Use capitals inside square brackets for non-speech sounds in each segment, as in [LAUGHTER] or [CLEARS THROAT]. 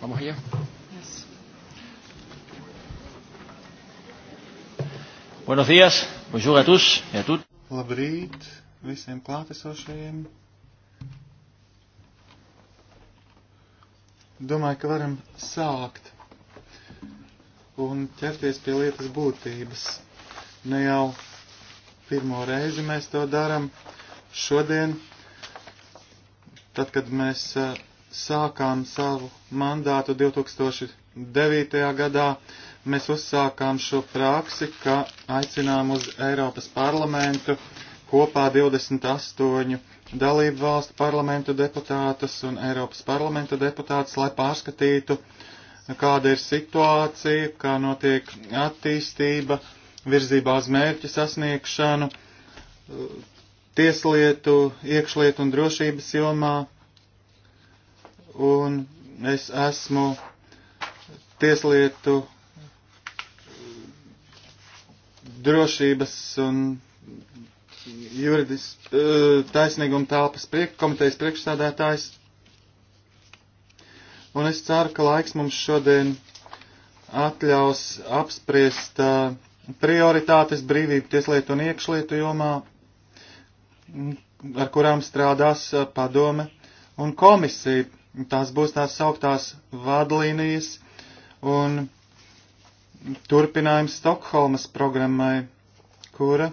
Vamos allá. Yes. Buenos días, bonjour à tous et à toutes. Labrīt visiem klātesošajiem. Domāju, ka varam sākt un ķerties pie lietas būtības. Ne jau pirmo reizi mēs to darām. Šodien, tad, kad mēs sākām savu mandātu 2009. gadā, mēs uzsākām šo praksi, ka aicinām uz Eiropas parlamentu kopā 28 dalību valstu parlamentu deputātus un Eiropas parlamenta deputātus, lai pārskatītu, kāda ir situācija, kā notiek attīstība virzībā uz mērķu sasniegšanu, tieslietu, iekšlietu un drošības jomā, un es esmu tieslietu drošības un juridis e, taisnīguma telpas priek, komitejas priekšstādātājs. Un es ceru, ka laiks mums šodien atļaus apspriest e, prioritātes brīvību tieslietu un iekšlietu jomā, ar kurām strādās e, padome un komisija Tās būs tās sauktās vadlīnijas un turpinājums Stokholmas programmai, kura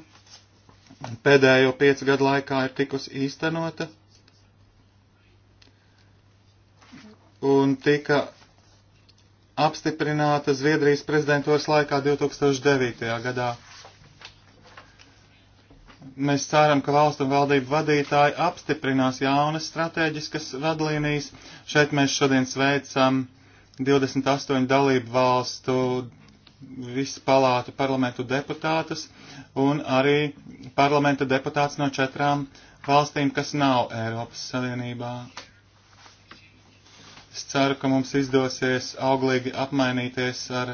pēdējo piecu gadu laikā ir tikusi īstenota un tika apstiprināta Zviedrijas prezidentūras laikā 2009. gadā. Mēs ceram, ka valstu un valdību vadītāji apstiprinās jaunas strateģiskas vadlīnijas. Šeit mēs šodien sveicam 28 dalību valstu visu palātu parlamentu deputātus un arī parlamenta deputāts no četrām valstīm, kas nav Eiropas Savienībā. Es ceru, ka mums izdosies auglīgi apmainīties ar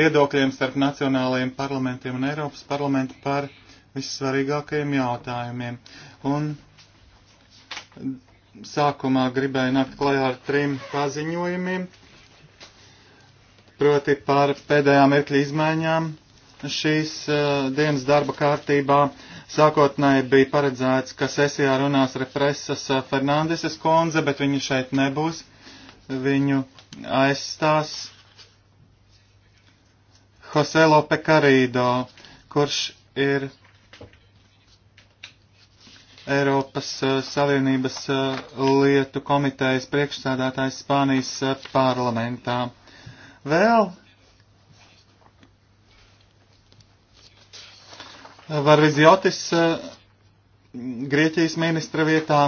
viedokļiem starp nacionālajiem parlamentiem un Eiropas parlamentu par vissvarīgākajiem jautājumiem. Un sākumā gribēju nakt klajā ar trim paziņojumiem, proti par pēdējām mirkļa izmaiņām. Šīs uh, dienas darba kārtībā sākotnēji bija paredzēts, ka sesijā runās represas eh, Fernandeses konze, bet viņa šeit nebūs. Viņu aizstās Jose Lope Carīdo, kurš ir Eiropas eh, Savienības eh, lietu komitejas priekšsādātājs Spānijas eh, parlamentā. Vēl Varviz Jotis Grieķijas ministra vietā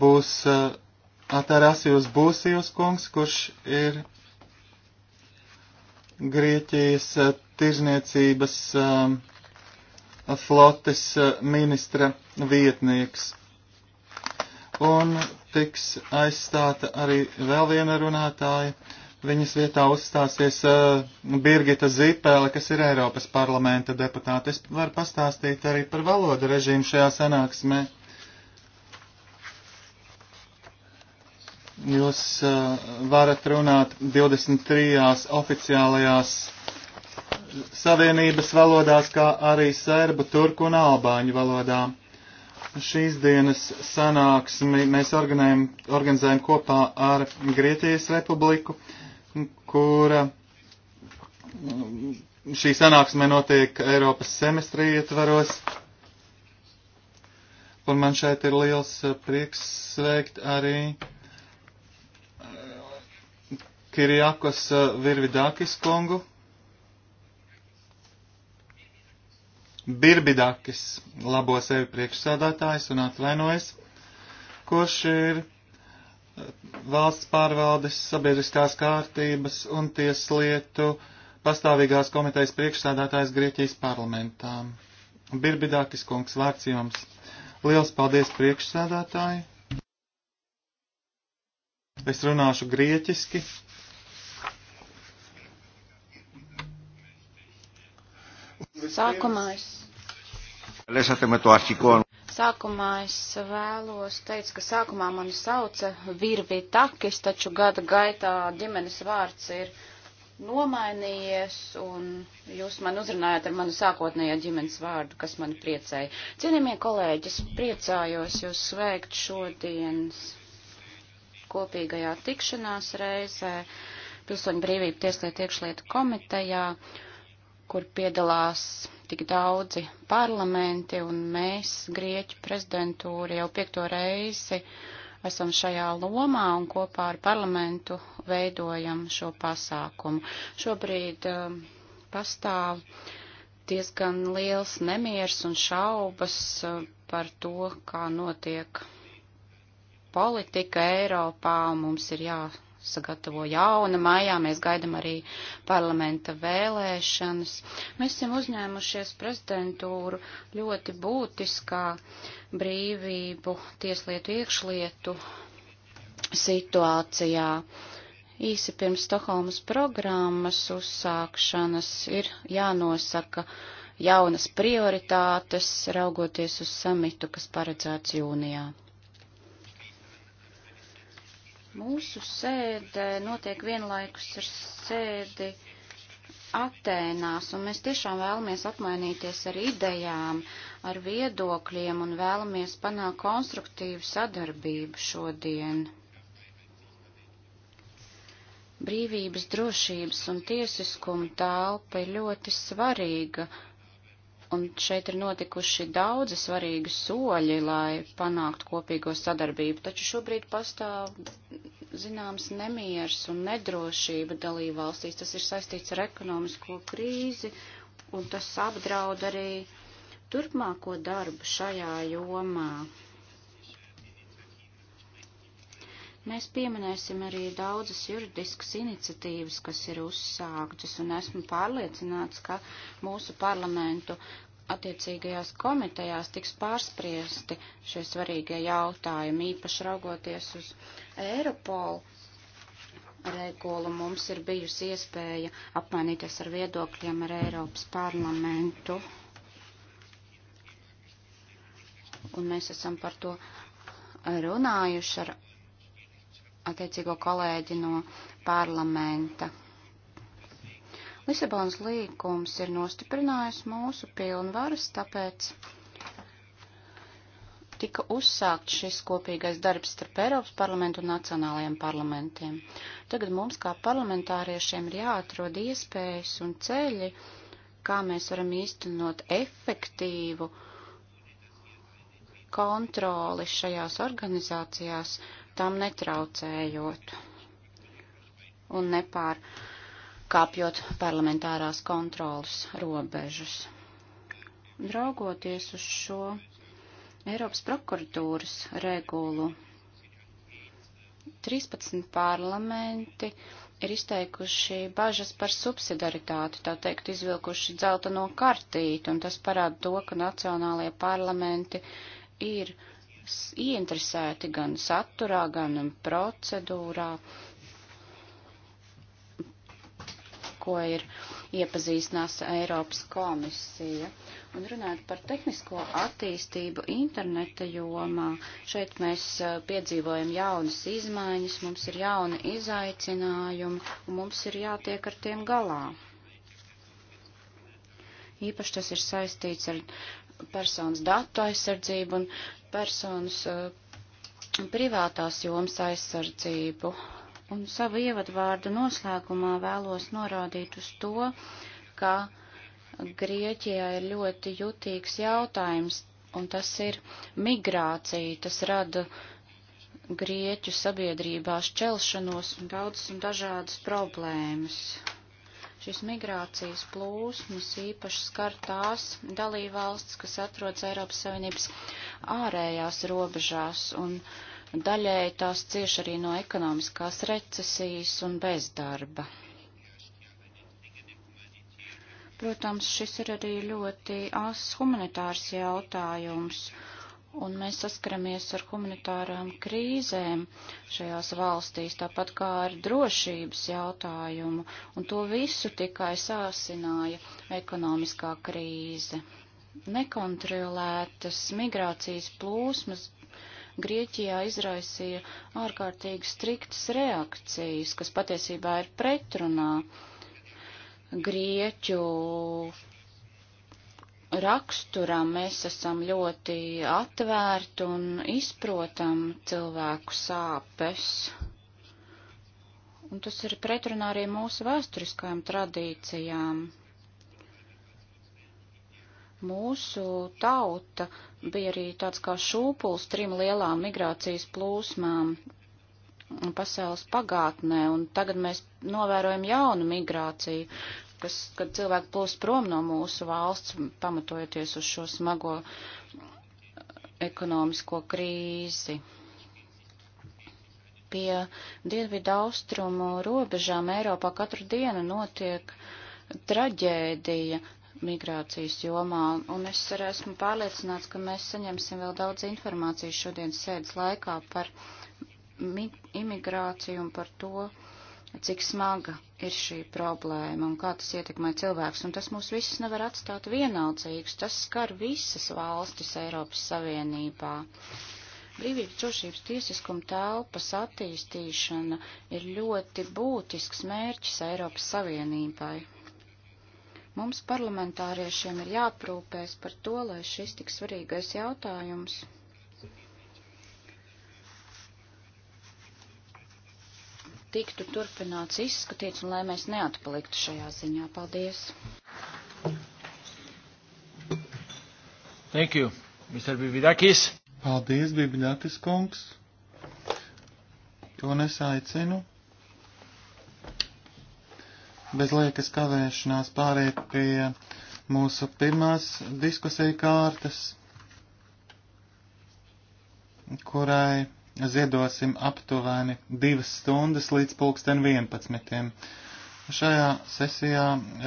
būs Atarasijos Būsijos kungs, kurš ir Grieķijas tirzniecības uh, flotes eh, ministra vietnieks. Un tiks aizstāta arī vēl viena runātāja. Viņas vietā uzstāsies uh, Birgita Zipēle, kas ir Eiropas parlamenta deputāte. Es varu pastāstīt arī par valodu režīmu šajā sanāksmē. Jūs uh, varat runāt 23. oficiālajās Savienības valodās, kā arī serbu, turku un albāņu valodā. Šīs dienas sanāksmi mēs organizējam, organizējam kopā ar Grieķijas republiku, kura šī sanāksme notiek Eiropas semestrī ietvaros. Un man šeit ir liels prieks sveikt arī eh, Kirjakos eh, Virvidakis kungu, Birbidakis, labo sevi priekšsādātājs un atvainojas, kurš ir eh, valsts pārvaldes sabiedriskās kārtības un tieslietu pastāvīgās komitejas priekšsādātājs Grieķijas parlamentā. Birbidakis kungs, vārds jums. Liels paldies priekšsādātāji. Es runāšu grieķiski. Sākumā es Sākumā es vēlos teikt, ka sākumā mani sauca Virvi Takis, taču gada gaitā ģimenes vārds ir nomainījies, un jūs man uzrunājāt ar manu sākotnējo ģimenes vārdu, kas mani priecēja. Cienījamie kolēģi, es priecājos jūs sveikt šodienas kopīgajā tikšanās reizē Pilsoņu brīvību tieslietu iekšlietu komitejā, kur piedalās tik daudzi parlamenti, un mēs, Grieķu prezidentūra, jau piekto reizi esam šajā lomā un kopā ar parlamentu veidojam šo pasākumu. Šobrīd uh, pastāv diezgan liels nemiers un šaubas uh, par to, kā notiek politika Eiropā, mums ir jā jāsagatavo jauna. Maijā mēs gaidam arī parlamenta vēlēšanas. Mēs esam uzņēmušies prezidentūru ļoti būtiskā brīvību, tieslietu iekšlietu situācijā. Īsi pirms Stokholmas programmas uzsākšanas ir jānosaka jaunas prioritātes, raugoties uz samitu, kas paredzēts jūnijā. Mūsu sēde notiek vienlaikus ar sēdi Atēnās, un mēs tiešām vēlamies apmainīties ar idejām, ar viedokļiem un vēlamies panākt konstruktīvu sadarbību šodien brīvības, drošības un tiesiskuma telpa ir ļoti svarīga Un šeit ir notikuši daudzi svarīgi soļi, lai panāktu kopīgo sadarbību, taču šobrīd pastāv zināms nemiers un nedrošība dalību valstīs. Tas ir saistīts ar ekonomisko krīzi, un tas apdraud arī turpmāko darbu šajā jomā. Mēs pieminēsim arī daudzas juridiskas iniciatīvas, kas ir uzsāktas, un esmu pārliecināts, ka mūsu parlamentu attiecīgajās komitejās tiks pārspriesti šie svarīgie jautājumi, īpaši raugoties uz Eiropolu regulu. Mums ir bijusi iespēja apmainīties ar viedokļiem ar Eiropas parlamentu, un mēs esam par to runājuši ar attiecīgo kolēģi no parlamenta. Lisabonas līgums ir nostiprinājis mūsu pilnvaras, tāpēc tika uzsākt šis kopīgais darbs starp Eiropas parlamentu un nacionālajiem parlamentiem. Tagad mums kā parlamentāriešiem ir jāatrod iespējas un ceļi, kā mēs varam īstenot efektīvu kontroli šajās organizācijās, tam netraucējot un nepārkāpjot parlamentārās kontrolas robežas. Draugoties uz šo Eiropas prokuratūras regulu, 13 parlamenti ir izteikuši bažas par subsidaritāti, tā teikt, izvilkuši dzelta no kartīti, un tas parāda to, ka nacionālajie parlamenti ir ieinteresēti gan saturā, gan procedūrā, ko ir iepazīstinās Eiropas komisija. Un runājot par tehnisko attīstību interneta jomā, šeit mēs eh, piedzīvojam jaunas izmaiņas, mums ir jauni izaicinājumi un mums ir jātiek ar tiem galā. Īpaši tas ir saistīts ar personas datu aizsardzību un personas eh, privātās jomas aizsardzību. Un savu ievadvārdu noslēgumā vēlos norādīt uz to, ka Grieķijā ir ļoti jutīgs jautājums, un tas ir migrācija. Tas rada Grieķu sabiedrībā šķelšanos un daudzas un dažādas problēmas. Šīs migrācijas plūsmas īpaši skar tās dalībvalstis, kas atrodas Eiropas Savienības ārējās robežās, un daļēji tās cieš arī no ekonomiskās recesijas un bezdarba. Protams, šis ir arī ļoti ass humanitārs jautājums un mēs saskaramies ar humanitārām krīzēm šajās valstīs, tāpat kā ar drošības jautājumu, un to visu tikai sāsināja ekonomiskā krīze. Nekontrolētas migrācijas plūsmas Grieķijā izraisīja ārkārtīgi striktas reakcijas, kas patiesībā ir pretrunā Grieķu raksturam mēs esam ļoti atvērti un izprotam cilvēku sāpes. Un tas ir pretrunā arī mūsu vēsturiskajām tradīcijām. Mūsu tauta bija arī tāds kā šūpuls trim lielām migrācijas plūsmām pasaules pagātnē, un tagad mēs novērojam jaunu migrāciju kas, kad cilvēki plūst prom no mūsu valsts, pamatojoties uz šo smago ekonomisko krīzi. Pie dienvidu austrumu robežām Eiropā katru dienu notiek traģēdija migrācijas jomā, un es arī esmu pārliecināts, ka mēs saņemsim vēl daudz informācijas šodien sēdes laikā par imigrāciju un par to, uh, cik smaga ir šī problēma un kā tas ietekmē cilvēks, un tas mūs visus nevar atstāt vienaldzīgus, tas skar visas valstis Eiropas Savienībā. Brīvības drošības tiesiskuma telpas attīstīšana ir ļoti būtisks mērķis Eiropas Savienībai. Mums parlamentāriešiem ir jāprūpēs par to, lai šis tik svarīgais jautājums tiktu turpināts izskatīts un lai mēs neatpaliktu šajā ziņā. Paldies! Thank you, Mr. Bividakis. Paldies, Bividakis kungs. To nesaicinu. Bez liekas kavēšanās pāriet pie mūsu pirmās diskusija kārtas, kurai ziedosim aptuveni divas stundas līdz pulksten 11. Šajā sesijā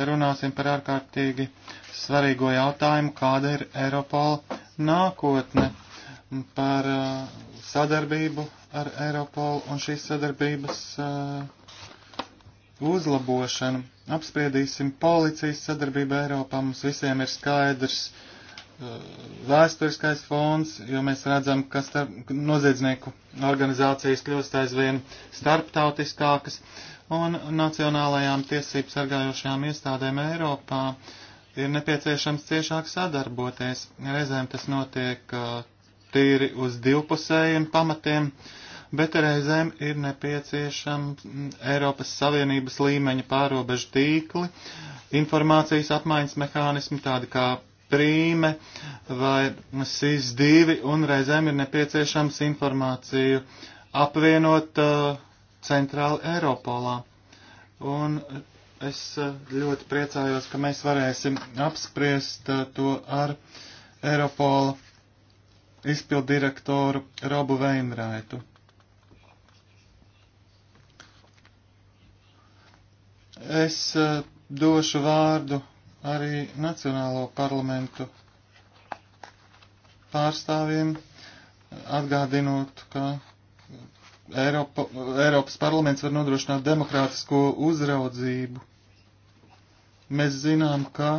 runāsim par ārkārtīgi svarīgo jautājumu, kāda ir Eiropola nākotne, par uh, sadarbību ar Eiropolu un šīs sadarbības uh, uzlabošanu. Apspriedīsim policijas sadarbību Eiropā. Mums visiem ir skaidrs, uh, vēsturiskais fons, jo mēs redzam, ka starp, noziedznieku organizācijas kļūst aizvien starptautiskākas, un nacionālajām tiesību sargājošajām iestādēm Eiropā ir nepieciešams ciešāk sadarboties. Reizēm tas notiek uh, tīri uz divpusējiem pamatiem, bet reizēm ir nepieciešama mm, Eiropas Savienības līmeņa pārobežu tīkli, informācijas apmaiņas mehānismi tādi kā prīme vai SIS-2 un reizēm ir nepieciešams informāciju apvienot uh, centrāli Eiropolā. Un es uh, ļoti priecājos, ka mēs varēsim apspriest uh, to ar Eiropola izpildirektoru Robu Veinraitu. Es uh, došu vārdu arī Nacionālo parlamentu pārstāvjiem, atgādinot, ka Eiropa, Eiropas parlaments var nodrošināt demokrātisko uzraudzību. Mēs zinām, ka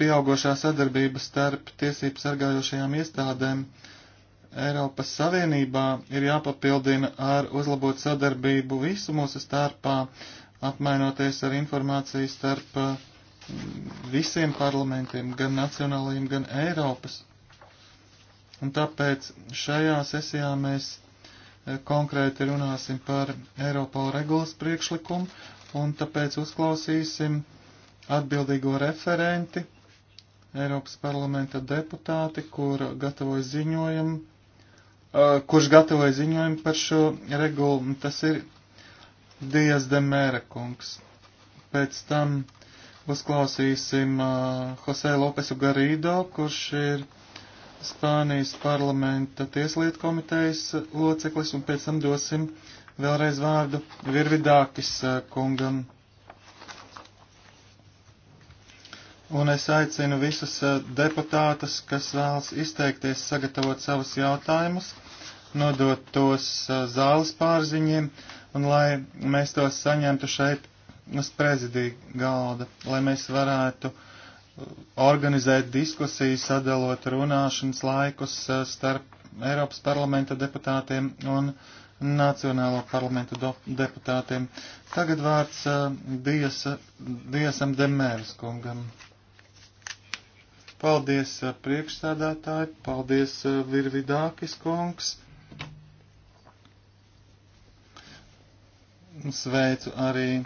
pieaugošā sadarbība starp tiesību sargājošajām iestādēm Eiropas Savienībā ir jāpapildina ar uzlabot sadarbību visu mūsu starpā, apmainoties ar informāciju starp uh, visiem parlamentiem, gan nacionālajiem, gan Eiropas. Un tāpēc šajā sesijā mēs eh, konkrēti runāsim par Eiropā regulas priekšlikumu, un tāpēc uzklausīsim atbildīgo referenti, Eiropas parlamenta deputāti, kur gatavoja ziņojumu, eh, kurš gatavoja ziņojumu par šo regulu, un tas ir Dijas de Mēra kungs. Pēc tam uzklausīsim uh, Jose Lopesu Garīdo, kurš ir Spānijas parlamenta tieslietu komitejas loceklis, un pēc tam dosim vēlreiz vārdu Virvidākis uh, kungam. Un es aicinu visus deputātus, kas vēlas izteikties, sagatavot savus jautājumus, nodot tos zāles pārziņiem, un lai mēs tos saņemtu šeit uz prezidiju galda, lai mēs varētu uh, organizēt diskusiju, sadalot runāšanas laikus uh, starp Eiropas parlamenta deputātiem un Nacionālo parlamentu deputātiem. Tagad vārds uh, Diesa, Diesam Demērs kungam. Paldies priekšstādātāji, paldies Virvidākis kungs. Sveicu arī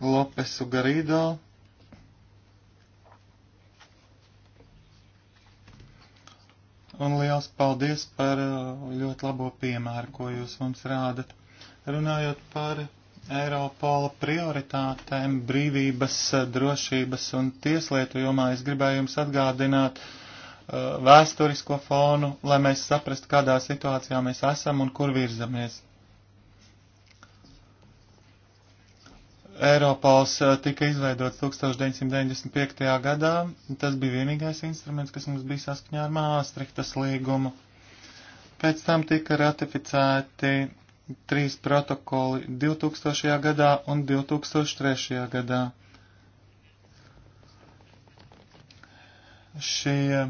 Lopesu Garīdo. Un liels paldies par uh, ļoti labo piemēru, ko jūs mums rādat. Runājot par Eiropola prioritātēm brīvības, uh, drošības un tieslietu jomā, es gribēju jums atgādināt uh, vēsturisko fonu, lai mēs saprastu, kādā situācijā mēs esam un kur virzamies. Eiropols eh, tika izveidots 1995. gadā. Tas bija vienīgais instruments, kas mums bija saskaņā ar Māstrihtas līgumu. Pēc tam tika ratificēti trīs protokoli 2000. gadā un 2003. gadā. Šie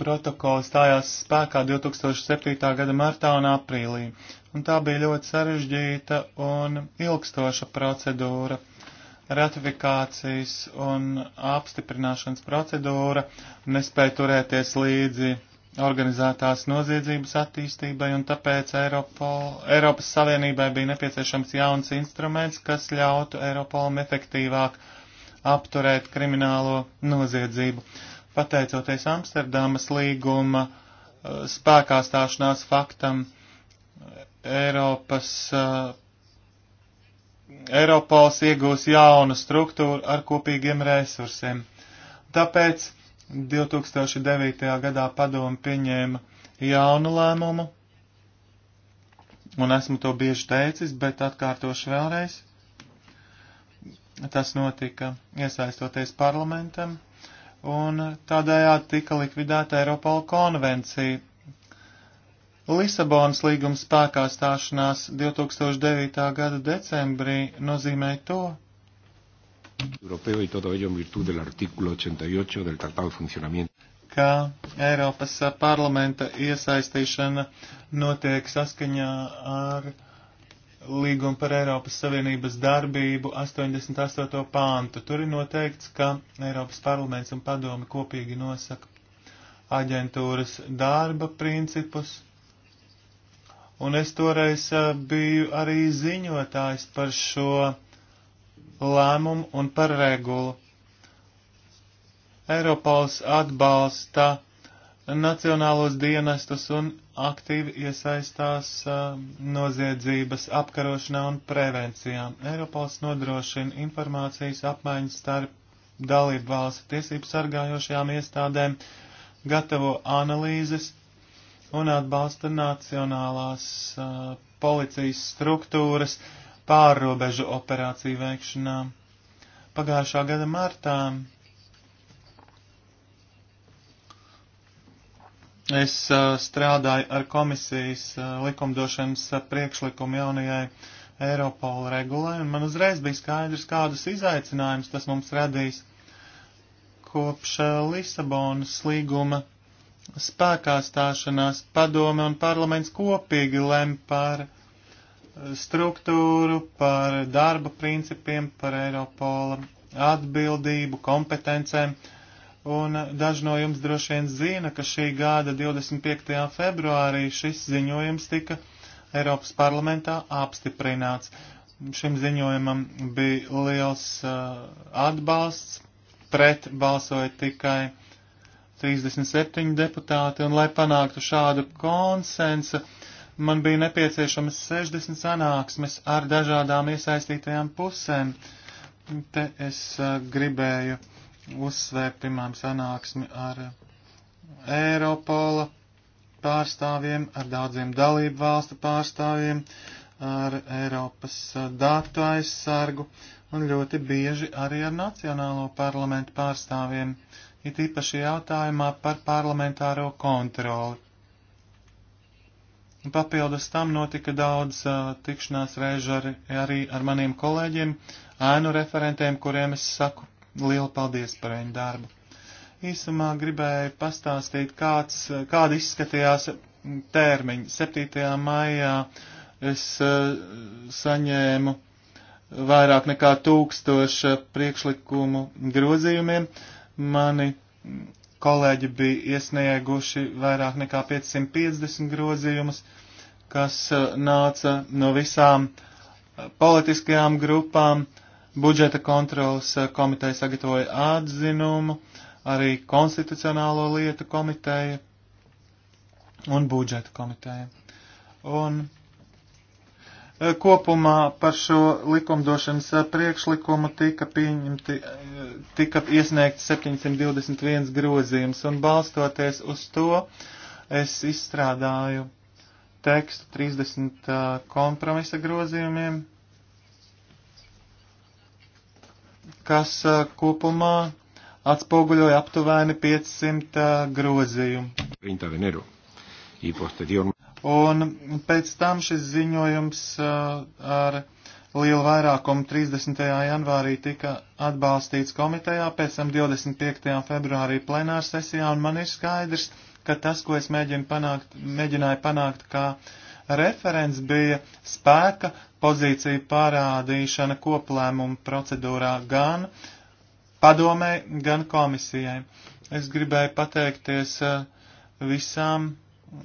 protokoli stājās spēkā 2007. gada martā un aprīlī. Uh, un tā bija ļoti sarežģīta un ilgstoša procedūra. Ratifikācijas un apstiprināšanas procedūra nespēja turēties līdzi organizētās noziedzības attīstībai, un tāpēc Eiropol, Eiropas Savienībai bija nepieciešams jauns instruments, kas ļautu Eiropolam efektīvāk apturēt kriminālo noziedzību. Pateicoties Amsterdamas līguma eh, spēkā stāšanās faktam, uh, Eiropas, eh, Eiropols iegūs jaunu struktūru ar kopīgiem resursiem. Tāpēc 2009. gadā padomu pieņēma jaunu lēmumu, un esmu to bieži teicis, bet atkārtošu vēlreiz. Tas notika iesaistoties parlamentam, un tādējādi tika likvidēta Eiropola konvencija Lisabonas līguma spēkā stāšanās 2009. gada decembrī nozīmē to, europeo y todo ello en virtud del artículo 88 del Tratado de Funcionamiento. ka Eiropas parlamenta iesaistīšana notiek saskaņā ar līgumu par Eiropas Savienības darbību 88. pāntu. Tur ir noteikts, ka Eiropas parlaments un padomi kopīgi nosaka aģentūras darba principus un es toreiz eh, biju arī ziņotājs par šo lēmumu un par regulu. Eiropols atbalsta nacionālos dienestus un aktīvi iesaistās uh, noziedzības apkarošanā un prevencijā. Eiropols nodrošina informācijas apmaiņas starp dalību valstu tiesību sargājošajām iestādēm, gatavo analīzes un atbalsta nacionālās uh, policijas struktūras pārrobežu operāciju veikšanā. Pagājušā gada martā es uh, strādāju ar komisijas uh, likumdošanas priekšlikumu jaunajai Eiropola regulai, un man uzreiz bija skaidrs, kādus izaicinājumus tas mums radīs kopš Lisabonas līguma spēkā stāšanās padome un parlaments kopīgi lem par eh, struktūru, par darba principiem, par Eiropola atbildību, kompetencēm. Un daži no jums droši vien zina, ka šī gada 25. februārī šis ziņojums tika Eiropas parlamentā apstiprināts. Šim ziņojumam bija liels uh, atbalsts, pret balsoja tikai 37 deputāti, un lai panāktu šādu konsensu, man bija nepieciešamas 60 sanāksmes ar dažādām iesaistītajām pusēm. Te es eh, gribēju uzsvērt pirmām sanāksmi ar Eiropola pārstāvjiem, ar daudziem dalību valstu pārstāvjiem, ar Eiropas eh, datu aizsargu un ļoti bieži arī ar Nacionālo parlamentu pārstāvjiem. Uh, it īpaši jautājumā par parlamentāro kontroli. Papildus tam notika daudz uh, tikšanās reižu ar, arī ar maniem kolēģiem, ēnu referentiem, kuriem es saku lielu paldies par viņu darbu. Īsumā gribēju pastāstīt, kāds, kāda izskatījās termiņa. 7. maijā es uh, saņēmu vairāk nekā tūkstoša priekšlikumu grozījumiem. Uh, Mani kolēģi bija iesnieguši vairāk nekā 550 grozījumus, kas e, nāca no visām e, politiskajām grupām. Budžeta kontrolas e, komiteja sagatavoja atzinumu, arī konstitucionālo lietu komiteja un budžeta komiteja. Un Kopumā par šo likumdošanas priekšlikumu tika, pieņemti, tika iesniegts 721 grozījums, un balstoties uz to es izstrādāju tekstu 30 kompromisa grozījumiem, kas kopumā atspoguļoja aptuveni 500 grozījumu. Un pēc tam šis ziņojums ar lielu vairākumu 30. janvārī tika atbalstīts komitejā, pēc tam 25. februārī plenāra sesijā, un man ir skaidrs, ka tas, ko es mēģinu panākt, mēģināju panākt kā referents, bija spēka pozīcija pārādīšana koplēmuma procedūrā gan padomē, gan komisijai. Es gribēju pateikties visām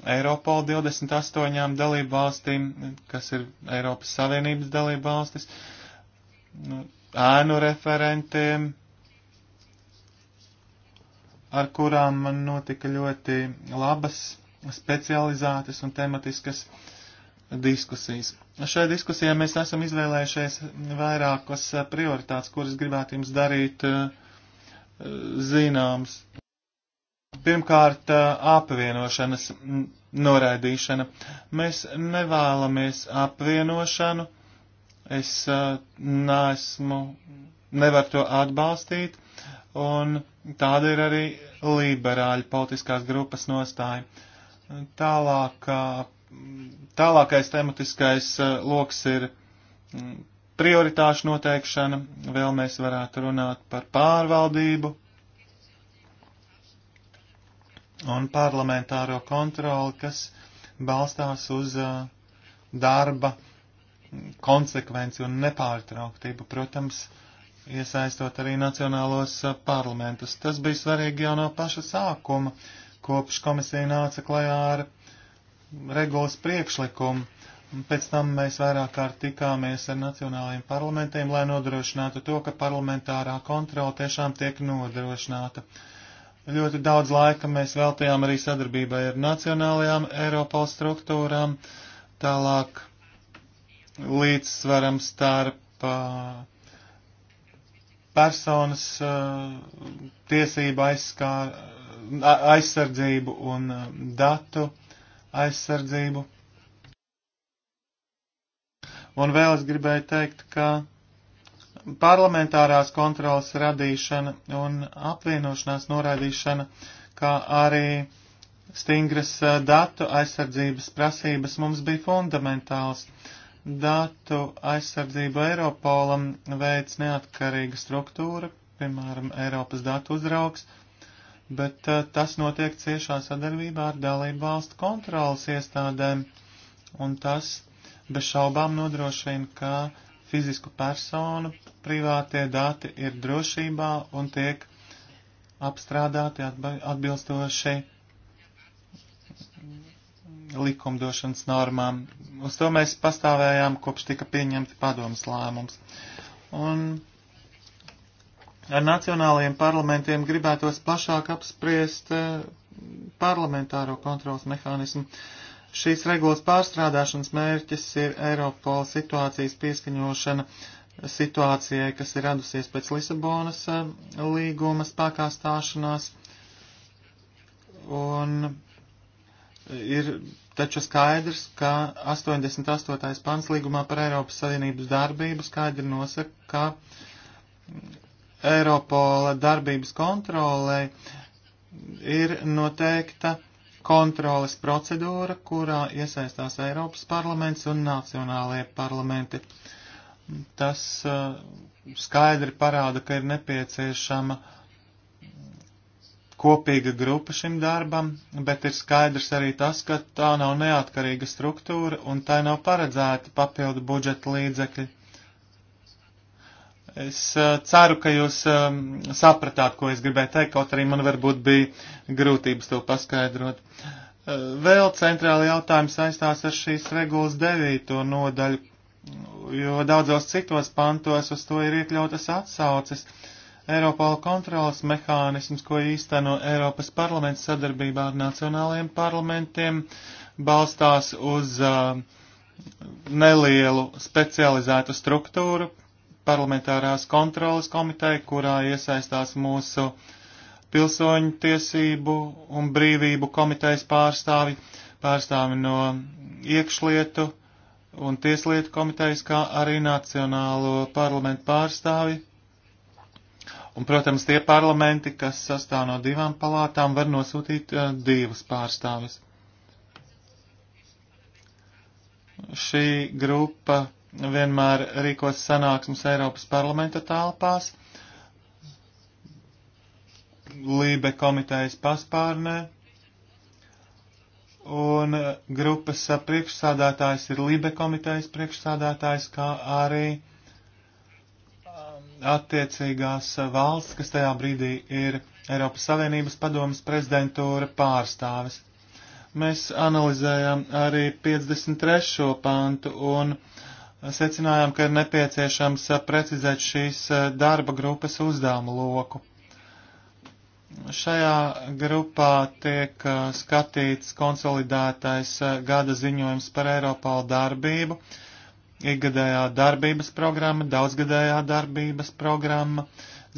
Eiropola 28 dalību valstīm, kas ir Eiropas Savienības dalību valstis, nu, ēnu referentiem, ar kurām man notika ļoti labas, specializētas un tematiskas diskusijas. Šajā diskusijā mēs esam izvēlējušies vairākas prioritātes, kuras gribētu jums darīt eh, zināmas. Pirmkārt, apvienošanas noraidīšana. Mēs nevēlamies apvienošanu. Es neesmu, nevaru to atbalstīt, un tāda ir arī liberāļu politiskās grupas nostāja. Tālāk, tālākais tematiskais loks ir prioritāšu noteikšana, vēl mēs varētu runāt par pārvaldību, un parlamentāro kontroli, kas balstās uz uh, darba konsekvenci un nepārtrauktību, protams, iesaistot arī nacionālos uh, parlamentus. Tas bija svarīgi jau no paša sākuma, kopš komisija nāca klajā ar regulas priekšlikumu. Pēc tam mēs vairāk kārt tikāmies ar nacionālajiem parlamentiem, lai nodrošinātu to, ka parlamentārā kontrola tiešām tiek nodrošināta. Uh, Ļoti daudz laika mēs veltījām arī sadarbībai ar nacionālajām Eiropas struktūrām, tālāk līdzsvaram starp uh, personas uh, tiesību aizskār, aizsardzību un uh, datu aizsardzību. Un vēl es gribēju teikt, ka parlamentārās kontrolas radīšana un apvienošanās noraidīšana, kā arī stingras datu aizsardzības prasības mums bija fundamentāls. Datu aizsardzību Eiropolam veids neatkarīga struktūra, piemēram, Eiropas datu uzraugs, bet uh, tas notiek ciešā sadarbībā ar dalību valstu kontrolas iestādēm, un tas bez šaubām nodrošina, ka fizisku personu privātie dati ir drošībā un tiek apstrādāti atbilstoši likumdošanas normām. Uz to mēs pastāvējām, kopš tika pieņemti padomas lēmums. Un ar nacionālajiem parlamentiem gribētos plašāk apspriest eh, parlamentāro kontrols mehānismu. Uh, Šīs regulas pārstrādāšanas mērķis ir Eiropola situācijas pieskaņošana situācijai, kas ir radusies pēc Lisabonas eh, līguma spēkā stāšanās. Un ir taču skaidrs, ka 88. pants līgumā par Eiropas Savienības darbību skaidri nosaka, ka Eiropola darbības kontrolē ir noteikta kontroles procedūra, kurā iesaistās Eiropas parlaments un nacionālajie parlamenti. Tas uh, skaidri parāda, ka ir nepieciešama kopīga grupa šim darbam, bet ir skaidrs arī tas, ka tā nav neatkarīga struktūra un tai nav paredzēta papildu budžeta līdzekļi Es eh, ceru, ka jūs eh, sapratāt, ko es gribēju teikt, kaut arī man varbūt bija grūtības to paskaidrot. Eh, vēl centrāli jautājumi saistās ar šīs regulas devīto nodaļu, jo daudzos citos pantos uz to ir iekļautas atsauces. Eiropola kontrolas mehānisms, ko īsteno Eiropas parlaments sadarbībā ar nacionālajiem parlamentiem, balstās uz uh, nelielu specializētu struktūru, parlamentārās kontrolas komiteja, kurā iesaistās mūsu pilsoņu tiesību un brīvību komitejas pārstāvi, pārstāvi no iekšlietu un tieslietu komitejas, kā arī nacionālo parlamentu pārstāvi. Un, protams, tie parlamenti, kas sastāv no divām palātām, var nosūtīt uh, divus pārstāvis. Šī grupa vienmēr rīkot sanāksmes Eiropas parlamenta telpās, Lībe komitejas paspārnē, un grupas priekšsādātājs ir Lībe komitejas priekšsādātājs, kā arī um, attiecīgās valsts, kas tajā brīdī ir Eiropas Savienības padomas prezidentūra pārstāvis. Mēs analizējam arī 53. pantu un secinājām, ka ir nepieciešams eh, precizēt šīs eh, darba grupas uzdevumu loku. Šajā grupā tiek eh, skatīts konsolidētais gada ziņojums par Eiropālu darbību, ikgadējā darbības programma, daudzgadējā darbības programma,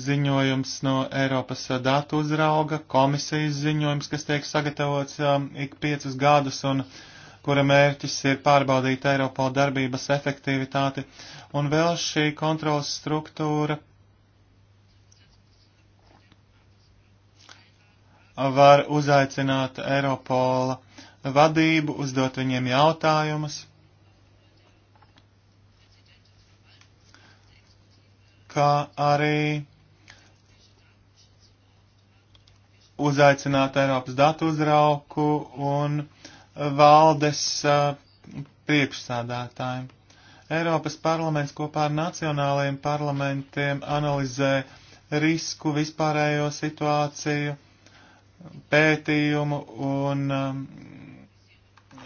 ziņojums no Eiropas datu uzrauga, komisijas ziņojums, kas tiek sagatavots ik piecus gadus un uh, kura mērķis ir pārbaudīt Eiropā darbības efektivitāti, un vēl šī kontrolas struktūra var uzaicināt Eiropola vadību, uzdot viņiem jautājumus, kā arī uzaicināt Eiropas datu uzrauku un valdes priekšsādātājiem. Eiropas parlaments kopā ar nacionālajiem parlamentiem analizē risku vispārējo situāciju, pētījumu un um,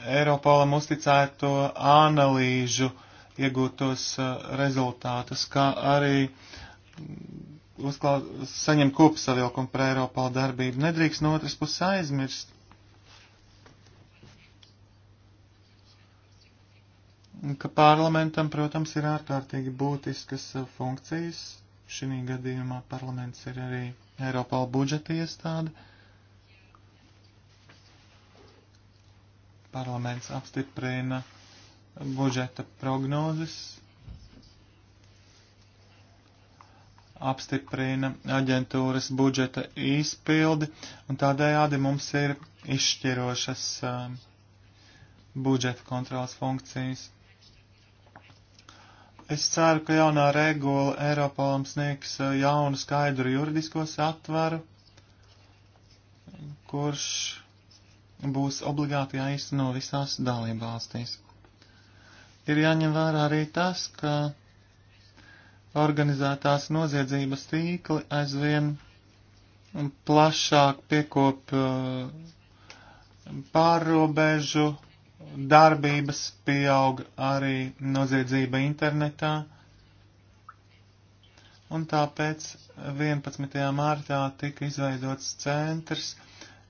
Eiropolam uzticēto analīžu iegūtos uh, rezultātus, kā arī uzklāt, saņem kopsavilkumu par Eiropola darbību. Nedrīkst no otras puses aizmirst, ka parlamentam, protams, ir ārkārtīgi būtiskas uh, funkcijas. Šī gadījumā parlaments ir arī Eiropāla budžeta iestāde. Parlaments apstiprina budžeta prognozes, apstiprina aģentūras budžeta izpildi, un tādējādi mums ir izšķirošas uh, budžeta kontrolas funkcijas. Es ceru, ka jaunā regula Eiropolam sniegs eh, jaunu skaidru juridisko satvaru, kurš būs obligāti jāizteno visās dalībvalstīs. Ir jāņem vērā arī tas, ka organizētās noziedzības tīkli aizvien plašāk piekop eh, pārrobežu darbības, pieaug arī noziedzība internetā. Un tāpēc 11. martā tika izveidots centrs,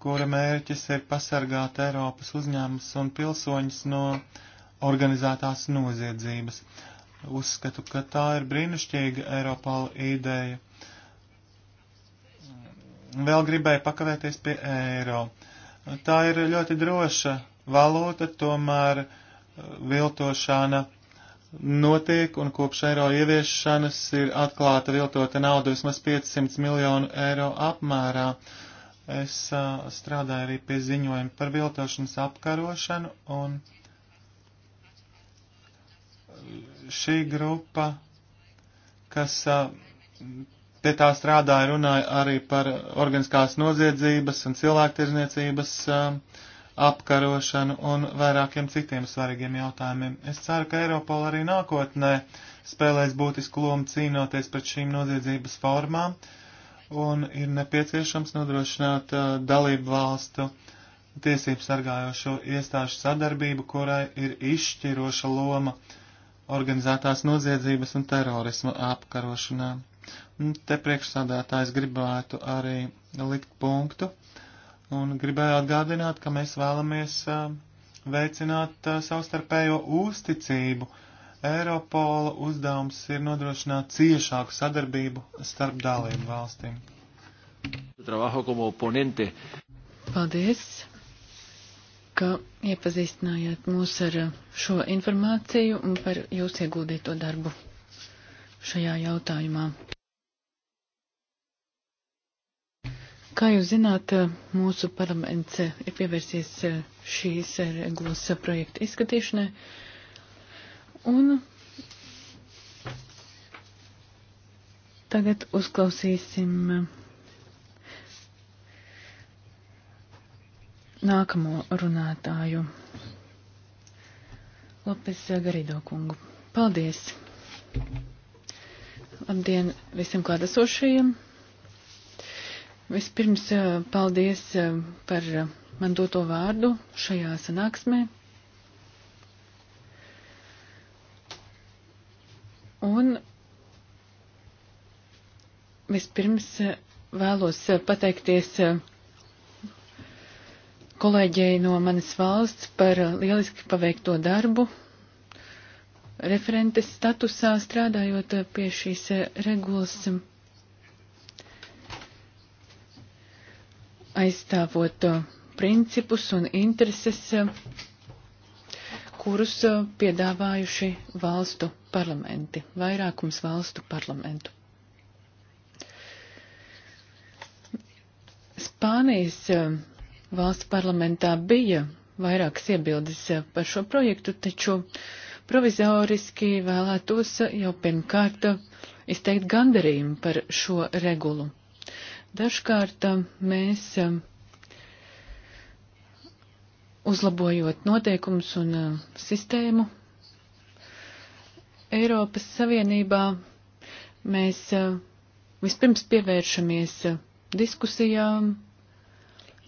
kura mērķis ir pasargāt Eiropas uzņēmumus un pilsoņus no organizētās noziedzības. Uzskatu, ka tā ir brīnišķīga Eiropāla ideja. Vēl gribēju pakavēties pie eiro. Tā ir ļoti droša valūta, tomēr uh, viltošana notiek, un kopš eiro ieviešanas ir atklāta viltota nauda vismaz 500 miljonu eiro apmērā. Es uh, strādāju arī pie ziņojuma par viltošanas apkarošanu, un šī grupa, kas uh, pie tā strādāja, runāja arī par organiskās noziedzības un cilvēktirzniecības uh, apkarošanu un vairākiem citiem svarīgiem jautājumiem. Es ceru, ka Eiropola arī nākotnē spēlēs būtisku lomu cīnoties pret šīm noziedzības formām un ir nepieciešams nodrošināt uh, dalību valstu tiesību sargājošo iestāžu sadarbību, kurai ir izšķiroša loma organizētās noziedzības un terorisma apkarošanā. Un te priekšsādātājs gribētu arī likt punktu un gribēju atgādināt, ka mēs vēlamies veicināt savstarpējo uzticību. Eiropola uzdevums ir nodrošināt ciešāku sadarbību starp dalību valstīm. Paldies, ka iepazīstinājāt mūs ar šo informāciju un par jūsu ieguldīto darbu šajā jautājumā. Kā jūs zināt, mūsu parlaments ir pievērsies šīs regulas projekta izskatīšanai. Un tagad uzklausīsim nākamo runātāju. Lopes Garido kungu. Paldies! Labdien visiem klātesošajiem! Vispirms eh, paldies eh, par eh, man doto vārdu šajā sanāksmē. Un vispirms vēlos pateikties kolēģei no manas valsts par lieliski paveikto darbu, referentes statusā strādājot pie šīs regulas. aizstāvot uh, principus un intereses, uh, kurus uh, piedāvājuši valstu parlamenti, vairākums valstu parlamentu. Spānijas valsts parlamentā bija vairākas iebildes par šo projektu, taču provizoriski vēlētos jau pirmkārt izteikt gandarījumu par šo regulu. Dažkārt um, mēs, um, uzlabojot noteikumus un um, sistēmu, Eiropas Savienībā mēs vispirms pievēršamies diskusijām,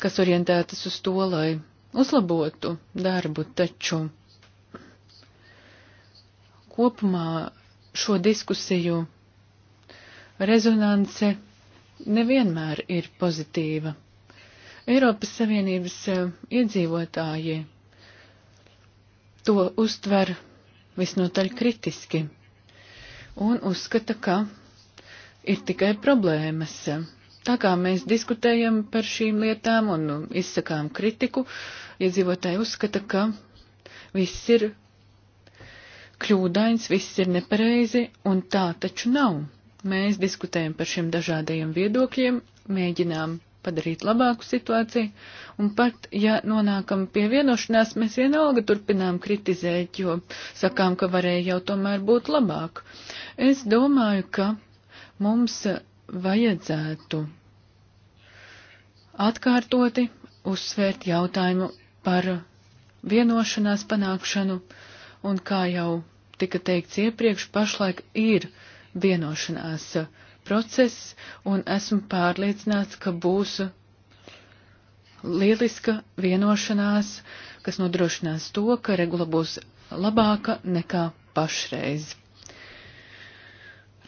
kas orientētas uz to, lai uzlabotu darbu, taču kopumā šo diskusiju rezonance nevienmēr ir pozitīva. Eiropas Savienības e, iedzīvotāji to uztver visnotaļ kritiski un uzskata, ka ir tikai problēmas. Tā kā mēs diskutējam par šīm lietām un izsakām kritiku, iedzīvotāji uzskata, ka viss ir kļūdains, viss ir nepareizi, un tā taču nav. Mēs diskutējam par šiem dažādajiem viedokļiem, mēģinām padarīt labāku situāciju, un pat, ja nonākam pie vienošanās, mēs vienalga turpinām kritizēt, jo sakām, ka varēja jau tomēr būt labāk. Es domāju, ka mums vajadzētu atkārtoti uzsvērt jautājumu par vienošanās panākšanu, un kā jau tika teikts iepriekš, pašlaik ir vienošanās process, un esmu pārliecināts, ka būs lieliska vienošanās, kas nodrošinās to, ka regula būs labāka nekā pašreiz.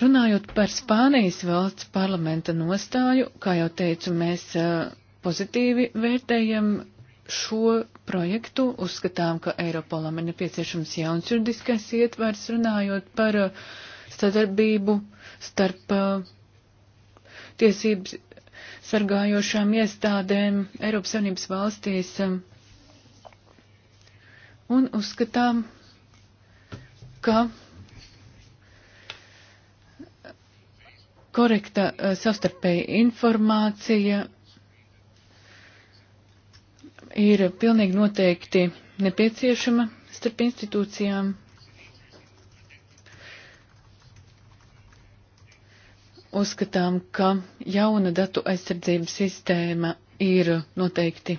Runājot par Spānijas valsts parlamenta nostāju, kā jau teicu, mēs pozitīvi vērtējam šo projektu, uzskatām, ka Eiropolam ir nepieciešams jauns juridiskais ietvars, runājot par uh, sadarbību starp uh, tiesības sargājošām iestādēm Eiropas Savienības valstīs um, un uzskatām, ka korekta uh, savstarpēja informācija ir pilnīgi noteikti nepieciešama starp institūcijām. uzskatām, ka jauna datu aizsardzības sistēma ir noteikti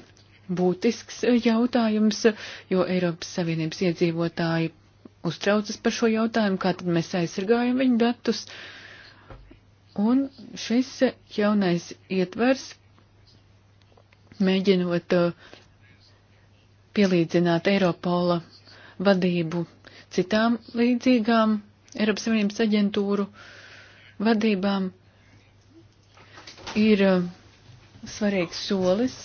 būtisks jautājums, jo Eiropas Savienības iedzīvotāji uztraucas par šo jautājumu, kā tad mēs aizsargājam viņu datus. Un šis jaunais ietvers, mēģinot uh, pielīdzināt Eiropola vadību citām līdzīgām Eiropas Savienības aģentūru uh, vadībām ir uh, svarīgs solis.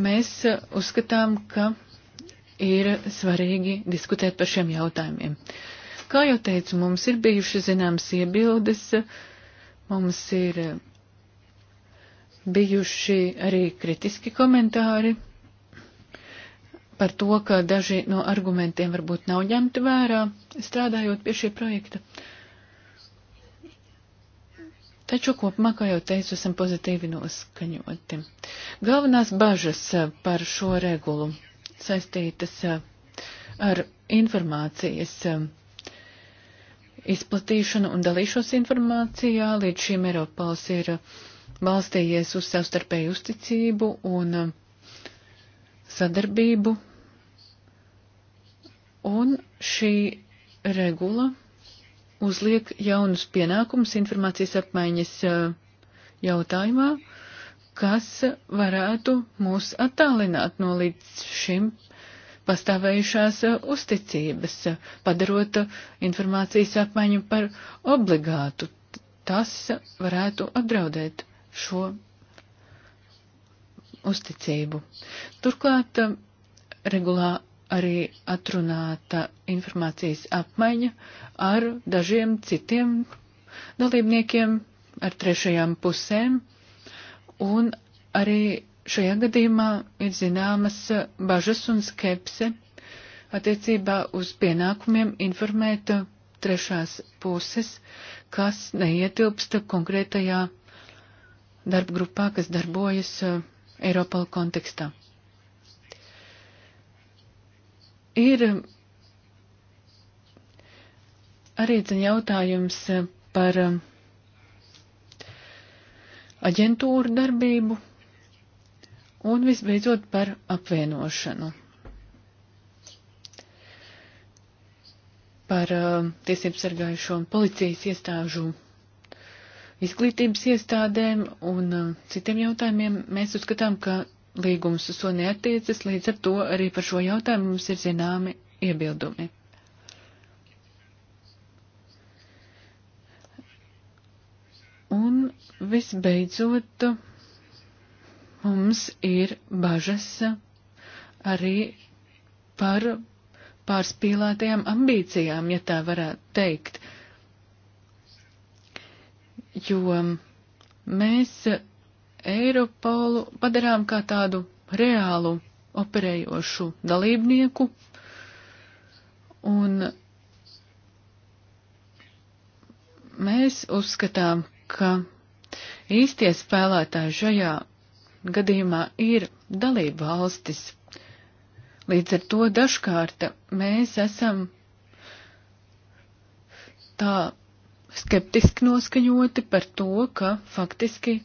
Mēs uh, uzskatām, ka ir svarīgi diskutēt par šiem jautājumiem. Kā jau teicu, mums ir bijušas zināmas iebildes, mums ir uh, bijuši arī kritiski komentāri par to, ka daži no argumentiem varbūt nav ņemti vērā, strādājot pie šī projekta. Uh, taču kopumā, kā jau teicu, esam pozitīvi noskaņoti. Galvenās bažas eh, par šo regulu saistītas eh, ar informācijas eh, izplatīšanu un dalīšos informācijā. Līdz šim Eiropals ir balstījies uz savstarpēju uzticību un sadarbību. Un šī regula uzliek jaunus pienākumus informācijas apmaiņas uh, jautājumā, kas varētu mūs attālināt no līdz šim pastāvējušās uh, uzticības, uh, padarot informācijas apmaiņu par obligātu. Tas varētu apdraudēt šo uzticību. Turklāt regulā arī atrunāta informācijas apmaiņa ar dažiem citiem dalībniekiem, ar trešajām pusēm, un arī šajā gadījumā ir zināmas bažas un skepse attiecībā uz pienākumiem informēt trešās puses, kas neietilpsta konkrētajā darbgrupā, kas darbojas Eiropola kontekstā. Ir arī jautājums par um, aģentūru darbību un visbeidzot par apvienošanu. Par um, tiesību sargājušo un policijas iestāžu izglītības iestādēm un um, citiem jautājumiem mēs uzskatām, ka līgums uz to neatiecas, līdz ar to arī par šo jautājumu mums ir zināmi iebildumi. Un visbeidzot, mums ir bažas arī par pārspīlētajām ambīcijām, ja tā varētu teikt. Jo mēs Eiropolu padarām kā tādu reālu operējošu dalībnieku un mēs uzskatām, ka īstie spēlētāji šajā gadījumā ir dalība valstis. Līdz ar to dažkārt mēs esam tā skeptiski noskaņoti par to, ka faktiski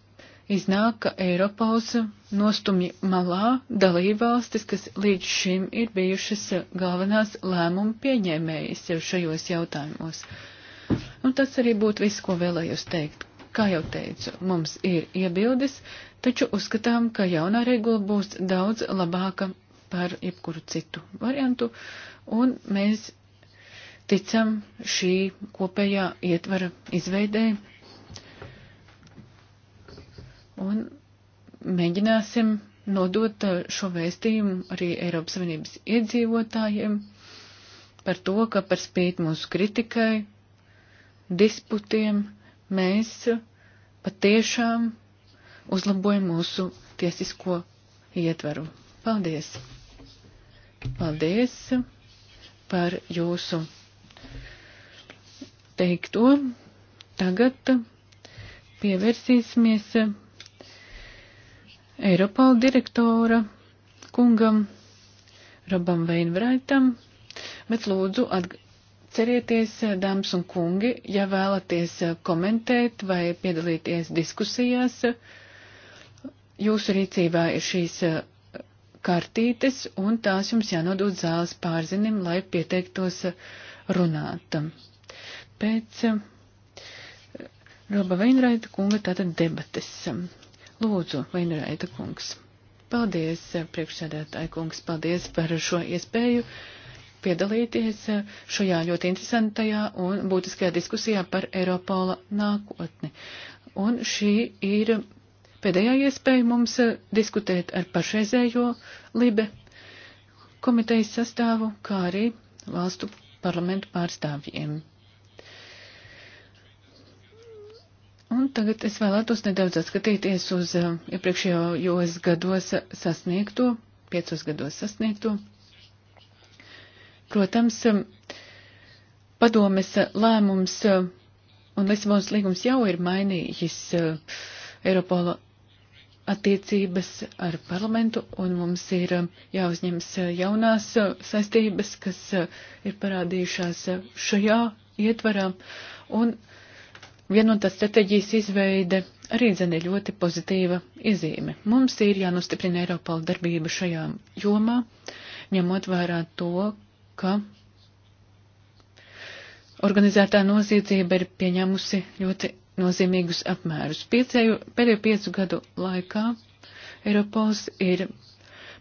iznāk, ka Eiropaus nostumj malā dalībvalstis, kas līdz šim ir bijušas galvenās lēmumu pieņēmējas jau šajos jautājumos. Un tas arī būtu viss, ko vēlējos teikt. Kā jau teicu, mums ir iebildes, taču uzskatām, ka jaunā regula būs daudz labāka par jebkuru citu variantu, un mēs ticam šī kopējā ietvara izveidēji un mēģināsim nodot šo vēstījumu arī Eiropas Savienības iedzīvotājiem par to, ka par spīt mūsu kritikai, disputiem, mēs patiešām uzlabojam mūsu tiesisko ietvaru. Paldies! Paldies par jūsu teikto. Tagad pievērsīsimies Eiropāla direktora kungam Robam Veinvraitam, bet lūdzu atcerieties, dāmas un kungi, ja vēlaties eh, komentēt vai piedalīties diskusijās, jūsu rīcībā ir šīs eh, kartītes un tās jums jānodod zāles pārzinim, lai pieteiktos eh, runāt. Pēc Roba Veinraita kunga tātad debates. Lūdzu, Vainraita kungs. Paldies, priekšsēdētāji kungs, paldies par šo iespēju piedalīties šajā ļoti interesantajā un būtiskajā diskusijā par Eiropola nākotni. Un šī ir pēdējā iespēja mums diskutēt ar pašreizējo Libe komitejas sastāvu, kā arī valstu parlamentu pārstāvjiem. Tagad es vēlētos nedaudz atskatīties uz uh, iepriekšējos gados sasniegto, piecos gados sasniegto. Protams, um, padomes lēmums uh, un Lisabonas līgums jau ir mainījis uh, Eiropola attiecības ar parlamentu, un mums ir um, jāuzņems jaunās saistības, kas ir parādījušās šajā ietvarā, un vienotās stratēģijas izveide arī dzene ļoti pozitīva iezīme. Mums ir jānostiprina Eiropāla darbība šajā jomā, ņemot vērā to, ka organizētā noziedzība ir pieņēmusi ļoti nozīmīgus apmērus. Piecēju, pēdējo piecu gadu laikā Eiropols ir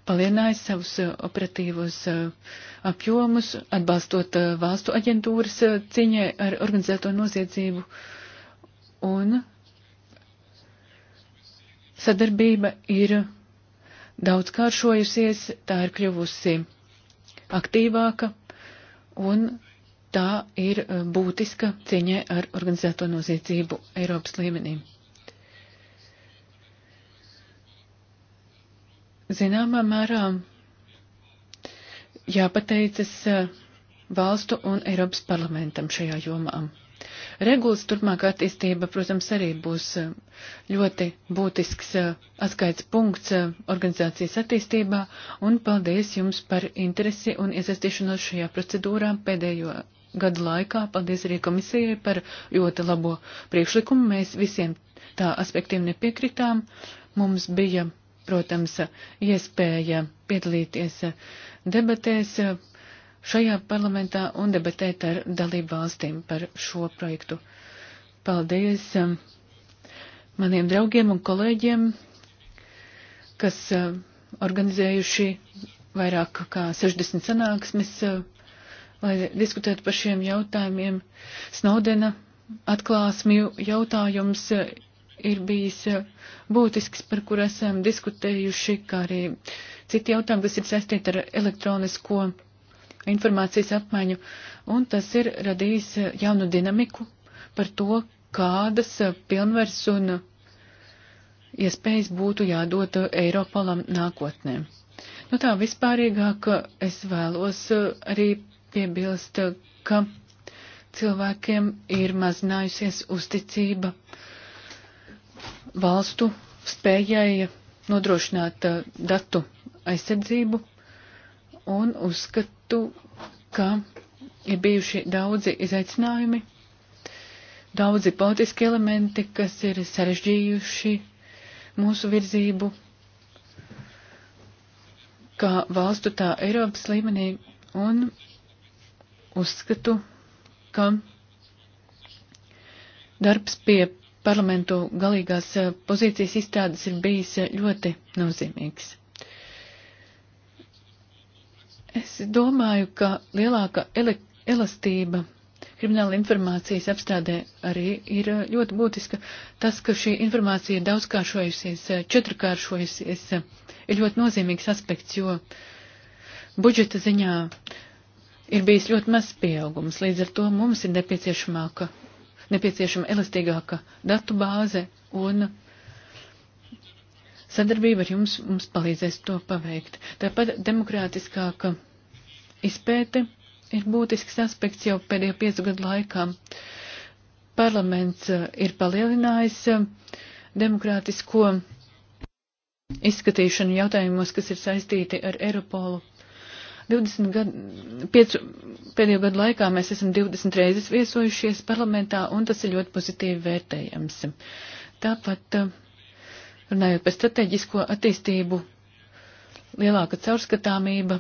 palielinājis savus uh, operatīvos uh, apjomus, atbalstot uh, valstu aģentūras cīņai ar organizēto noziedzību. Uh, un sadarbība ir daudzkāršojusies, tā ir kļuvusi aktīvāka un tā ir eh, būtiska cieņai ar organizēto noziedzību Eiropas līmenī. Zināmā mērā jāpateicas eh, valstu un Eiropas parlamentam šajā jomā regulas turpmākā attīstība, protams, arī būs eh, ļoti būtisks eh, atskaits punkts eh, organizācijas attīstībā, un paldies jums par interesi un iesaistīšanos šajā procedūrā pēdējo gadu laikā. Paldies arī komisijai par ļoti labo priekšlikumu. Mēs visiem tā aspektiem nepiekritām. Mums bija, protams, iespēja piedalīties debatēs šajā parlamentā un debatēt ar dalību valstīm par šo projektu. Paldies um, maniem draugiem un kolēģiem, kas um, organizējuši vairāk kā 60 sanāksmes, uh, lai diskutētu par šiem jautājumiem. Snowdena atklāsmju jautājums uh, ir bijis uh, būtisks, par kur esam diskutējuši, kā arī citi jautājumi, kas ir saistīti ar elektronisko informācijas apmaiņu, un tas ir radījis eh, jaunu dinamiku par to, kādas eh, pilnvers un eh, iespējas būtu jādod Eiropolam nākotnē. Nu tā vispārīgāk es vēlos arī piebilst, ka cilvēkiem ir mazinājusies uzticība valstu spējai nodrošināt datu aizsardzību un uzskat, uzskatu, ka ir bijuši daudzi izaicinājumi, daudzi politiski elementi, kas ir sarežģījuši mūsu virzību, kā valstu tā Eiropas līmenī, un uzskatu, ka darbs pie parlamentu galīgās eh, pozīcijas izstrādes ir bijis eh, ļoti nozīmīgs. Es domāju, ka lielāka elastība krimināla informācijas apstrādē arī ir eh, ļoti būtiska. Tas, ka šī informācija ir daudzkāršojusies, eh, četrkāršojusies, eh, ir ļoti nozīmīgs aspekts, jo budžeta ziņā ir bijis ļoti maz pieaugums. Līdz ar to mums ir nepieciešamāka, nepieciešama elastīgāka datu bāze un Sadarbība ar jums mums palīdzēs to paveikt. Tāpat demokrātiskāka izpēte ir būtisks aspekts jau pēdējo piecu gadu laikā. Parlaments eh, ir palielinājis eh, demokrātisko izskatīšanu jautājumos, kas ir saistīti ar Eiropolu. 20 gadu, 5, pēdējo gadu laikā mēs esam 20 reizes viesojušies parlamentā, un tas ir ļoti pozitīvi vērtējams. Tāpat uh, Runājot par strateģisko attīstību, lielāka caurskatāmība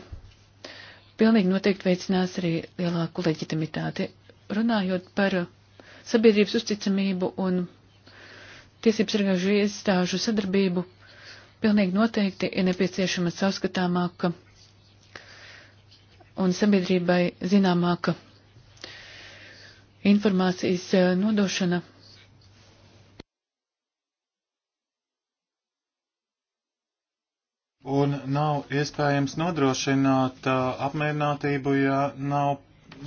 pilnīgi noteikti veicinās arī lielāku leģitimitāti. Runājot par sabiedrības uzticamību un tiesības sargāžu iestāžu sadarbību, pilnīgi noteikti ir nepieciešama caurskatāmāka un sabiedrībai zināmāka informācijas eh, nodošana nav iespējams nodrošināt uh, apmierinātību, ja nav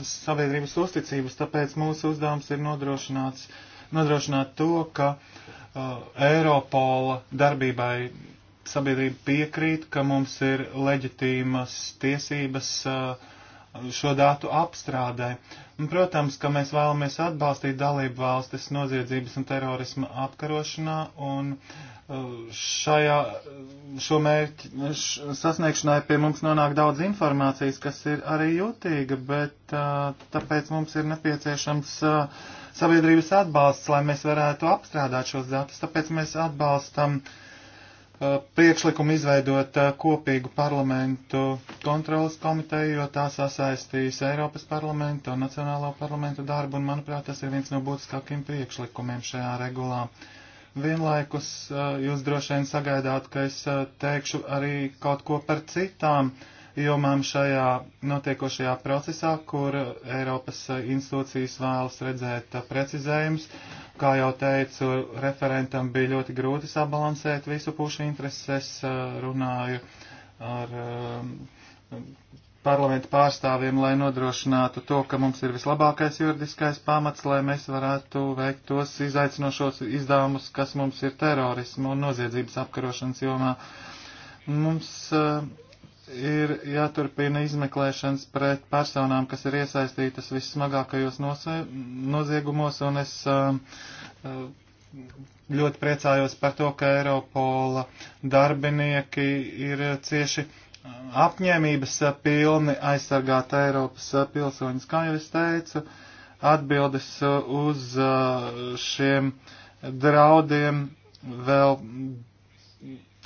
sabiedrības uzticības, tāpēc mūsu uzdevums ir nodrošināt to, ka uh, Eiropola darbībai sabiedrība piekrīt, ka mums ir leģitīmas tiesības uh, šo datu apstrādē. Un, protams, ka mēs vēlamies atbalstīt dalību valstis noziedzības un terorisma apkarošanā, un uh, šajā, šo mērķu š, sasniegšanai pie mums nonāk daudz informācijas, kas ir arī jūtīga, bet uh, tāpēc mums ir nepieciešams uh, sabiedrības atbalsts, lai mēs varētu apstrādāt šos datus. Tāpēc mēs atbalstam uh, Uh, priekšlikumu izveidot uh, kopīgu parlamentu kontrolas komiteju, jo tā sasaistīs Eiropas parlamentu un Nacionālo parlamentu darbu, un, manuprāt, tas ir viens no būtiskākiem priekšlikumiem šajā regulā. Vienlaikus uh, jūs droši vien sagaidāt, ka es teikšu arī kaut ko par citām uh, jomām šajā notiekošajā procesā, kur Eiropas institūcijas vēlas redzēt precizējumus. Kā jau teicu, referentam bija ļoti grūti sabalansēt visu pušu intereses. Runāju ar um, parlamentu pārstāvjiem, lai nodrošinātu to, ka mums ir vislabākais juridiskais pamats, lai mēs varētu veikt tos izaicinošos izdevumus, kas mums ir terorismu un noziedzības apkarošanas jomā. Mums uh, ir jāturpina izmeklēšanas pret personām, kas ir iesaistītas vissmagākajos noziegumos, un es um, uh, ļoti priecājos par to, ka Eiropola darbinieki ir cieši apņēmības pilni aizsargāt Eiropas pilsoņus. Kā jau es teicu, atbildes uz uh, šiem draudiem vēl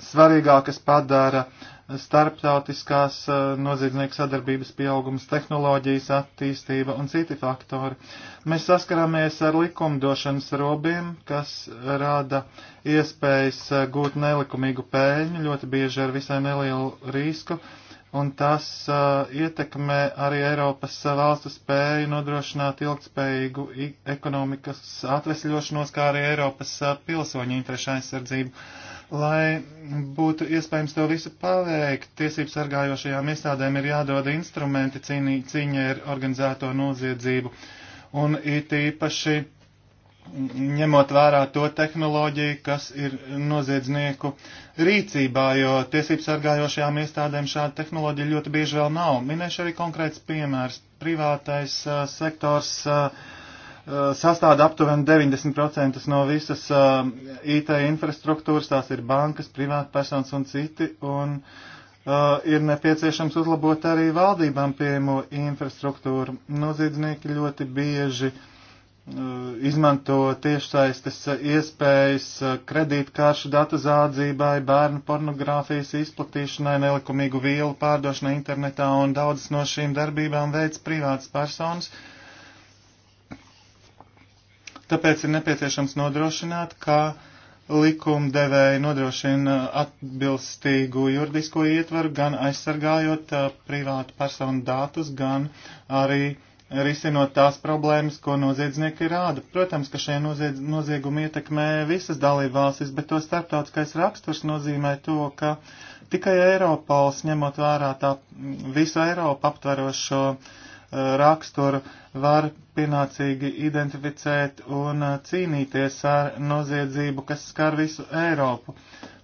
svarīgākas padara uh, starptautiskās eh, noziedznieku sadarbības pieaugums, tehnoloģijas attīstība un citi faktori. Mēs saskaramies ar likumdošanas robiem, kas rada iespējas eh, gūt nelikumīgu pēļņu, ļoti bieži ar visai nelielu risku, un tas uh, ietekmē arī Eiropas valstu spēju nodrošināt ilgtspējīgu ekonomikas atvesļošanos, kā arī Eiropas pilsoņu interešu aizsardzību Lai būtu iespējams to visu paveikt, tiesību sargājošajām iestādēm ir jādod instrumenti cīnī, cīņai ar organizēto noziedzību. Un it īpaši ņemot vērā to tehnoloģiju, kas ir noziedznieku rīcībā, jo tiesību sargājošajām iestādēm šāda tehnoloģija ļoti bieži vēl nav. Minēšu arī konkrēts piemērs. Privātais uh, sektors. Uh, Eh, sastāda aptuveni 90% no visas uh, eh, IT infrastruktūras, tās ir bankas, privātpersonas un citi, un uh, ir nepieciešams uzlabot arī valdībām pieejamo infrastruktūru. Noziedznieki ļoti bieži uh, izmanto tiešsaistes iespējas kredītkāršu datu zādzībai, bērnu pornogrāfijas izplatīšanai, nelikumīgu vielu pārdošanai internetā, un daudzas no šīm darbībām veids privātas personas, uh, Tāpēc ir nepieciešams nodrošināt, ka likumdevēji nodrošina atbilstīgu juridisko ietvaru, gan aizsargājot privātu personu datus, gan arī risinot tās problēmas, ko noziedznieki rāda. Protams, ka šie noziedz, noziegumi ietekmē visas dalībvalstis, bet to starptautiskais raksturs nozīmē to, ka tikai Eiropols, ņemot vērā tā visu Eiropu aptverošo uh, raksturu, uh, var pienācīgi identificēt un uh, cīnīties ar noziedzību, kas skar visu Eiropu.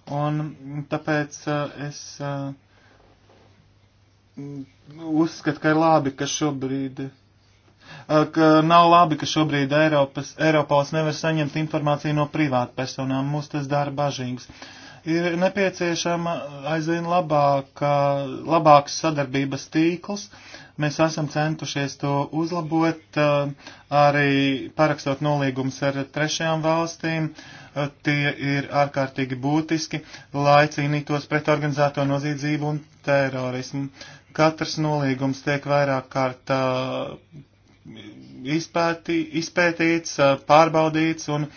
Un tāpēc uh, es uh, uzskatu, ka ir labi, ka šobrīd ka nav labi, ka šobrīd Eiropas, Eiropos nevar saņemt informāciju no privātpersonām. Mūs tas dara bažīgs. Ir nepieciešama aizvien labāka, labāks sadarbības tīkls, Mēs esam centušies to uzlabot, eh, arī parakstot nolīgumus ar trešajām valstīm. Eh, tie ir ārkārtīgi būtiski, lai cīnītos pret organizēto noziedzību un terorismu. Katrs nolīgums tiek vairāk kārt eh, izpēti, izpētīts, pārbaudīts, un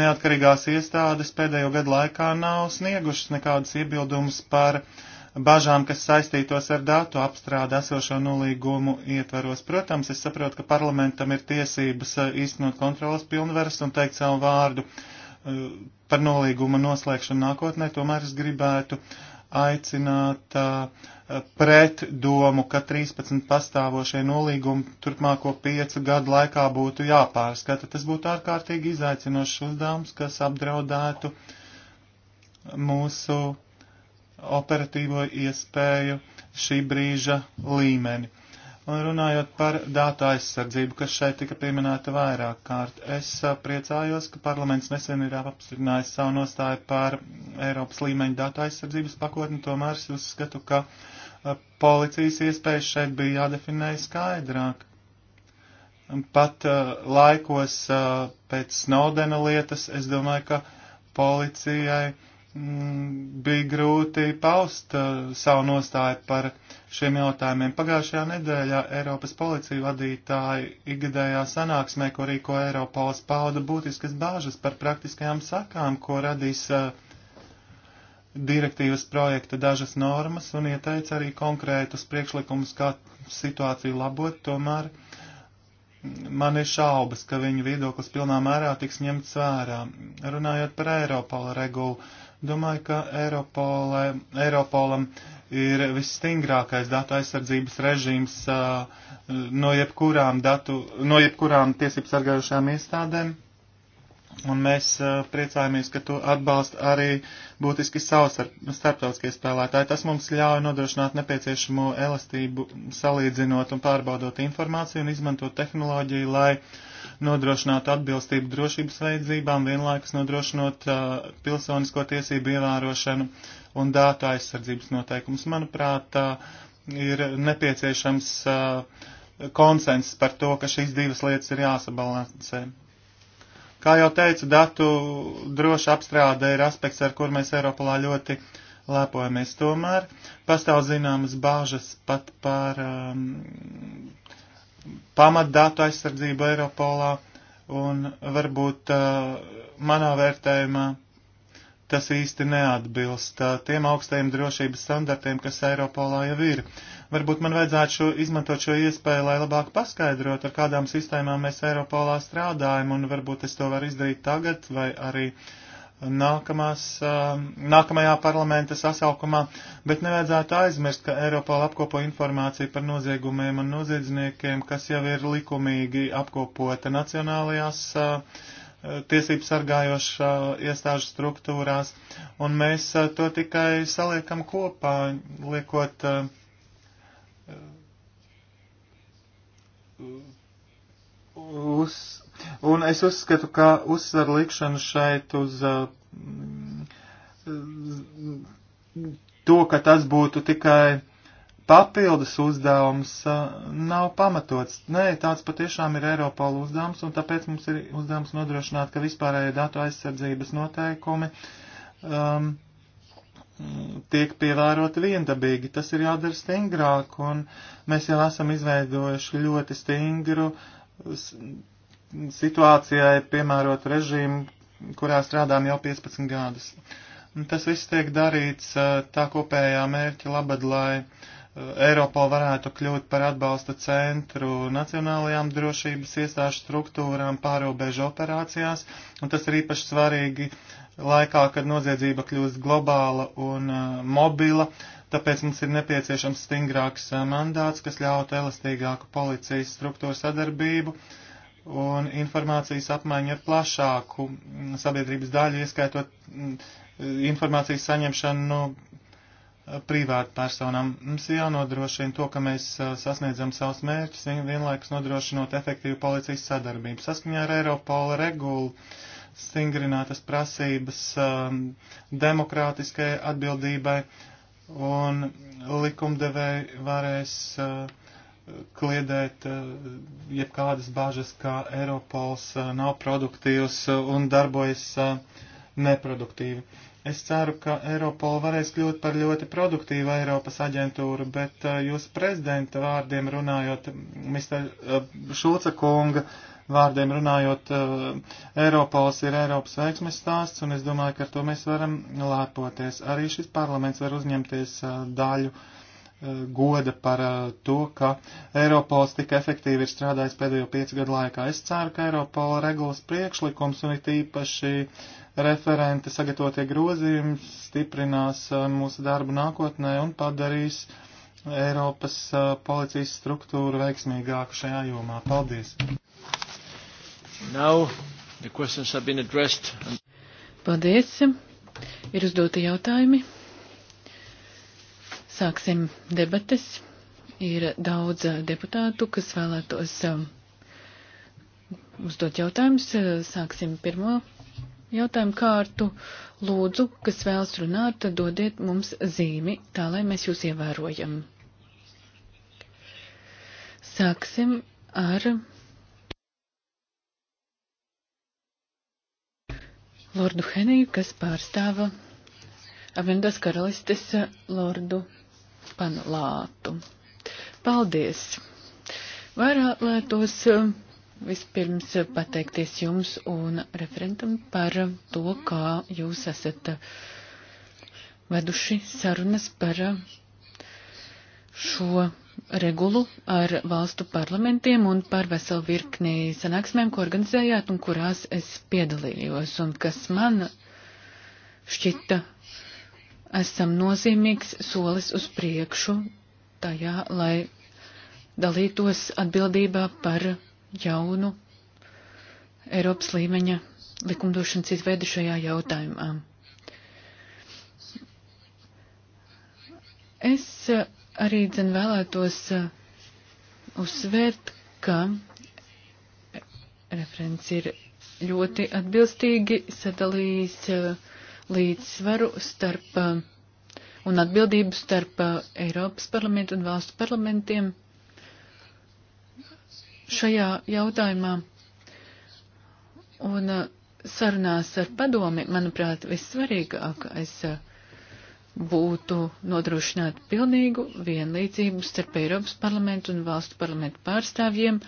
neatkarīgās iestādes pēdējo gadu laikā nav sniegušas nekādas iebildumus par uh, bažām, kas saistītos ar datu apstrādi esošo nolīgumu ietveros. Protams, es saprotu, ka parlamentam ir tiesības eh, īstenot kontrolas pilnvaras un teikt savu vārdu eh, par nolīguma noslēgšanu nākotnē, tomēr es gribētu aicināt eh, pret domu, ka 13 pastāvošie nolīgumi turpmāko piecu gadu laikā būtu jāpārskata. Tas būtu ārkārtīgi izaicinošs uzdevums, kas apdraudētu mūsu operatīvo iespēju šī brīža līmeni. Un runājot par datu aizsardzību, kas šeit tika pieminēta vairāk kārt, es priecājos, ka parlaments nesen ir apstiprinājis savu nostāju par Eiropas līmeņa datu aizsardzības pakotni, tomēr es uzskatu, ka policijas iespējas šeit bija jādefinē skaidrāk. Pat uh, laikos uh, pēc Snowdena lietas es domāju, ka policijai uh, Mm, bija grūti paust uh, savu nostāju par šiem jautājumiem. Pagājušajā nedēļā Eiropas policija vadītāji ikgadējā sanāksmē, ko rīko Eiropols, pauda būtiskas bāžas par praktiskajām sakām, ko radīs uh, direktīvas projekta dažas normas un ieteica arī konkrētus priekšlikumus, kā situāciju labot, tomēr man ir šaubas, ka viņu viedoklis pilnā mērā tiks ņemts vērā. Runājot par Eiropola regulu, Domāju, ka Eiropolē, Eiropolam ir visstingrākais datu aizsardzības režīms uh, no jebkurām, datu, no jebkurām tiesības sargājušām iestādēm. Uh, Un mēs uh, priecājamies, ka to atbalsta arī būtiski savs starptautiskie spēlētāji. Tas mums ļauj nodrošināt nepieciešamo elastību, salīdzinot un pārbaudot informāciju un izmantot tehnoloģiju, lai nodrošinātu atbilstību drošības veidzībām, vienlaikus nodrošinot uh, pilsonisko tiesību ievērošanu un dātu aizsardzības noteikumus. Manuprāt, uh, ir nepieciešams uh, konsens par to, ka šīs divas lietas ir jāsabalansē. Kā jau teicu, datu droša apstrāde ir aspekts, ar kur mēs Eiropolā ļoti lepojamies. Tomēr pastāv zināmas bāžas pat par um, pamatdatu aizsardzību Eiropolā, un varbūt uh, manā vērtējumā tas īsti neatbilst uh, tiem augstajiem drošības standartiem, kas Eiropolā jau ir. Uh, Varbūt man vajadzētu šo, izmantot šo iespēju, lai labāk paskaidrot, ar kādām sistēmām mēs Eiropolā strādājam, un varbūt es to varu izdarīt tagad vai arī nākamās, um, nākamajā parlamenta sasaukumā, bet nevajadzētu aizmirst, ka Eiropola apkopo informāciju par noziegumiem un noziedzniekiem, kas jau ir likumīgi apkopota nacionālajās uh, tiesību sargājošā iestāžu struktūrās, un mēs uh, to tikai saliekam kopā, liekot uh, uz, un es uzskatu, ka uzsver likšana šeit uz uh, to, ka tas būtu tikai papildus uzdevums uh, nav pamatots. Nē, tāds patiešām ir Eiropola uzdevums, un tāpēc mums ir uzdevums nodrošināt, ka vispārējie datu aizsardzības noteikumi um, tiek pievēroti viendabīgi. Tas ir jādara stingrāk, un mēs jau esam izveidojuši ļoti stingru situācijai piemērotu režīmu, kurā strādājam jau 15 gadus. Tas viss tiek darīts tā kopējā mērķa labad, lai Eiropola varētu kļūt par atbalsta centru nacionālajām drošības iestāžu struktūrām pārobežu operācijās, un tas ir īpaši svarīgi uh, laikā, kad noziedzība kļūst globāla un uh, mobila, tāpēc mums ir nepieciešams stingrāks uh, mandāts, kas ļautu elastīgāku policijas struktūru sadarbību un informācijas apmaiņu ar plašāku mm, sabiedrības daļu, ieskaitot m, mm, informācijas saņemšanu no uh, privātu personām. Mums ir jānodrošina to, ka mēs uh, sasniedzam savus mērķus, vienlaikus nodrošinot efektīvu policijas sadarbību. Saskaņā ar Eiropola regulu stingrinātas prasības um, demokrātiskai atbildībai un likumdevēji varēs uh, kliedēt uh, jebkādas bāžas, ka Eiropols uh, nav produktīvs uh, un darbojas uh, neproduktīvi. Es ceru, ka Eiropola varēs kļūt par ļoti produktīvu Eiropas aģentūru, bet uh, jūsu prezidenta vārdiem runājot, Mr. Uh, Šulca kunga, uh, vārdiem runājot, eh, Eiropols ir Eiropas veiksmes stāsts, un es domāju, ka ar to mēs varam lēpoties. Arī šis parlaments var uzņemties eh, daļu eh, goda par to, ka Eiropols tik efektīvi ir strādājis pēdējo piecu gadu laikā. Es ceru, ka Eiropola regulas priekšlikums un it īpaši referenta sagatavotie grozījumi stiprinās mūsu darbu nākotnē un padarīs Eiropas policijas struktūru veiksmīgāku šajā jomā. Paldies! Now the questions have been addressed. And... Paldies. Ir uzdoti jautājumi. Sāksim debates. Ir daudz eh, deputātu, kas vēlētos eh, uzdot jautājumus. Sāksim pirmo jautājumu kārtu. Lūdzu, kas vēlas runāt, dodiet mums zīmi, tā lai mēs jūs ievērojam. Sāksim ar Lordu Heniju, kas pārstāva Avendas karalistes Lordu Panlātu. Paldies! Varētos eh, vispirms pateikties jums un referentam par to, kā jūs esat veduši sarunas par šo regulu ar valstu parlamentiem un par veselu virknī sanāksmēm, ko organizējāt un kurās es piedalījos un kas man šķita esam nozīmīgs solis uz priekšu tajā, lai dalītos atbildībā par jaunu Eiropas līmeņa likumdošanas izveidu šajā jautājumā. Es arī dzen vēlētos uh, uzsvērt, ka referents ir ļoti atbilstīgi sadalījis uh, līdzsvaru starp uh, un atbildību starp Eiropas parlamentu un valstu parlamentiem šajā jautājumā. Un sarunās ar padomi, manuprāt, vissvarīgākais. Es, būtu nodrošināt pilnīgu vienlīdzību starp Eiropas parlamentu un valstu parlamentu pārstāvjiem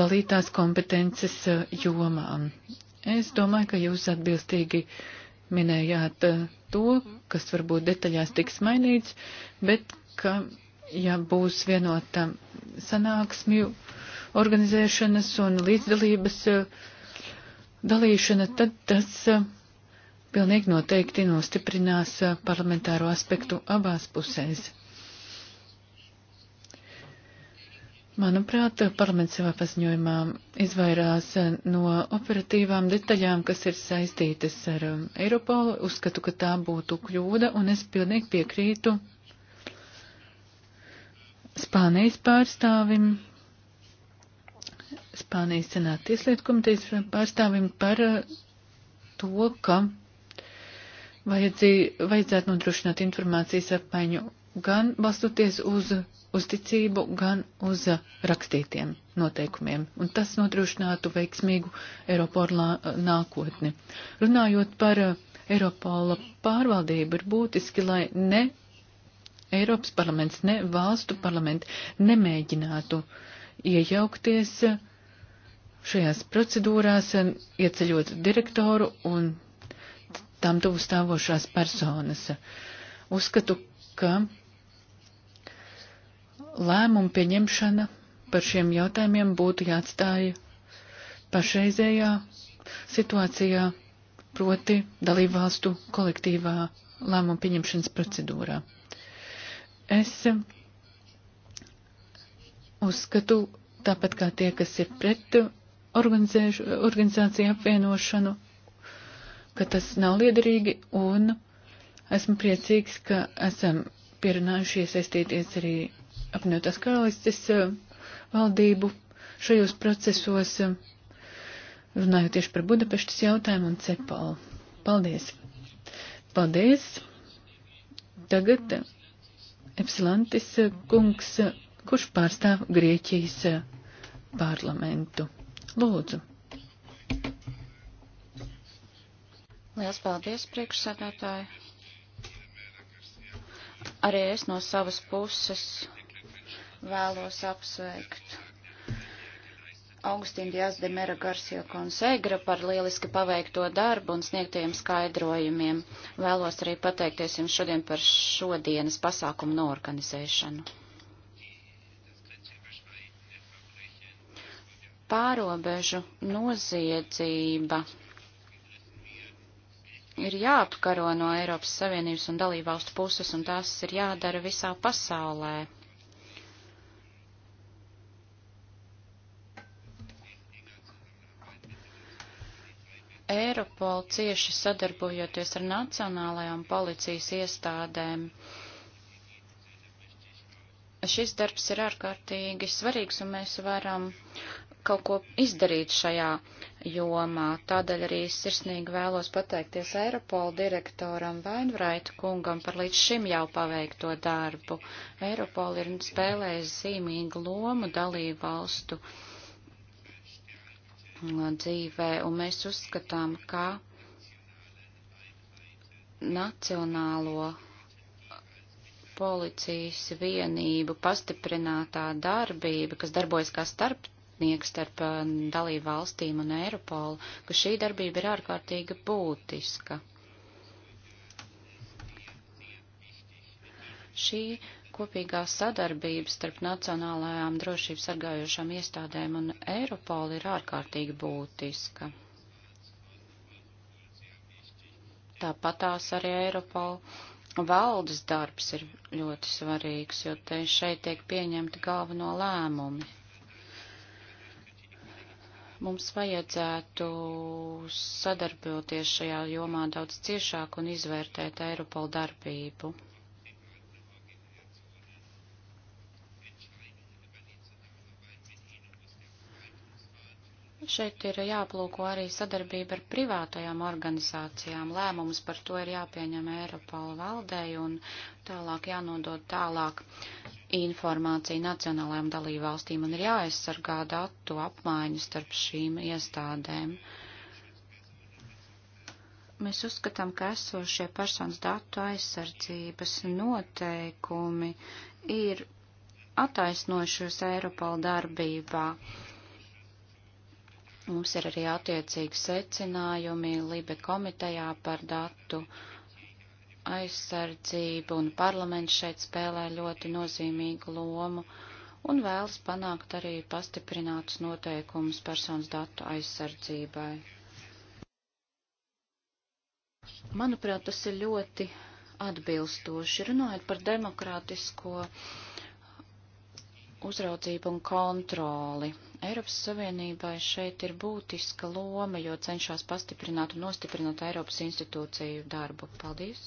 dalītās kompetences eh, jomām. Es domāju, ka jūs atbilstīgi minējāt eh, to, kas varbūt detaļās tiks mainīts, bet ka, ja būs vienota sanāksmju organizēšanas un līdzdalības eh, dalīšana, tad tas pilnīgi noteikti nostiprinās eh, parlamentāro aspektu abās pusēs. Manuprāt, parlaments savā paziņojumā izvairās eh, no operatīvām detaļām, kas ir saistītas ar um, Eiropolu. Uzskatu, ka tā būtu kļūda, un es pilnīgi piekrītu Spānijas pārstāvim, Spānijas senāta tieslietu komitejas pārstāvim par eh, to, ka vajadzētu nodrošināt informācijas apmaiņu gan balstoties uz uzticību, gan uz rakstītiem noteikumiem, un tas nodrošinātu veiksmīgu Eiropola nākotni. Runājot par Eiropola pārvaldību, ir būtiski, lai ne Eiropas parlaments, ne valstu parlamenti nemēģinātu iejaukties šajās procedūrās, ieceļot direktoru un tām tuvu stāvošās personas. Uzskatu, ka lēmumu pieņemšana par šiem jautājumiem būtu jāatstāja pašreizējā situācijā, proti dalību valstu kolektīvā lēmumu pieņemšanas procedūrā. Es uzskatu, tāpat kā tie, kas ir pret organizāciju apvienošanu, ka tas nav liederīgi, un esmu priecīgs, ka esam pierunājuši iesaistīties arī apvienotās karalistes eh, valdību šajos procesos, eh, runājot tieši par Budapeštas jautājumu un cepalu. Paldies! Paldies! Tagad eh, Epsilantis kungs, kurš pārstāv Grieķijas parlamentu. Lūdzu! Liels paldies, priekšsēdētāji. Arī es no savas puses vēlos apsveikt Augustīnu Dias de Mera Garcia Konsegra par lieliski paveikto darbu un sniegtajiem skaidrojumiem. Vēlos arī pateikties jums šodien par šodienas pasākumu noorganizēšanu. Pārobežu noziedzība ir jāapkaro no Eiropas Savienības un dalībvalstu puses, un tās ir jādara visā pasaulē. Eiropola cieši sadarbojoties ar nacionālajām policijas iestādēm. Šis darbs ir ārkārtīgi svarīgs, un mēs varam kaut ko izdarīt šajā jomā. Tādēļ arī sirsnīgi vēlos pateikties Eiropola direktoram Vainvraitu kungam par līdz šim jau paveikto darbu. Eiropola ir spēlējis zīmīgu lomu dalību valstu dzīvē, un mēs uzskatām, ka nacionālo policijas vienību pastiprinātā darbība, kas darbojas kā starp starpnieku starp uh, dalību valstīm un Eiropolu, ka šī darbība ir ārkārtīgi būtiska. Šī kopīgā sadarbība starp nacionālajām drošības sargājošām iestādēm un Eiropolu ir ārkārtīgi būtiska. Tāpat tās arī Eiropola valdes darbs ir ļoti svarīgs, jo te šeit tiek pieņemti galveno lēmumi. Mums vajadzētu sadarboties šajā jomā daudz ciešāk un izvērtēt Eiropola darbību. Šeit ir jāplūko arī sadarbība ar privātajām organizācijām. Lēmums par to ir jāpieņem Eiropola valdei un tālāk jānodod tālāk informācija nacionālajām dalībvalstīm un ir jāaizsargā datu apmaiņu starp šīm iestādēm. Mēs uzskatām, ka esošie personas datu aizsardzības noteikumi ir attaisnojušos Eiropola darbībā Mums ir arī attiecīgi secinājumi Libe komitejā par datu aizsardzību, un parlaments šeit spēlē ļoti nozīmīgu lomu un vēlas panākt arī pastiprinātus noteikumus personas datu aizsardzībai. Manuprāt, tas ir ļoti atbilstoši. Runājot par demokrātisko uzraudzību un kontroli Eiropas Savienībai šeit ir būtiska loma, jo cenšas pastiprināt un nostiprināt Eiropas institūciju darbu. Paldies!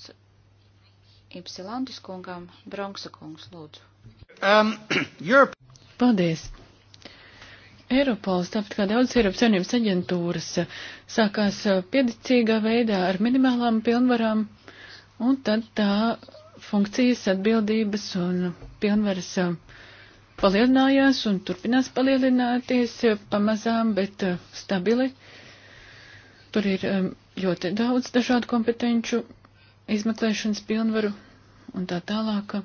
Ipsilantis kungam, Bronksa kungs, lūdzu. Um, [CLEARS THROAT] Europe. Paldies! Eiropols, tāpat kā daudzas Eiropas Savienības aģentūras, sākās piedicīgā veidā ar minimālām pilnvarām, un tad tā funkcijas, atbildības un pilnvaras uh, palielinājās un turpinās palielināties eh, pamazām, bet eh, stabili. Tur ir eh, ļoti daudz dažādu kompetenču, izmeklēšanas pilnvaru un tā tālāk.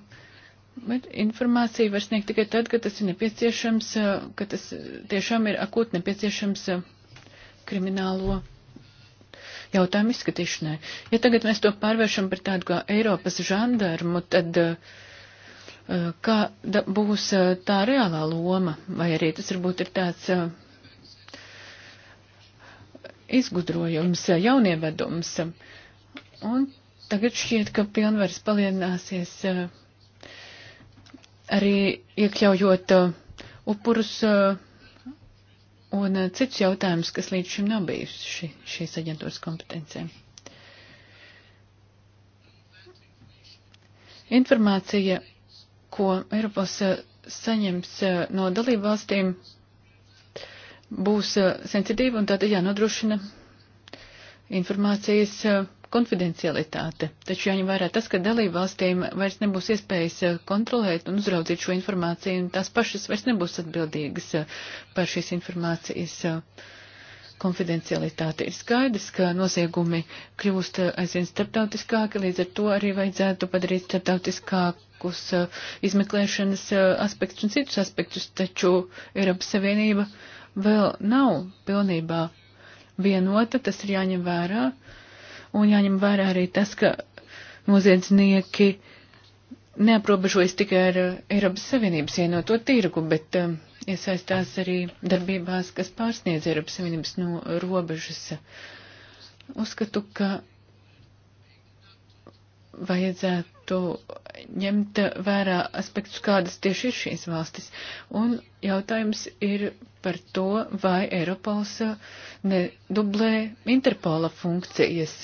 Bet informāciju var sniegt tikai tad, kad tas ir nepieciešams, ka tas tiešām ir akūti nepieciešams kriminālo jautājumu izskatīšanai. Ja tagad mēs to pārvēršam par tādu kā Eiropas žandarmu, tad uh, kā da, būs tā reālā loma, vai arī tas varbūt ir tāds izgudrojums, jaunievedums. Un tagad šķiet, ka pilnvaras palielināsies arī iekļaujot upurus un cits jautājums, kas līdz šim nav bijusi šī, šīs aģentūras kompetencija. Informācija ko Eiropas eh, saņems eh, no dalību valstīm, būs eh, sensitīva un tātad jānodrošina informācijas konfidencialitāte. Taču jāņem vērā tas, ka dalību valstīm vairs nebūs iespējas kontrolēt un uzraudzīt šo informāciju, un tās pašas vairs nebūs atbildīgas par šīs informācijas uh, konfidencialitāti. Ir skaidrs, ka noziegumi kļūst aizvien starptautiskāki, līdz ar to arī vajadzētu padarīt starptautiskākus uh, izmeklēšanas uh, aspektus un citus aspektus, taču Eiropas Savienība vēl nav pilnībā vienota, tas ir jāņem vērā, un jāņem vērā arī tas, ka noziedznieki neaprobežojas tikai ar uh, Eiropas Savienības vienoto tirgu, bet um, iesaistās arī darbībās, kas pārsniedz Eiropas Savienības no robežas. Uzskatu, ka vajadzētu ņemt vērā aspektus, kādas tieši ir šīs valstis. Un jautājums ir par to, vai Eiropols uh, nedublē Interpola funkcijas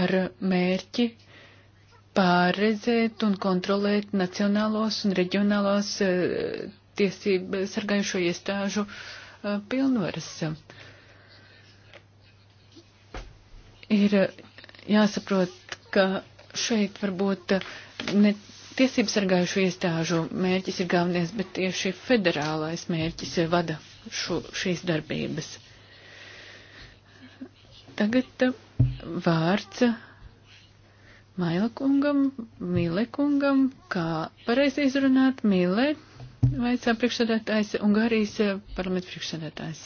ar mērķi pārredzēt un kontrolēt nacionālos un reģionālos uh, tiesību sargājušo iestāžu pilnvaras. Ir jāsaprot, ka šeit varbūt ne tiesību sargājušo iestāžu mērķis ir galvenais, bet tieši federālais mērķis vada šo, šīs darbības. Tagad vārds Maila kungam, Mile kungam, kā pareizi izrunāt Mile Vaicā priekšsēdētājs, Ungārijas eh, parlamenta priekšsēdētājs.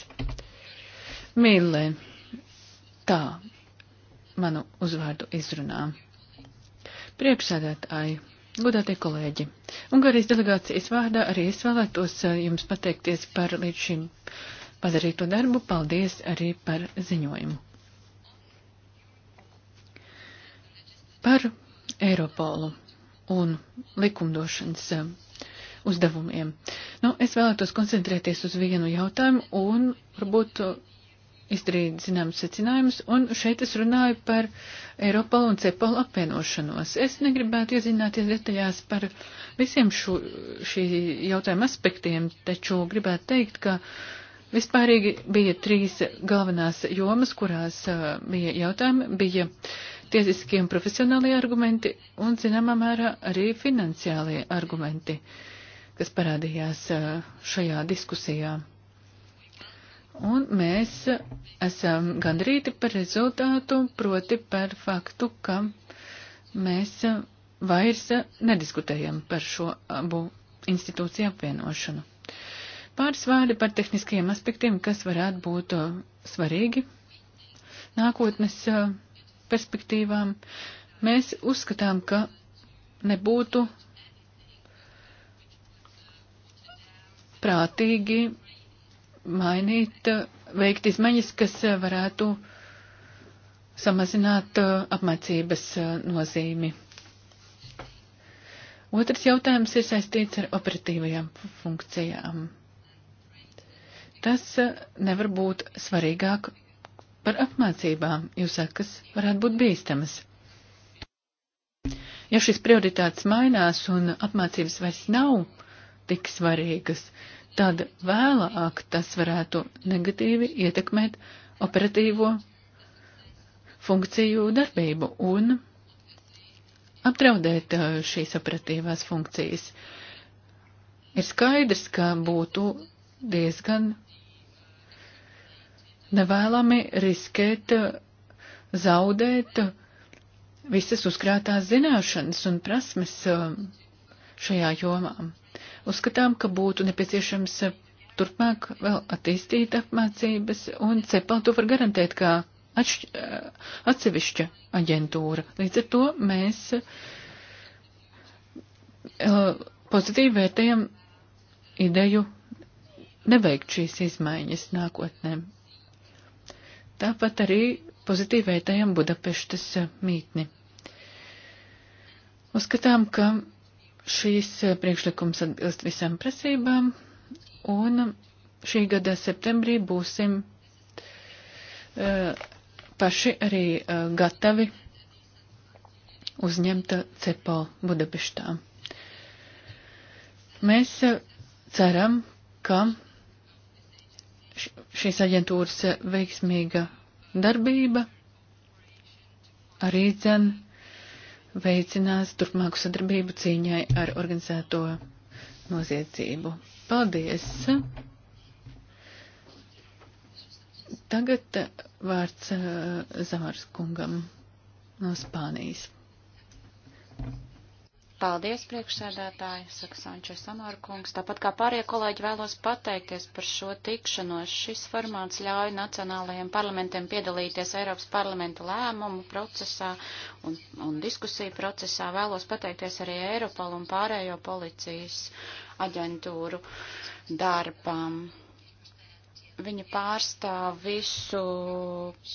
Mīlē, tā manu uzvārdu izrunā. Priekšsēdētāji, godātie kolēģi, Ungārijas delegācijas vārdā arī es vēlētos eh, jums pateikties par līdz šim padarīto darbu. Paldies arī par ziņojumu. Par Eiropolu un likumdošanas eh, uzdevumiem. Nu, es vēlētos koncentrēties uz vienu jautājumu un varbūt izdarīt zināmas secinājumus, un šeit es runāju par Eiropalu un Cepalu apvienošanos. Es negribētu iezināties detaļās par visiem šo, šī jautājuma aspektiem, taču gribētu teikt, ka vispārīgi bija trīs galvenās jomas, kurās bija jautājumi, bija tiesiskie un profesionālie argumenti un, zināmā mērā, arī finansiālie argumenti. Uh, kas parādījās šajā diskusijā. Un mēs esam gandrīti par rezultātu, proti par faktu, ka mēs vairs nediskutējam par šo abu institūciju apvienošanu. Pāris vārdi par tehniskajiem aspektiem, kas varētu būt svarīgi nākotnes perspektīvām. Mēs uzskatām, ka nebūtu prātīgi mainīt, veikt izmaiņas, kas varētu samazināt uh, apmācības uh, nozīmi. Otrs jautājums ir saistīts ar operatīvajām funkcijām. Tas uh, nevar būt svarīgāk par apmācībām, jo sekas varētu būt bīstamas. Ja šis prioritāts mainās un apmācības vairs nav, tik svarīgas, tad vēlāk tas varētu negatīvi ietekmēt operatīvo funkciju darbību un apdraudēt uh, šīs operatīvās funkcijas. Ir skaidrs, ka būtu diezgan nevēlami riskēt uh, zaudēt uh, visas uzkrātās zināšanas un prasmes šajā jomā. Uzskatām, ka būtu nepieciešams eh, turpmāk vēl attīstīt apmācības, un CEPAL to var garantēt kā atšķ, eh, atsevišķa aģentūra. Līdz ar to mēs eh, pozitīvi vērtējam ideju neveikt šīs izmaiņas nākotnē. Tāpat arī pozitīvi vērtējam Budapeštas mītni. Uzskatām, ka Šīs e, priekšlikums atbilst visām prasībām, un šī gada septembrī būsim uh, paši arī uh, gatavi uzņemt cepo Budapeštā. Mēs uh, ceram, ka šīs aģentūras veiksmīga darbība arī dzen veicinās turpmāku sadarbību cīņai ar organizēto noziedzību. Paldies! Tagad vārds eh, Zavars kungam no Spānijas. Paldies, priekšsēdētāji, saka Sančes Amārkungs. Tāpat kā pārējie kolēģi vēlos pateikties par šo tikšanos. Šis formāts ļauj nacionālajiem parlamentiem piedalīties Eiropas parlamenta lēmumu procesā un, un diskusiju procesā. Vēlos pateikties arī Eiropalu un pārējo policijas aģentūru darbam viņa pārstāv visu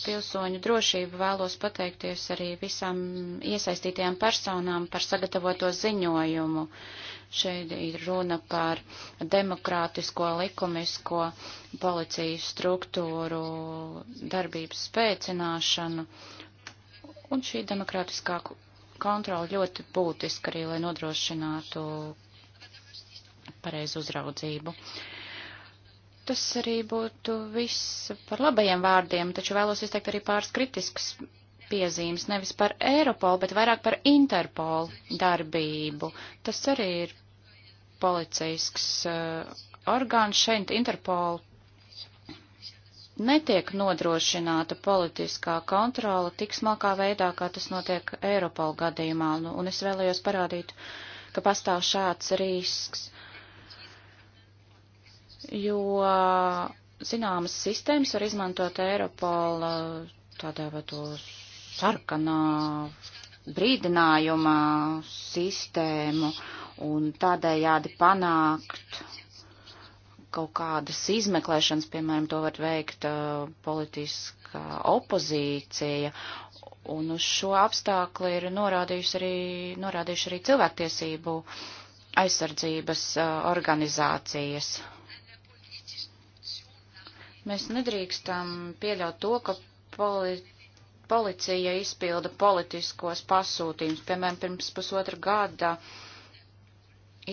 pilsoņu drošību. Vēlos pateikties arī visām iesaistītajām personām par sagatavoto ziņojumu. Šeit ir runa par demokrātisko, likumisko policijas struktūru darbības spēcināšanu. Un šī demokrātiskā kontrola ļoti būtiska arī, lai nodrošinātu pareizu uzraudzību. Uh, Tas arī būtu viss par labajiem vārdiem, taču vēlos izteikt arī pāris kritiskus piezīmes, nevis par Eiropolu, bet vairāk par Interpolu darbību. Tas arī ir policijisks uh, eh, orgāns šeit, Interpolu. Netiek nodrošināta politiskā kontrola tik smalkā veidā, kā tas notiek Eiropolu gadījumā, nu, un es vēlējos parādīt, ka pastāv šāds risks. Uh, jo zināmas sistēmas var izmantot Eiropola tādā vai to sarkanā brīdinājuma sistēmu un tādējādi panākt kaut kādas izmeklēšanas, piemēram, to var veikt uh, politiskā opozīcija. Un uz šo apstākli ir norādījuši arī, norādījuši arī cilvēktiesību aizsardzības uh, organizācijas. Uh, Mēs nedrīkstam pieļaut to, ka politika policija izpilda politiskos pasūtījumus. Piemēram, pirms pusotra gada,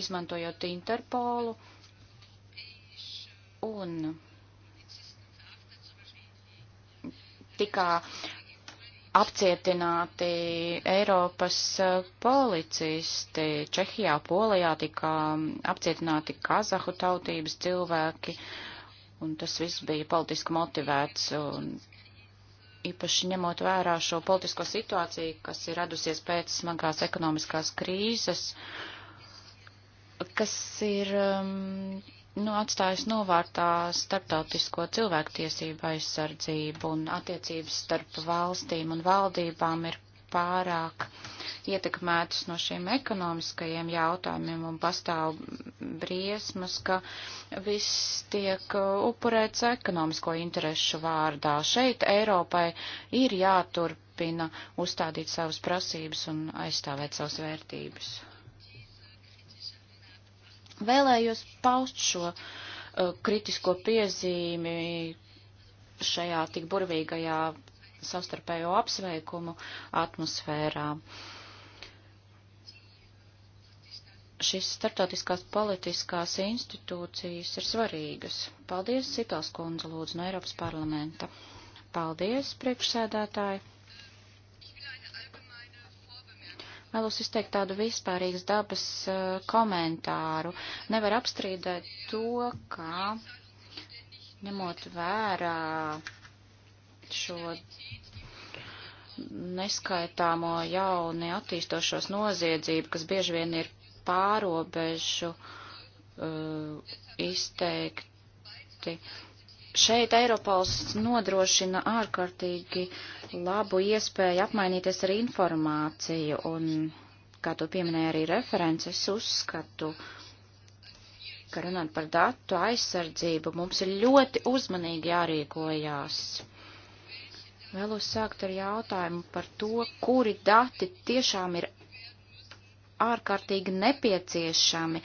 izmantojot Interpolu un tikā apcietināti Eiropas policisti. Čehijā, Polijā tika apcietināti kazahu tautības cilvēki. Uh, Un tas viss bija politiski motivēts, un īpaši ņemot vērā šo politisko situāciju, kas ir radusies pēc smagās ekonomiskās krīzes, kas ir um, nu, atstājis novārtā starptautisko cilvēktiesību aizsardzību un attiecības starp valstīm un valdībām ir pārāk ietekmētas no šiem ekonomiskajiem jautājumiem un pastāv briesmas, ka viss tiek upurēts ekonomisko interesu vārdā. Šeit Eiropai ir jāturpina uzstādīt savas prasības un aizstāvēt savas vērtības. Vēlējos paust šo uh, kritisko piezīmi šajā tik burvīgajā savstarpējo apsveikumu atmosfērā. Šis startautiskās politiskās institūcijas ir svarīgas. Paldies, Citās kundze, lūdzu, no Eiropas parlamenta. Paldies, priekšsēdētāji. vēlos izteikt tādu vispārīgas dabas uh, komentāru. Nevar apstrīdēt to, ka ņemot vērā uh, šo neskaitāmo jauni attīstošos noziedzību, kas bieži vien ir pārobežu uh, izteikti. Šeit Eiropols nodrošina ārkārtīgi labu iespēju apmainīties ar informāciju, un, kā to pieminēja arī references, uzskatu, ka runāt par datu aizsardzību mums ir ļoti uzmanīgi jārīkojās. Vēlos sākt ar jautājumu par to, kuri dati tiešām ir ārkārtīgi nepieciešami,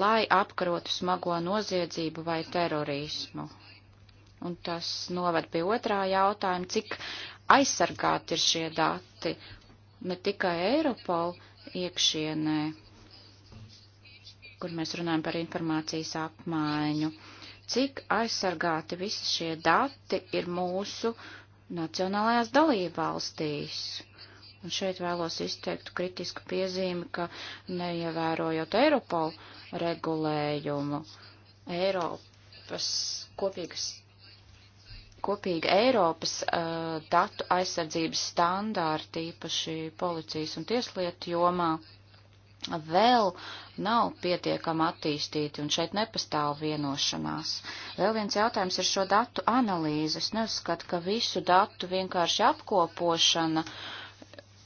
lai apkarotu smago noziedzību vai terorismu. Un tas noved pie otrā jautājuma, cik aizsargāti ir šie dati ne tikai Eiropol iekšienē, kur mēs runājam par informācijas apmaiņu cik aizsargāti visi šie dati ir mūsu nacionālajās dalībvalstīs. Un šeit vēlos izteikt kritisku piezīmi, ka neievērojot Eiropolu regulējumu, Eiropas kopīgas kopīga Eiropas uh, datu aizsardzības standārti, īpaši policijas un tieslietu jomā, vēl nav pietiekami attīstīti, un šeit nepastāv vienošanās. Vēl viens jautājums ir šo datu analīze. Es neuzskatu, ka visu datu vienkārši apkopošana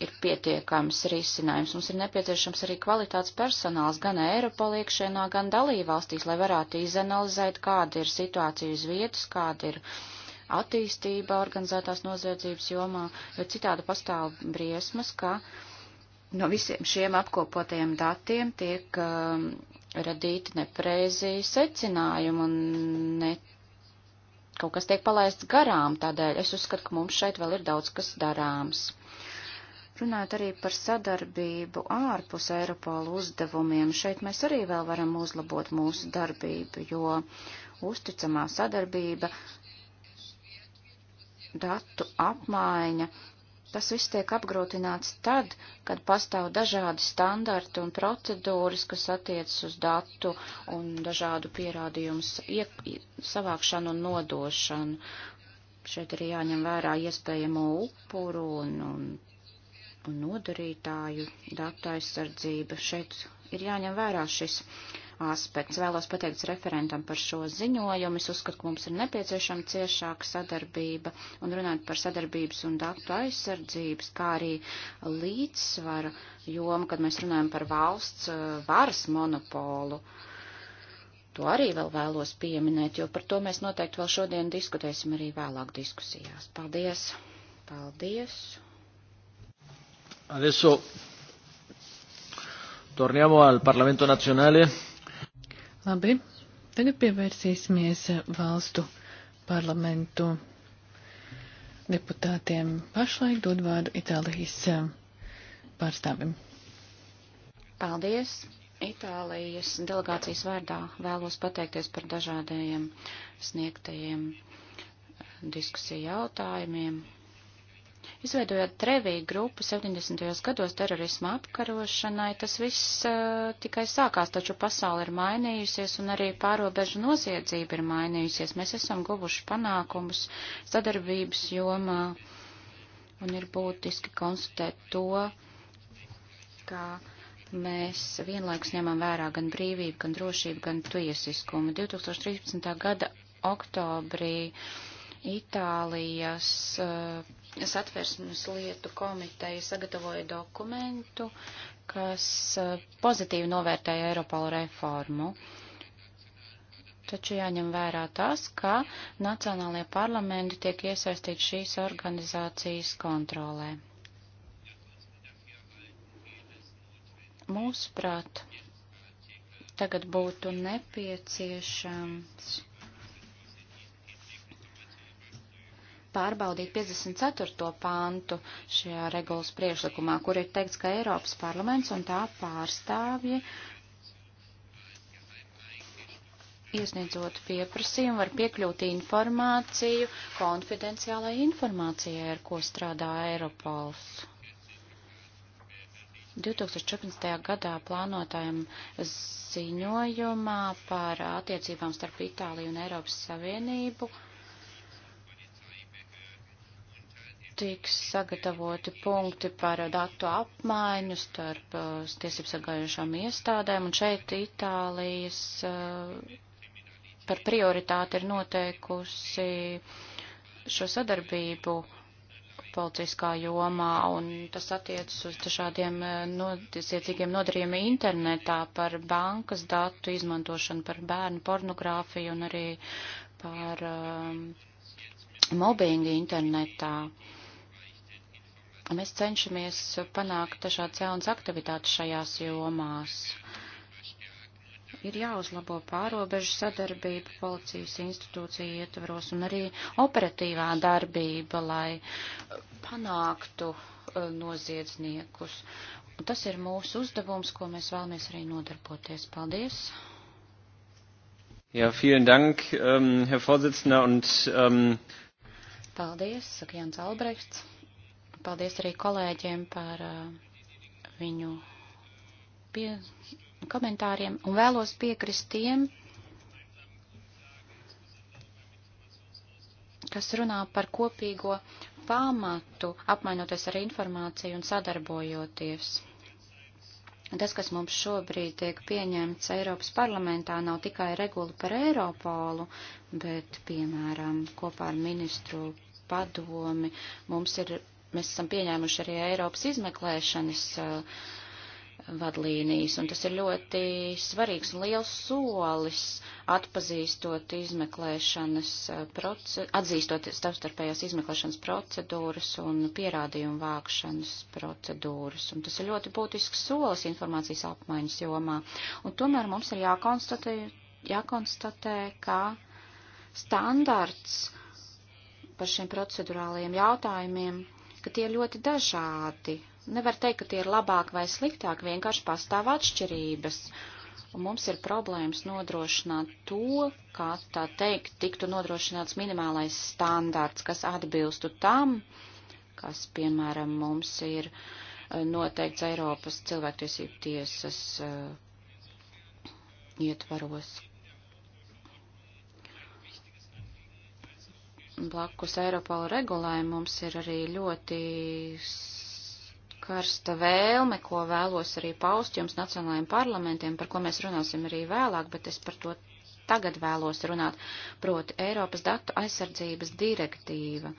ir pietiekams risinājums. Mums ir nepieciešams arī kvalitātes personāls gan Eiropola iekšēnā, gan dalībvalstīs, lai varētu izanalizēt, kāda ir situācija uz vietas, kāda ir attīstība organizētās noziedzības jomā, jo citādi pastāv briesmas, ka uh, No visiem šiem apkopotajiem datiem tiek um, radīti nepreizi secinājumi un ne, kaut kas tiek palaists garām. Tādēļ es uzskatu, ka mums šeit vēl ir daudz kas darāms. Runājot arī par sadarbību ārpus Eiropola uzdevumiem, šeit mēs arī vēl varam uzlabot mūsu darbību, jo uzticamā sadarbība, datu apmaiņa Tas viss tiek apgrūtināts tad, kad pastāv dažādi standarti un procedūras, kas attiecas uz datu un dažādu pierādījumu savākšanu un nodošanu. Šeit ir jāņem vērā iespējamo upuru un, un, un nodarītāju datu aizsardzība. Šeit ir jāņem vērā šis uh, aspekts. Vēlos pateikt referentam par šo ziņojumu. Es uzskatu, ka mums ir nepieciešama ciešāka sadarbība un runāt par sadarbības un datu aizsardzības, kā arī līdzsvara jomu, kad mēs runājam par valsts uh, varas monopolu. To arī vēl vēlos pieminēt, jo par to mēs noteikti vēl šodien diskutēsim arī vēlāk diskusijās. Paldies! Paldies! Adesso torniamo al Parlamento nazionale. Labi, tagad pievērsīsimies valstu parlamentu deputātiem. Pašlaik dod vārdu Itālijas eh, pārstāvim. Paldies! Itālijas delegācijas vārdā vēlos pateikties par dažādajiem sniegtajiem eh, diskusiju jautājumiem, Izveidojot Treviju grupu 70. gados terorisma apkarošanai, tas viss uh, tikai sākās, taču pasauli ir mainījusies un arī pārobežu noziedzība ir mainījusies. Mēs esam guvuši panākumus sadarbības jomā un ir būtiski konstatēt to, ka mēs vienlaikus ņemam vērā gan brīvību, gan drošību, gan tiesiskumu. 2013. gada oktobrī Itālijas uh, satversmes lietu komiteja sagatavoja dokumentu, kas eh, pozitīvi novērtēja Eiropalu reformu. Taču jāņem vērā tas, ka nacionālajie parlamenti tiek iesaistīti šīs organizācijas kontrolē. Mūsuprāt, tagad būtu nepieciešams pārbaudīt 54. pantu šajā regulas priešlikumā, kur ir teikts, ka Eiropas parlaments un tā pārstāvji iesniedzot pieprasījumu var piekļūt informāciju, konfidenciālai informācijai, ar ko strādā Eiropols. 2014. gadā plānotajam ziņojumā par attiecībām starp Itāliju un Eiropas Savienību tiks sagatavoti punkti par datu apmaiņu starp uh, tiesību sagājušām iestādēm, un šeit Itālijas uh, par prioritāti ir noteikusi šo sadarbību policiskā jomā, un tas attiecas uz dažādiem uh, nodisiecīgiem nodarījumiem internetā par bankas datu izmantošanu, par bērnu pornogrāfiju un arī par um, mobbingu internetā. Uh, Mēs cenšamies panākt dažādas jaunas aktivitātes šajās jomās. Ir jāuzlabo pārobežu sadarbība policijas institūcija ietvaros un arī operatīvā darbība, lai panāktu uh, noziedzniekus. Un tas ir mūsu uzdevums, ko mēs vēlamies arī nodarboties. Paldies! Ja, vielen Dank, ähm, Herr Vorsitzender, und ähm Paldies, saka Jans Albrechts. Paldies arī kolēģiem par uh, viņu pie komentāriem un vēlos piekrist tiem, kas runā par kopīgo pamatu, apmainoties ar informāciju un sadarbojoties. Tas, kas mums šobrīd tiek pieņemts Eiropas parlamentā, nav tikai regula par Eiropolu, bet, piemēram, kopā ar ministru padomi mums ir mēs esam pieņēmuši arī Eiropas izmeklēšanas uh, vadlīnijas, un tas ir ļoti svarīgs un liels solis atpazīstot izmeklēšanas uh, procedūras, atzīstot starpstarpējās izmeklēšanas procedūras un pierādījumu vākšanas procedūras, un tas ir ļoti būtisks solis informācijas apmaiņas jomā, un tomēr mums ir jākonstatē, jākonstatē ka standarts par šiem procedurālajiem jautājumiem ka tie ir ļoti dažādi. Nevar teikt, ka tie ir labāk vai sliktāk, vienkārši pastāv atšķirības. Un mums ir problēmas nodrošināt to, kā tā teikt, tiktu nodrošināts minimālais standārts, kas atbilstu tam, kas, piemēram, mums ir eh, noteikts Eiropas cilvēktiesību tiesas uh, ietvaros, Blakus Eiropola regulējumu mums ir arī ļoti karsta vēlme, ko vēlos arī paust jums nacionālajiem parlamentiem, par ko mēs runāsim arī vēlāk, bet es par to tagad vēlos runāt, proti Eiropas datu aizsardzības direktīva,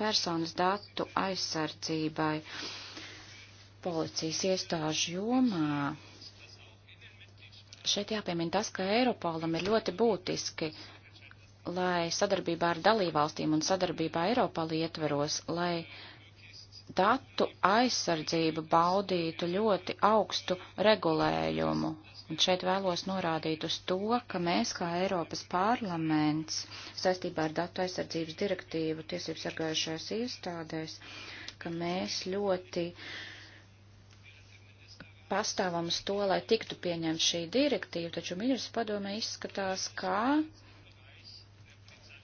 personas datu aizsardzībai policijas iestāžu jomā. Šeit jāpiemina tas, ka Eiropolam ir ļoti būtiski uh, lai sadarbībā ar dalībvalstīm un sadarbībā Eiropā ietveros, lai datu aizsardzība baudītu ļoti augstu regulējumu. Un šeit vēlos norādīt uz to, ka mēs kā Eiropas parlaments saistībā ar datu aizsardzības direktīvu tiesību sargājušajās iestādēs, ka mēs ļoti pastāvam uz to, lai tiktu pieņemta šī direktīva, taču ministrs padomē izskatās, ka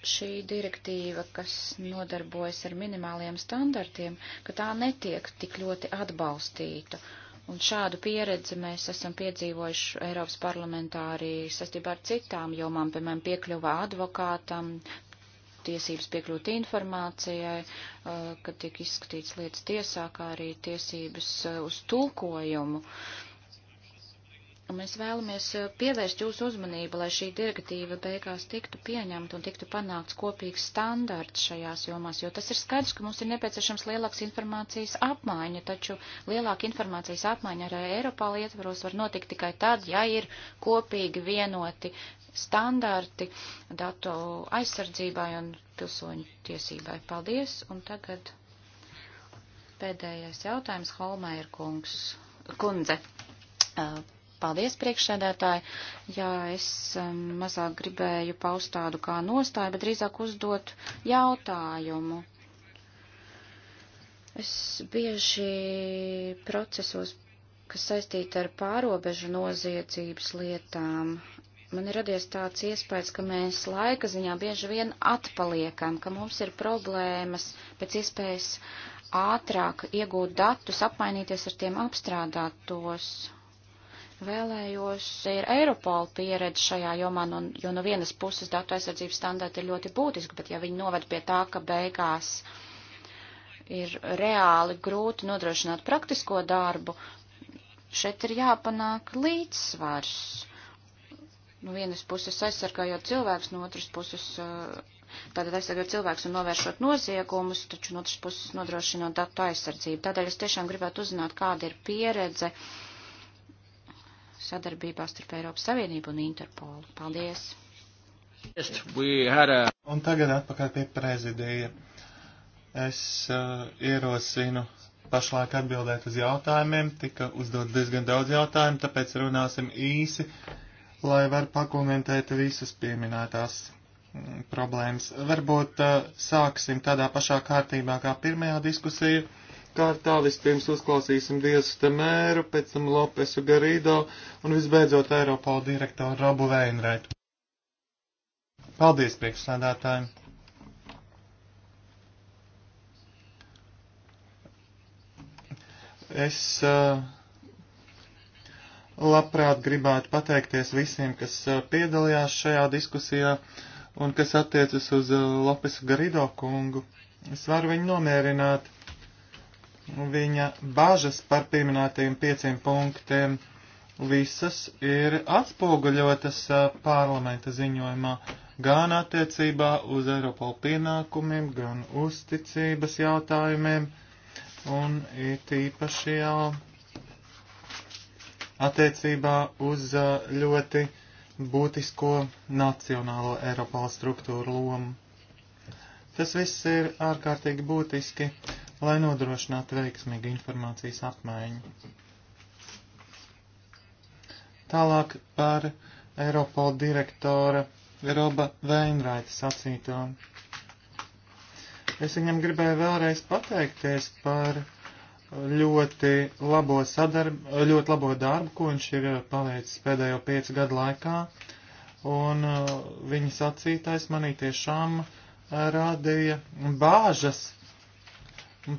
šī direktīva, kas nodarbojas ar minimāliem standartiem, ka tā netiek tik ļoti atbalstīta. Un šādu pieredzi mēs esam piedzīvojuši Eiropas parlamentā arī saistībā ar citām jomām, piemēram, piekļuvā advokātam, tiesības piekļūt informācijai, kad tiek izskatīts lietas tiesā, kā arī tiesības uz tulkojumu. Uh, Mēs vēlamies eh, pievērst jūsu uzmanību, lai šī direktīva beigās tiktu pieņemta un tiktu panākts kopīgs standarts šajās jomās, jo tas ir skaidrs, ka mums ir nepieciešams lielāks informācijas apmaiņa, taču lielāka informācijas apmaiņa arī Eiropā ietvaros var notikt tikai tad, ja ir kopīgi vienoti standarti datu aizsardzībai un pilsoņu tiesībai. Paldies, un tagad pēdējais jautājums Holmēra kungs, kundze. Uh, Paldies, priekšsēdētāji. Jā, es um, mazāk gribēju paust tādu kā nostāju, bet drīzāk uzdot jautājumu. Es bieži procesos, kas saistīti ar pārobežu noziedzības lietām, man ir radies tāds iespējas, ka mēs laika ziņā bieži vien atpaliekam, ka mums ir problēmas pēc iespējas ātrāk iegūt datus, apmainīties ar tiem apstrādātos vēlējos, ir Eiropola pieredze šajā jomā, nu, jo no vienas puses datu aizsardzības standarti ir ļoti būtiski, bet ja viņi noved pie tā, ka beigās ir reāli grūti nodrošināt praktisko darbu, šeit ir jāpanāk līdzsvars. No nu, vienas puses aizsargājot cilvēks, no otras puses. Uh, tātad aizsargāt cilvēks un novēršot noziegumus, taču no otras puses nodrošinot datu aizsardzību. Tādēļ es tiešām gribētu uzzināt, kāda ir pieredze uh, sadarbībā starp Eiropas Savienību un Interpolu. Paldies! Un tagad atpakaļ pie prezidija. Es uh, ierosinu pašlaik atbildēt uz jautājumiem, tika uzdot diezgan daudz jautājumu, tāpēc runāsim īsi, lai var pakomentēt visas pieminētās mm, problēmas. Varbūt uh, sāksim tādā pašā kārtībā kā pirmajā diskusija. Uh, kārtā vispirms uzklausīsim Dievsta mēru, pēc tam Lopesu Garīdo un visbeidzot Eiropālu direktoru Robu Veinreitu. Paldies priekšsādātājiem! Es uh, labprāt gribētu pateikties visiem, kas uh, piedalījās šajā diskusijā un kas attiecas uz uh, Lopesu Garīdo kungu. Es varu viņu nomierināt viņa bažas par pieminētajiem pieciem punktiem visas ir atspoguļotas parlamenta ziņojumā, gan attiecībā uz Eiropola pienākumiem, gan uzticības jautājumiem, un it īpaši jau attiecībā uz ļoti būtisko nacionālo Eiropola struktūru lomu. Tas viss ir ārkārtīgi būtiski, lai nodrošinātu veiksmīgu informācijas apmaiņu. Tālāk par Eiropola direktora Roba Veinraita sacīto. Es viņam gribēju vēlreiz pateikties par ļoti labo, sadarb, ļoti labo darbu, ko viņš ir paveicis pēdējo piecu gadu laikā, un uh, viņa sacītais manī tiešām uh, rādīja bāžas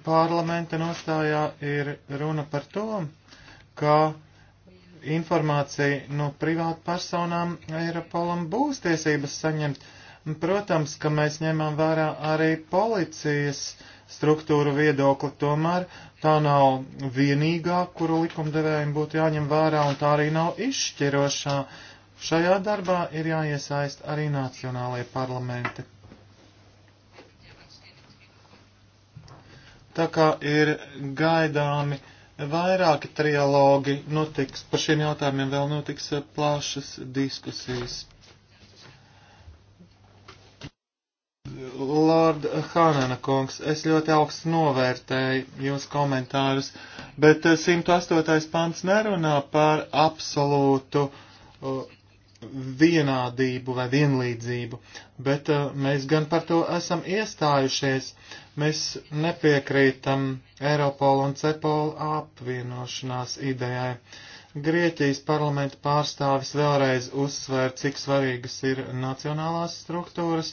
parlamenta nostājā ir runa par to, ka informācija no privātu personām Eiropolam būs tiesības saņemt. Protams, ka mēs ņemam vērā arī policijas struktūru viedokli, tomēr tā nav vienīgā, kuru likumdevējiem būtu jāņem vērā, un tā arī nav izšķirošā. Šajā darbā ir jāiesaist arī nacionālajie parlamenti. Tā kā ir gaidāmi vairāki trialogi, notiks par šiem jautājumiem vēl notiks eh, plašas diskusijas. Lord Hanana kungs, es ļoti augstu novērtēju jūs komentārus, bet 108. Eh, pants nerunā par absolūtu uh, vienādību vai vienlīdzību, bet uh, mēs gan par to esam iestājušies. Mēs nepiekrītam Eiropola un Cepola apvienošanās idejai. Grieķijas parlamenta pārstāvis vēlreiz uzsvēra, cik svarīgas ir nacionālās struktūras.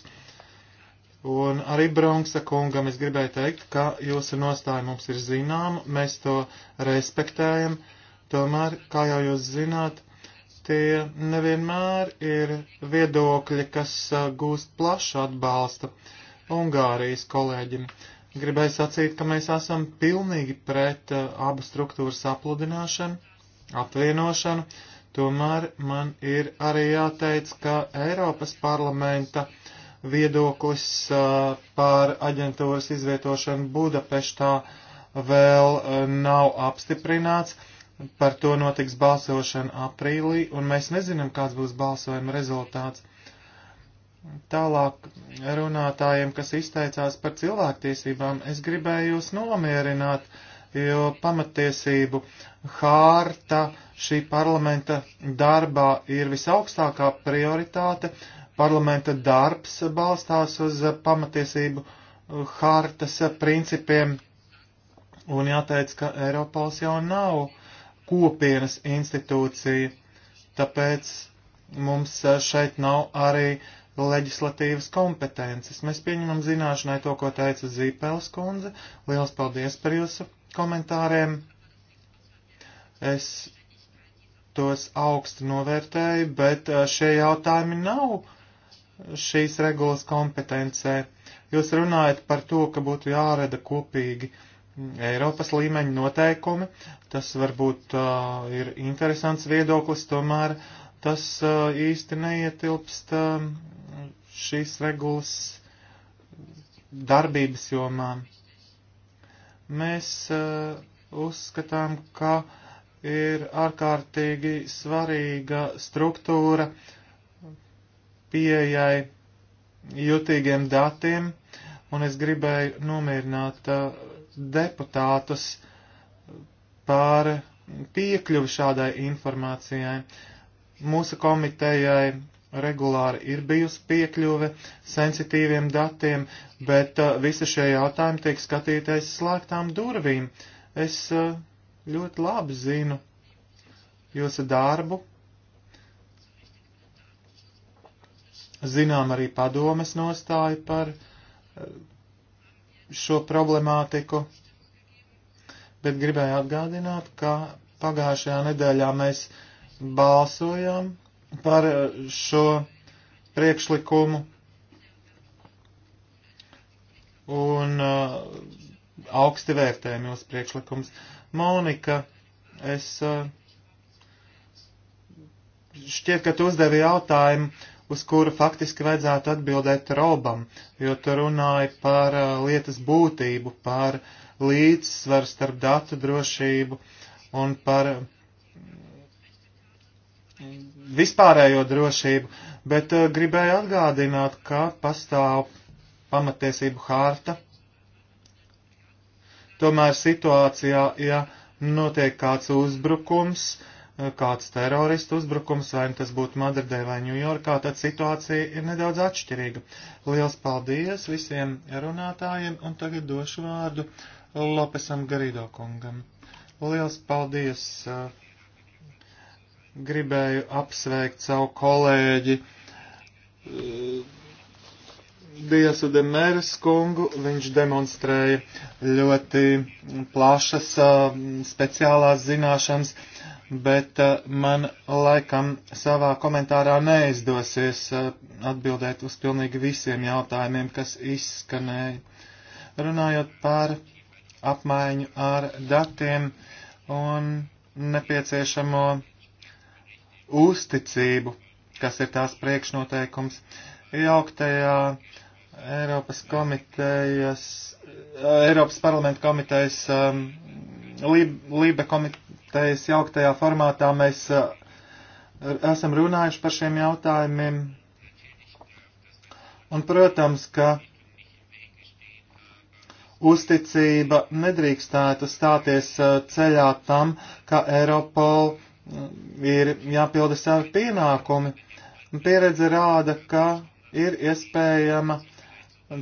Un arī Bronksa kungam es gribēju teikt, ka jūsu nostāja mums ir zināma, mēs to respektējam. Tomēr, kā jau jūs zināt, Tie nevienmēr ir viedokļi, kas uh, gūst plašu atbalstu Ungārijas kolēģim. Gribēju sacīt, ka mēs esam pilnīgi pret uh, abu struktūru sapludināšanu, apvienošanu, tomēr man ir arī jāteic, ka Eiropas parlamenta viedoklis uh, par aģentūras izvietošanu Budapeštā vēl nav apstiprināts Par to notiks balsošana aprīlī, un mēs nezinām, kāds būs balsojuma rezultāts. Tālāk runātājiem, kas izteicās par cilvēktiesībām, es gribēju jūs nomierināt, jo pamatiesību hārta šī parlamenta darbā ir visaugstākā prioritāte. Parlamenta darbs balstās uz pamatiesību hārtas principiem, un jāteic, ka Eiropāls jau nav kopienas institūcija, tāpēc mums eh, šeit nav arī leģislatīvas kompetences. Mēs pieņemam zināšanai to, ko teica Zīpels kundze. Liels paldies par jūsu komentāriem. Es tos augstu novērtēju, bet eh, šie jautājumi nav šīs regulas kompetencē. Jūs runājat par to, ka būtu jārada kopīgi Eiropas līmeņa noteikumi. Tas varbūt uh, ir interesants viedoklis, tomēr tas uh, īsti neietilpst uh, šīs regulas darbības jomā. Mēs uh, uzskatām, ka ir ārkārtīgi svarīga struktūra pieejai jutīgiem datiem, un es gribēju nomierināt uh, deputātus par piekļuvu šādai informācijai. Mūsu komitejai regulāri ir bijusi piekļuve sensitīviem datiem, bet uh, visi šie jautājumi tiek skatīties slēgtām durvīm. Es uh, ļoti labi zinu jūsu darbu, zinām arī padomes nostāju par uh, šo problemātiku, bet gribēju atgādināt, ka pagājušajā nedēļā mēs balsojām par eh, šo priekšlikumu un uh, augsti vērtējam jūs priekšlikums. Monika, es uh, šķiet, ka tu uzdevi jautājumu, uz kuru faktiski vajadzētu atbildēt Robam, jo tu runāji par uh, lietas būtību, par līdzsvaru starp datu drošību un par mm, vispārējo drošību, bet uh, gribēju atgādināt, ka pastāv pamatiesību hārta. Tomēr situācijā, ja notiek kāds uzbrukums, uh, kāds teroristu uzbrukums, vai nu tas būtu Madridē vai Ņujorkā, tad situācija ir nedaudz atšķirīga. Liels paldies visiem runātājiem, un tagad došu vārdu Lopesam Garido kungam. Liels paldies! Gribēju apsveikt savu kolēģi. Diesu Demēras kungu viņš demonstrēja ļoti plašas speciālās zināšanas bet eh, man laikam savā komentārā neizdosies eh, atbildēt uz pilnīgi visiem jautājumiem, kas izskanēja. Runājot par apmaiņu ar datiem un nepieciešamo uzticību, kas ir tās priekšnoteikums. Jauktajā Eiropas komitejas, Eiropas parlamenta komitejas, um, Libe komitejas komitejas jauktajā formātā mēs uh, esam runājuši par šiem jautājumiem. Un, protams, ka uzticība nedrīkstētu stāties uh, ceļā tam, ka Eiropol mm, ir jāpilda savi pienākumi. Pieredze rāda, ka ir iespējama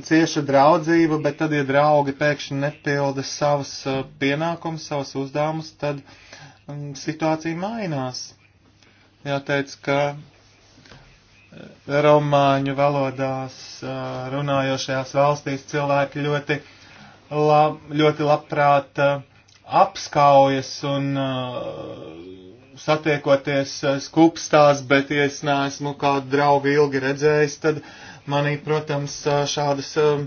cieša draudzība, bet tad, ja draugi pēkšņi nepilda savus uh, pienākumus, savus uzdevumus, tad uh, situācija mainās. Jāteic, ka eh, romāņu valodās eh, runājošajās valstīs cilvēki ļoti, lab, ļoti labprāt eh, apskaujas un satiekoties skupstās, bet ja es neesmu kādu draugu ilgi redzējis, tad manī, protams, šādas uh,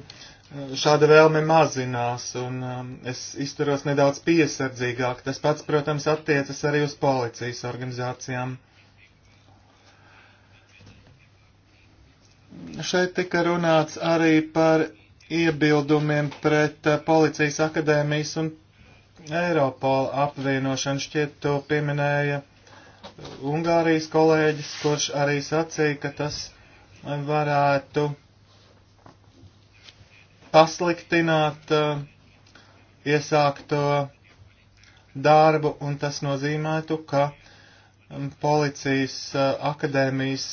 šāda vēlme mazinās, un um, es izturos nedaudz piesardzīgāk. Tas pats, protams, attiecas arī uz policijas organizācijām. Šeit tika runāts arī par iebildumiem pret uh, policijas akadēmijas un Eiropola apvienošanu. Šķiet, to pieminēja uh, Ungārijas kolēģis, kurš arī sacīja, ka tas varētu. Uh, pasliktināt uh, eh, iesākto eh, darbu, un tas nozīmētu, ka mm, policijas eh, akadēmijas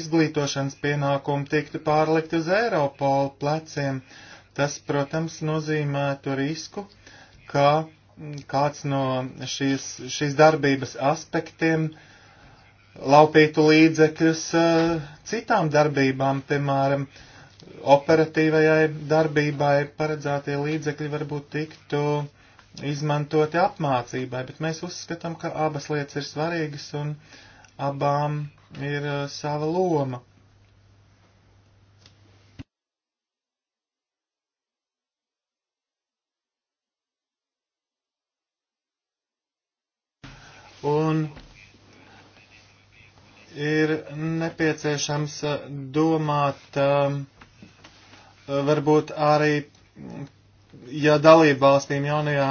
izglītošanas pienākumi tiktu pārlikt uz Eiropolu pleciem. Tas, protams, nozīmētu risku, ka mm, kāds no šīs, šīs darbības aspektiem laupītu līdzekļus citām darbībām, piemēram, uh, operatīvajai darbībai paredzētie līdzekļi varbūt tiktu izmantoti apmācībai, bet mēs uzskatām, ka abas lietas ir svarīgas un abām ir uh, sava loma. Un ir nepieciešams uh, domāt um, Eh, varbūt arī, ja dalību valstīm jaunajā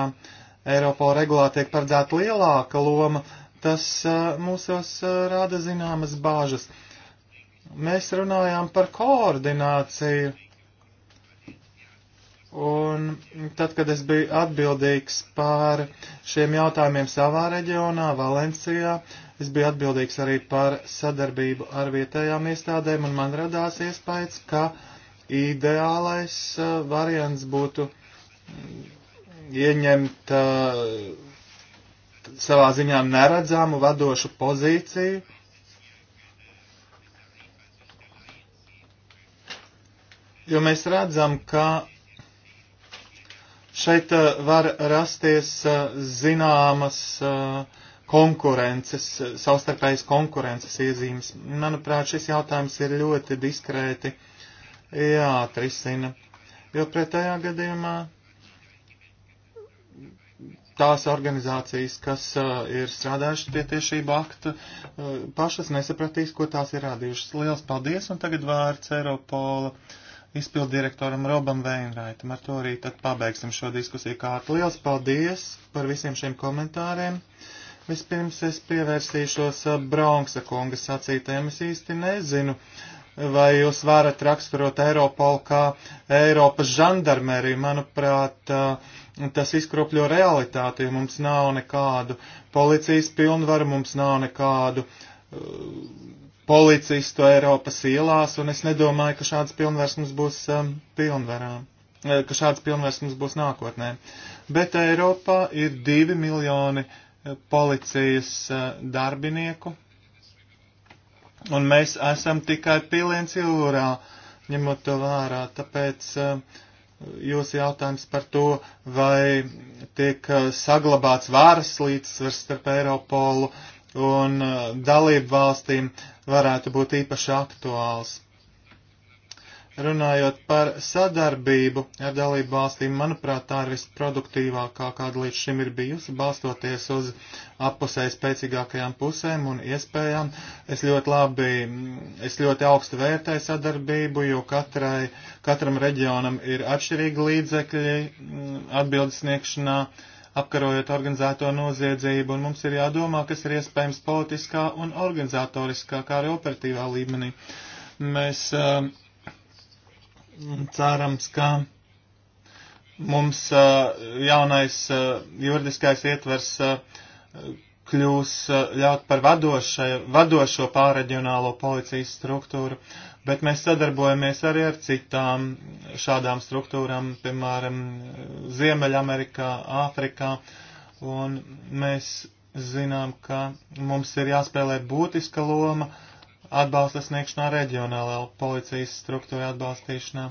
Eiropā regulā tiek paredzēta lielāka loma, tas eh, mūsos eh, rada zināmas bāžas. Mēs runājām par koordināciju. Un tad, kad es biju atbildīgs par šiem jautājumiem savā reģionā, Valencijā, es biju atbildīgs arī par sadarbību ar vietējām iestādēm, un man radās iespējas, ka uh, Ideālais uh, variants būtu mm, ieņemt uh, savā ziņā neredzamu vadošu pozīciju. Jo mēs redzam, ka šeit uh, var rasties uh, zināmas uh, konkurences, savstarpējas konkurences iezīmes. Manuprāt, šis jautājums ir ļoti diskrēti jāatrisina, jo pretējā gadījumā tās organizācijas, kas uh, ir strādājušas pie tiešību akta, uh, pašas nesapratīs, ko tās ir rādījušas. Liels paldies, un tagad vārds Eiropola izpildirektoram Robam Veinraitam. Ar to arī tad pabeigsim šo diskusiju kārtu. Liels paldies par visiem šiem komentāriem. Vispirms es pievērsīšos uh, Braunsa kunga sacītajiem. Es īsti nezinu, uh, vai jūs varat raksturot Eiropolu kā Eiropas žandarmeriju. Manuprāt, uh, tas izkropļo realitāti, jo mums nav nekādu policijas pilnvaru, mums nav nekādu uh, policistu Eiropas ielās, un es nedomāju, ka šāds pilnvars mums būs um, pilnvarām, uh, ka šāds pilnvars mums būs nākotnē. Bet Eiropā ir divi miljoni policijas darbinieku, un mēs esam tikai piliens jūrā, ņemot to vērā. Tāpēc eh, jūsu jautājums par to, vai tiek eh, saglabāts vāras līdzsvars starp Eiropolu un eh, dalību valstīm, varētu būt īpaši aktuāls. Runājot par sadarbību ar dalību valstīm, manuprāt, tā ir visproduktīvākā, kāda līdz šim ir bijusi, balstoties uz appusēji spēcīgākajām pusēm un iespējām. Es ļoti labi, es ļoti augstu vērtēju sadarbību, jo katrai, katram reģionam ir atšķirīgi līdzekļi mm, atbildes sniegšanā, apkarojot organizēto noziedzību, un mums ir jādomā, kas ir iespējams politiskā un organizatoriskā, kā arī operatīvā līmenī. Mēs, uh, Cerams, ka mums jaunais juridiskais ietvers kļūs ļaut par vadošai, vadošo pārreģionālo policijas struktūru, bet mēs sadarbojamies arī ar citām šādām struktūrām, piemēram, Ziemeļamerikā, Āfrikā, un mēs zinām, ka mums ir jāspēlē būtiska loma uh, atbalsta sniegšanā reģionālā policijas struktūra atbalstīšanā.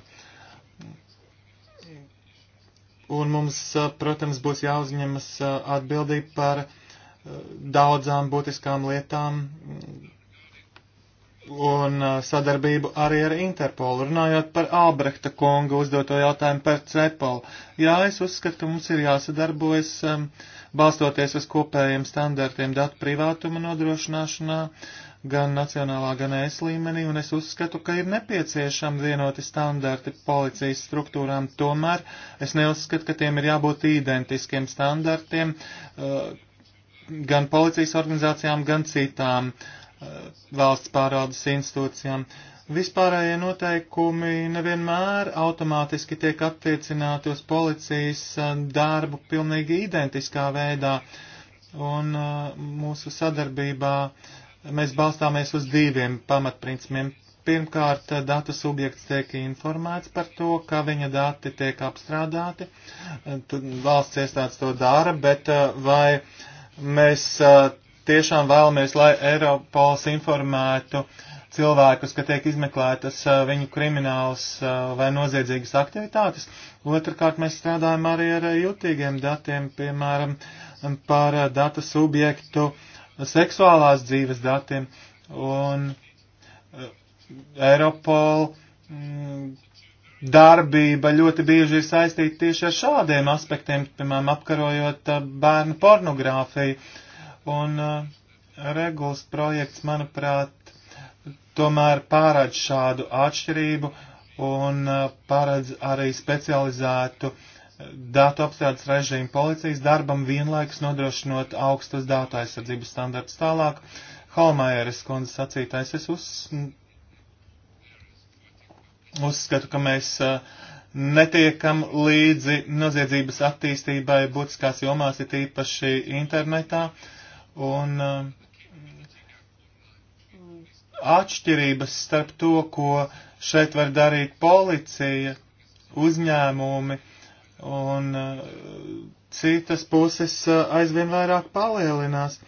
Un mums, protams, būs jāuzņemas atbildība par daudzām būtiskām lietām un sadarbību arī ar Interpolu. Runājot par Albrehta kunga uzdoto jautājumu par Cepolu. Jā, es uzskatu, ka mums ir jāsadarbojas balstoties uz kopējiem standartiem datu privātuma nodrošināšanā, uh, gan nacionālā, gan ēs līmenī, un es uzskatu, ka ir nepieciešami vienoti standarti policijas struktūrām. Tomēr es neuzskatu, ka tiem ir jābūt identiskiem standartiem eh, gan policijas organizācijām, gan citām eh, valsts pārvaldes institūcijām. Vispārējie noteikumi nevienmēr automātiski tiek attiecināti uz policijas eh, darbu pilnīgi identiskā veidā, un mūsu sadarbībā uh, mēs balstāmies uz diviem pamatprincipiem. Pirmkārt, datu subjekts tiek informēts par to, ka viņa dati tiek apstrādāti. Valsts iestādes to dara, bet eh, vai mēs eh, tiešām vēlamies, lai Eiropols informētu cilvēkus, ka tiek izmeklētas eh, viņu kriminālas vai noziedzīgas aktivitātes. Otrakārt, mēs strādājam arī ar jutīgiem datiem, piemēram, par datu subjektu uh, seksuālās dzīves datiem, un eh, Eiropol mm, darbība ļoti bieži ir saistīta tieši ar šādiem aspektiem, piemēram, apkarojot eh, bērnu pornogrāfiju. Un eh, regulas projekts, manuprāt, tomēr pārādz šādu atšķirību un pārādz arī specializētu uh, datu apstrādes režīmu policijas darbam vienlaikus nodrošinot augstus datu aizsardzības standartus tālāk. Halmēras kundze sacītais, es uz, uzskatu, ka mēs uh, netiekam līdzi noziedzības attīstībai būtiskās jomās, ir īpaši internetā. Un uh, atšķirības starp to, ko šeit var darīt policija, uzņēmumi un eh, citas puses eh, aizvien vairāk palielinās.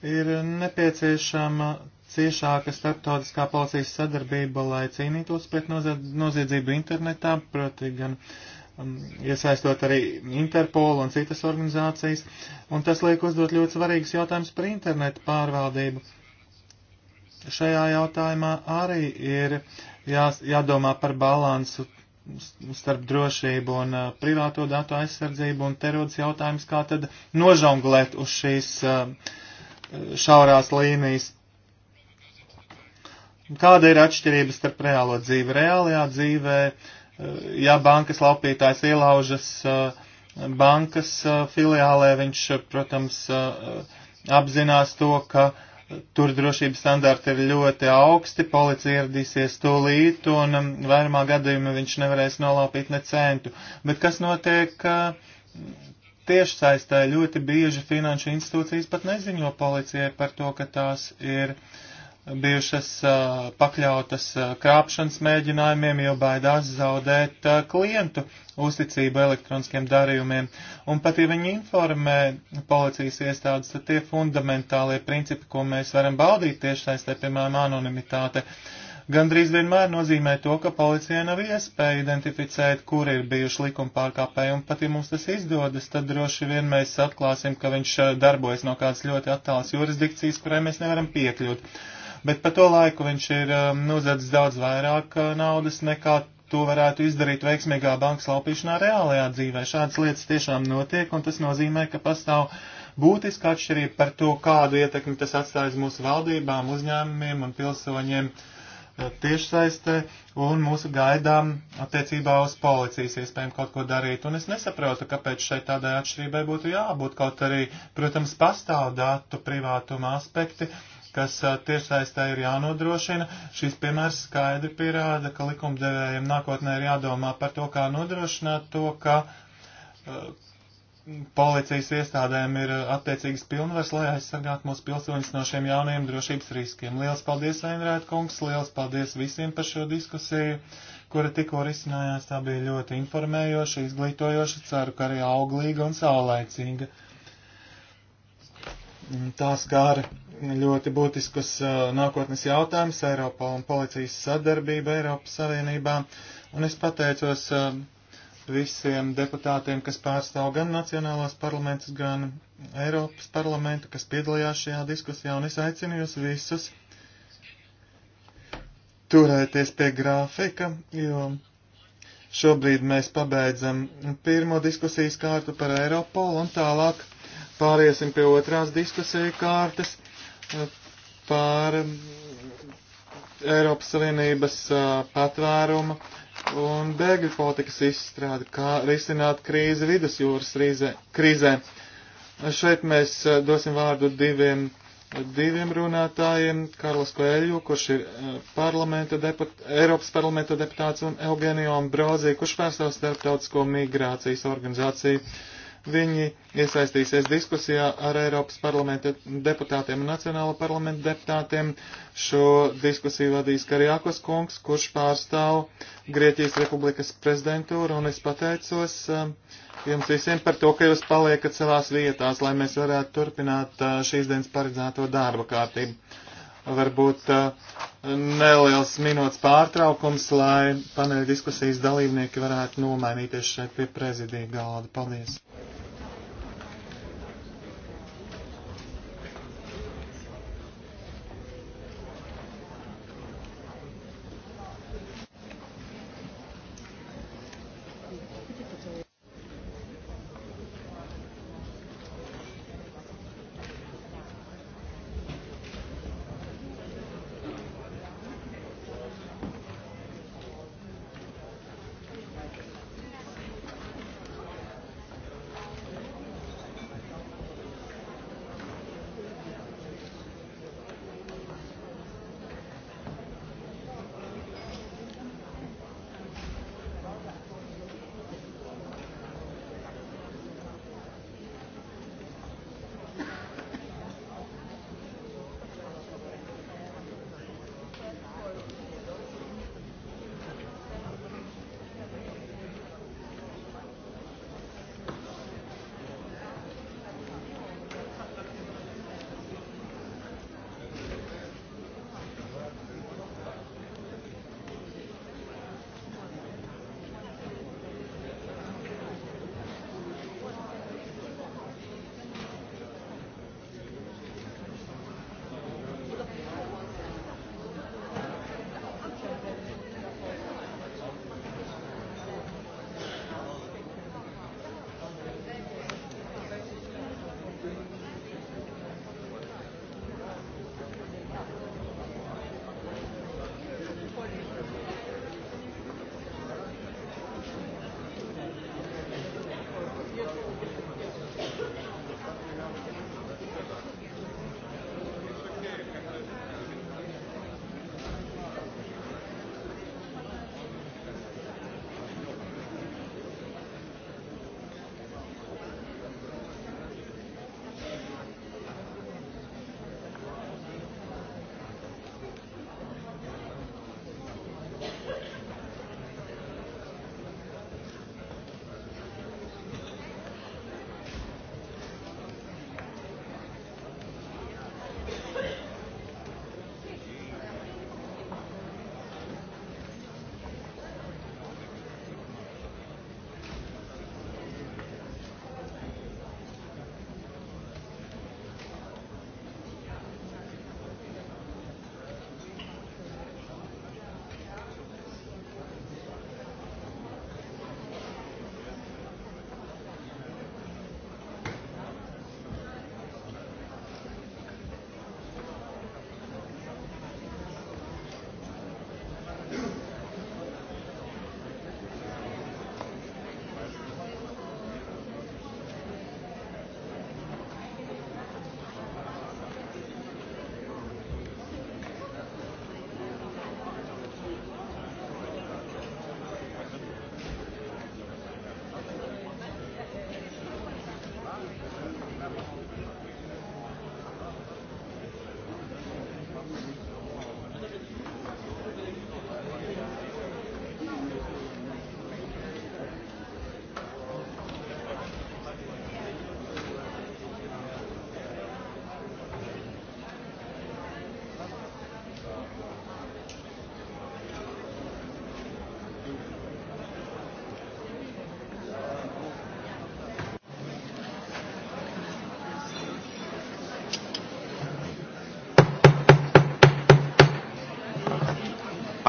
Ir nepieciešama ciešāka starptautiskā policijas sadarbība, lai cīnītos pret noziedzību internetā, proti gan um, iesaistot arī Interpolu un citas organizācijas, un tas liek uzdot ļoti svarīgus jautājumus par internetu pārvaldību. Šajā jautājumā arī ir jās, jādomā par balansu starp drošību un uh, privāto datu aizsardzību, un te rodas jautājums, kā tad nožonglēt uz šīs uh, uh, šaurās līnijas. Kāda ir atšķirība starp reālo dzīvi? Reālajā dzīvē, uh, ja bankas laupītājs ielaužas uh, bankas uh, filiālē, viņš, uh, protams, uh, uh, apzinās to, ka uh, Tur drošības standarti ir ļoti augsti, policija ieradīsies tūlīt, un um, vairumā gadījumā viņš nevarēs nolāpīt ne centu. Bet kas notiek tieši saistē? Ļoti bieži finanšu institūcijas pat neziņo policijai par to, ka tās ir uh, bijušas pakļautas krāpšanas mēģinājumiem, jo baidās zaudēt klientu uzticību elektroniskiem darījumiem. Un pat ja viņi informē policijas iestādes, tad tie fundamentālie principi, ko mēs varam baudīt tiešsaistē, piemēram, anonimitāte, gandrīz vienmēr nozīmē to, ka policijai nav iespēja identificēt, kur ir bijuši likuma pārkāpēji, un pat ja mums tas izdodas, tad droši vien mēs atklāsim, ka viņš darbojas no kādas ļoti attālas jurisdikcijas, kurai mēs nevaram piekļūt bet pa to laiku viņš ir um, nozadzis daudz vairāk uh, naudas nekā to varētu izdarīt veiksmīgā bankas laupīšanā reālajā dzīvē. Šādas lietas tiešām notiek, un tas nozīmē, ka pastāv būtiska atšķirība par to, kādu ietekmi tas atstājas mūsu valdībām, uzņēmumiem un pilsoņiem uh, tiešsaistē un mūsu gaidām attiecībā uz policijas iespējām kaut ko darīt. Un es nesaprotu, kāpēc šeit tādai atšķirībai būtu jābūt, kaut arī, protams, pastāv datu privātuma aspekti, kas tiešsaistē ir jānodrošina. Šis piemērs skaidri pierāda, ka likumdevējiem nākotnē ir jādomā par to, kā nodrošināt to, ka uh, policijas iestādēm ir attiecīgas pilnvars, lai aizsargātu mūsu pilsoņus no šiem jaunajiem drošības riskiem. Liels paldies, Veinrēt kungs, liels paldies visiem par šo diskusiju, kura tikko risinājās. Tā bija ļoti informējoša, izglītojoša, ceru, ka arī auglīga un saulaicīga. Tā skāra ļoti būtiskus nākotnes jautājumus Eiropā un policijas sadarbība Eiropas Savienībā. Un es pateicos visiem deputātiem, kas pārstāv gan nacionālās parlamentus, gan Eiropas parlamentu, kas piedalījās šajā diskusijā, un es aicinu jūs visus turēties pie grāfika, jo šobrīd mēs pabeidzam pirmo diskusijas kārtu par Eiropolu un tālāk pāriesim pie otrās diskusiju kārtas par Eiropas Savienības patvērumu un bēgļu politikas izstrādi, kā risināt krīzi vidusjūras rīzē, krīzē. Šeit mēs dosim vārdu diviem, diviem runātājiem, Karlas Koeļu, kurš ir parlamenta deput, Eiropas parlamenta deputāts, un Eugenio Ambrozī, kurš pārstāv starptautisko migrācijas organizāciju. Uh, Viņi iesaistīsies diskusijā ar Eiropas parlamenta deputātiem un Nacionālo parlamentu deputātiem. Šo diskusiju vadīs Karijākos kungs, kurš pārstāv Grieķijas republikas prezidentūru, un es pateicos um, jums visiem par to, ka jūs paliekat savās vietās, lai mēs varētu turpināt uh, šīs dienas paredzēto darba kārtību varbūt neliels minūtes pārtraukums, lai paneļa diskusijas dalībnieki varētu nomainīties šeit pie prezidija galda. Paldies!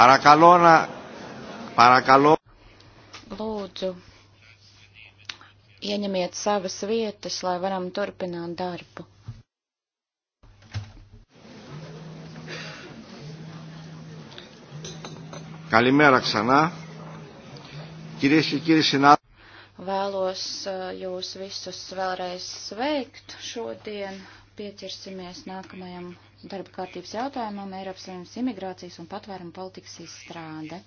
Παρακαλώ να... Παρακαλώ. Lūdzu, ieņemiet savas vietas, lai varam turpināt darbu. Kalimēra ksanā. Κυρίες και κύριοι συνάδελφοι. Vēlos uh, jūs visus vēlreiz sveikt šodien. Pieķersimies nākamajam darba kārtības jautājumam Eiropas Savienības imigrācijas un patvērumu politikas izstrāde.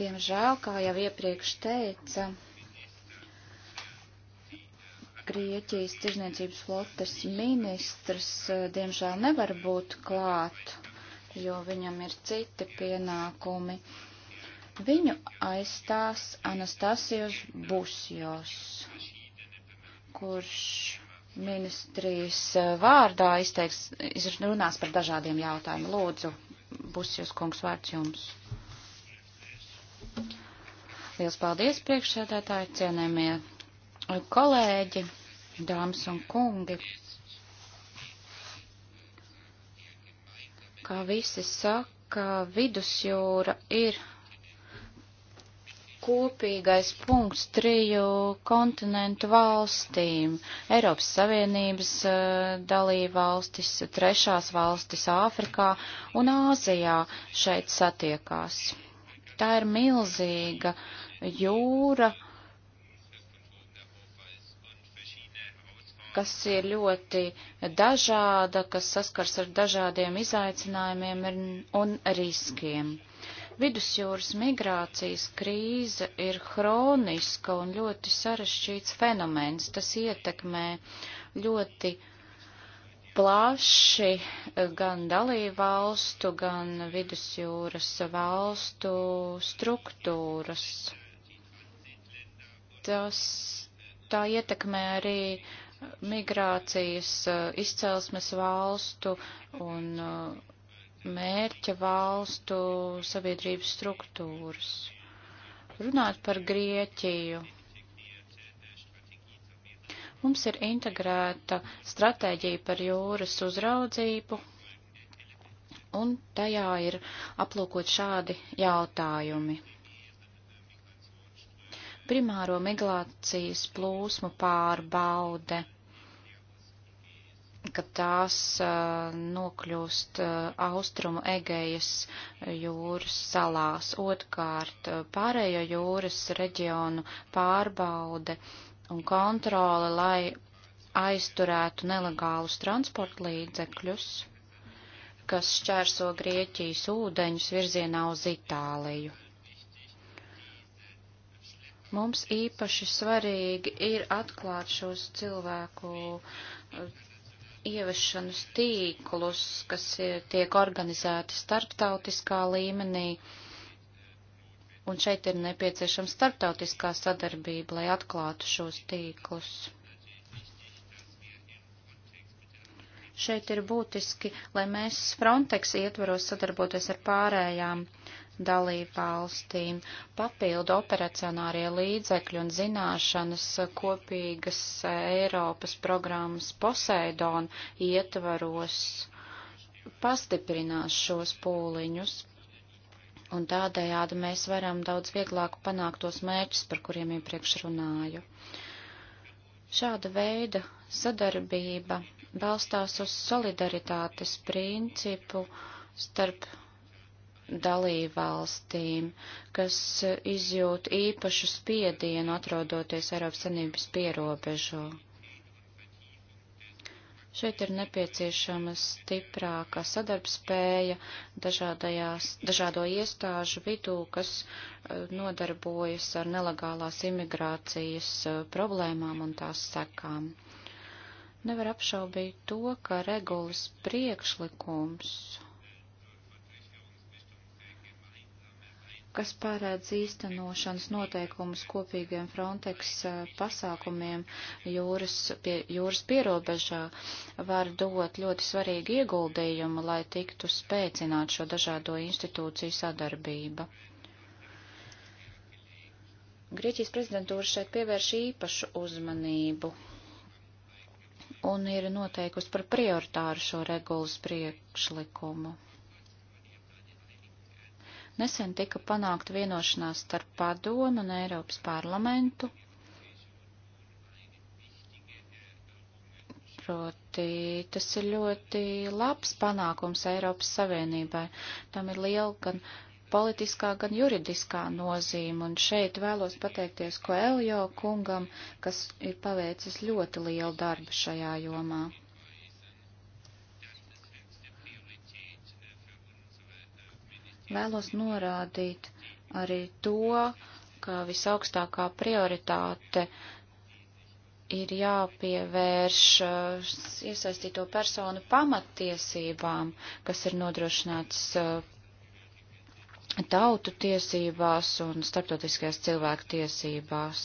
Diemžēl, kā jau iepriekš teica, Grieķijas tirzniecības flotes ministrs eh, diemžēl nevar būt klāt, jo viņam ir citi pienākumi. Viņu aizstās Anastasijos Busjos, kurš ministrijas eh, vārdā izteiks, runās par dažādiem jautājumiem. Lūdzu, būs jūs kungs vārds jums. Liels paldies priekšsēdētāji, cienējamie kolēģi, dāmas un kungi. Kā visi saka, vidusjūra ir kopīgais punkts triju kontinentu valstīm - Eiropas Savienības eh, dalība valstis, trešās valstis Āfrikā un Āzijā šeit satiekās. Tā ir milzīga jūra, kas ir ļoti dažāda, kas saskars ar dažādiem izaicinājumiem un riskiem. Uh, Vidusjūras migrācijas krīze ir hroniska un ļoti sarešķīts fenomens. Tas ietekmē ļoti plaši gan dalībvalstu, gan vidusjūras valstu struktūras. Tas tā ietekmē arī migrācijas eh, izcelsmes valstu un eh, mērķa valstu sabiedrības struktūras. Runāt par Grieķiju. Mums ir integrēta stratēģija par jūras uzraudzību, un tajā ir aplūkot šādi jautājumi. Primāro migrācijas plūsmu pārbaude ka tās uh, nokļūst uh, austrumu Egejas jūras salās. Otkārt, eh, pārējo jūras reģionu pārbaude un kontrole, lai aizturētu nelegālus transporta līdzekļus, kas šķērso Grieķijas ūdeņus virzienā uz Itāliju. Mums īpaši svarīgi ir atklāt šos cilvēku uh, ieviešanas tīklus, kas ir, tiek organizēti starptautiskā līmenī. Un šeit ir nepieciešama starptautiskā sadarbība, lai atklātu šos tīklus. Šeit ir būtiski, lai mēs Frontex ietvaros sadarboties ar pārējām dalību valstīm, papildu operacionārie līdzekļi un zināšanas kopīgas Eiropas programmas Poseidon ietvaros pastiprinās šos pūliņus. Un tādējādi mēs varam daudz vieglāk panākt tos mērķus, par kuriem iepriekš runāju. Šāda veida sadarbība balstās uz solidaritātes principu starp dalībvalstīm, kas izjūt īpašu spiedienu atrodoties Eiropas Sanības pierobežo. Šeit ir nepieciešama stiprāka sadarbspēja dažādo iestāžu vidū, kas e, nodarbojas ar nelegālās imigrācijas e, problēmām un tās sekām. Nevar apšaubīt to, ka regulas priekšlikums kas pārēdz īstenošanas noteikumus kopīgiem Frontex eh, pasākumiem jūras, pie, jūras pierobežā, var dot ļoti svarīgu ieguldījumu, lai tiktu spēcināt šo dažādo institūciju sadarbība. Grieķijas prezidentūra šeit pievērš īpašu uzmanību un ir noteikusi par prioritāru šo regulas priekšlikumu. Nesen tika panākta vienošanās starp padomu un Eiropas parlamentu, proti tas ir ļoti labs panākums Eiropas Savienībai. Tam ir liela gan politiskā, gan juridiskā nozīme, un šeit vēlos pateikties Koeljo kungam, kas ir paveicis ļoti lielu darbu šajā jomā. Vēlos norādīt arī to, ka visaugstākā prioritāte ir jāpievērš uh, iesaistīto personu pamattiesībām, kas ir nodrošināts uh, tautu tiesībās un starptautiskajās cilvēku tiesībās.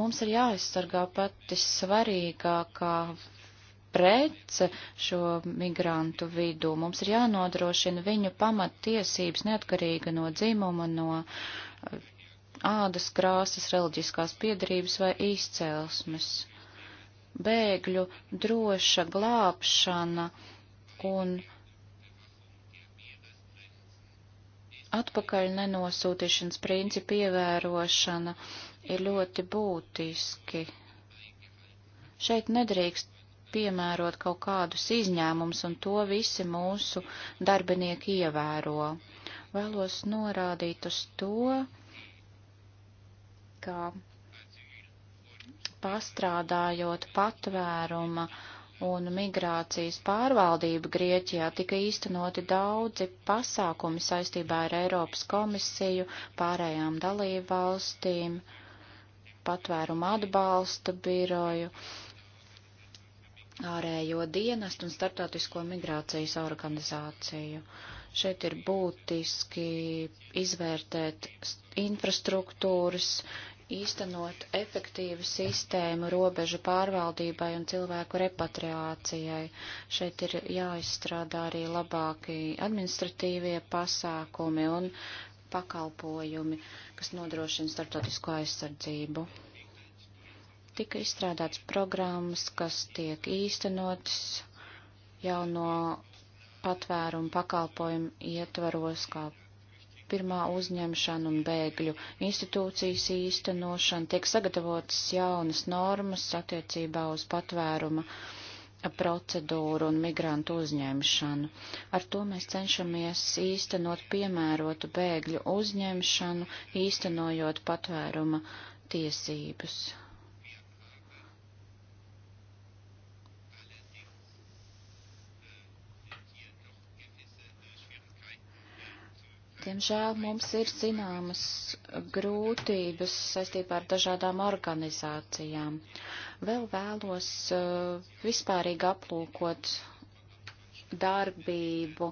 Mums ir jāaizsargā pati svarīgākā pret šo migrantu vidū. Mums ir jānodrošina viņu pamattiesības neatkarīga no dzimuma, no eh, ādas krāsas, reliģiskās piedarības vai izcēlesmes. Bēgļu droša glābšana un atpakaļ nenosūtīšanas principu ievērošana ir ļoti būtiski. Šeit nedrīkst piemērot kaut kādus izņēmumus, un to visi mūsu darbinieki ievēro. Vēlos norādīt uz to, ka pastrādājot patvēruma un migrācijas pārvaldību Grieķijā tika īstenoti daudzi pasākumi saistībā ar Eiropas komisiju, pārējām dalību valstīm, patvērumu atbalsta biroju. Uh, ārējo dienestu un startautisko migrācijas organizāciju. Šeit ir būtiski izvērtēt infrastruktūras, īstenot efektīvu sistēmu robežu pārvaldībai un cilvēku repatriācijai. Šeit ir jāizstrādā arī labāki administratīvie pasākumi un pakalpojumi, kas nodrošina startautisko aizsardzību. Tika izstrādāts programmas, kas tiek īstenotas jau no patvērumu pakalpojumu ietvaros, kā pirmā uzņemšana un bēgļu institūcijas īstenošana, tiek sagatavotas jaunas normas attiecībā uz patvēruma procedūru un migrantu uzņemšanu. Ar to mēs cenšamies īstenot piemērotu bēgļu uzņemšanu, īstenojot patvēruma tiesības. Diemžēl mums ir zināmas grūtības saistībā ar dažādām organizācijām. Vēl vēlos eh, vispārīgi aplūkot darbību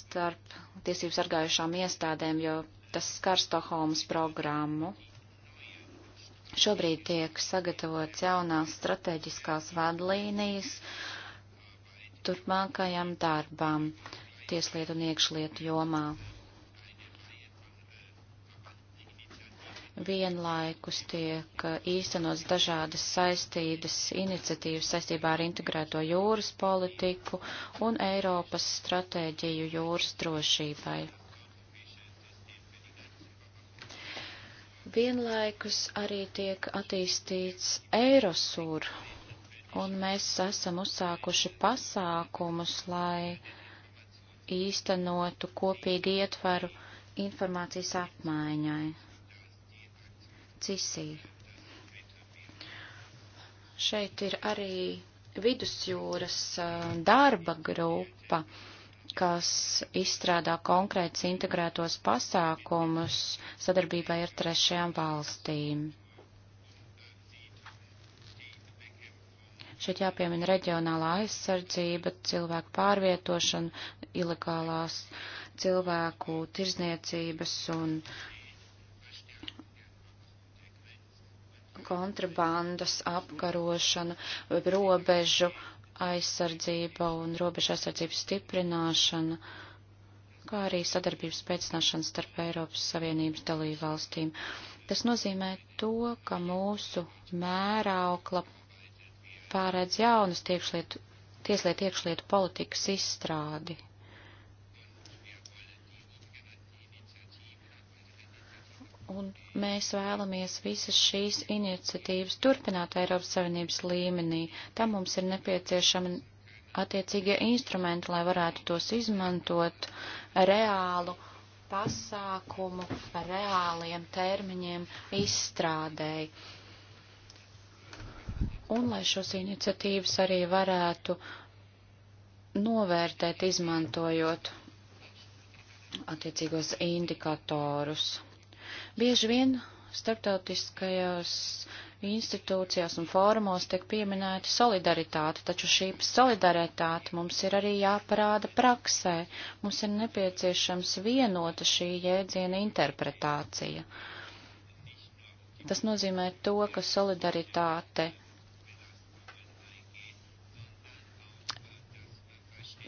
starp tiesību sargājušām iestādēm, jo tas skar Stokholmas programmu. Šobrīd tiek sagatavots jaunās strateģiskās vadlīnijas turpmākajam darbam tieslietu un iekšlietu jomā. vienlaikus tiek īstenots dažādas saistības iniciatīvas saistībā ar integrēto jūras politiku un Eiropas stratēģiju jūras drošībai. Vienlaikus arī tiek attīstīts Eirosur, un mēs esam uzsākuši pasākumus, lai īstenotu kopīgi ietveru informācijas apmaiņai. Cisī. Šeit ir arī vidusjūras eh, darba grupa, kas izstrādā konkrēts integrētos pasākumus sadarbībai ar trešajām valstīm. Šeit jāpiemina reģionālā aizsardzība, cilvēku pārvietošana, ilegālās cilvēku tirzniecības un kontrabandas apkarošana, robežu aizsardzība un robežu aizsardzības stiprināšana, kā arī sadarbības pēcināšana starp Eiropas Savienības dalību valstīm. Tas nozīmē to, ka mūsu mēraukla pārēdz jaunas tiekšlietu, tieslietu iekšlietu politikas izstrādi un mēs vēlamies visas šīs iniciatīvas turpināt Eiropas Savienības līmenī. Tam mums ir nepieciešami attiecīgie instrumenti, lai varētu tos izmantot reālu pasākumu par reāliem termiņiem izstrādēji. Un lai šos iniciatīvas arī varētu novērtēt, izmantojot attiecīgos indikatorus. Bieži vien starptautiskajās institūcijās un fórumos tiek pieminēta solidaritāte, taču šī solidaritāte mums ir arī jāparāda praksē. Mums ir nepieciešams vienota šī jēdziena interpretācija. Tas nozīmē to, ka solidaritāte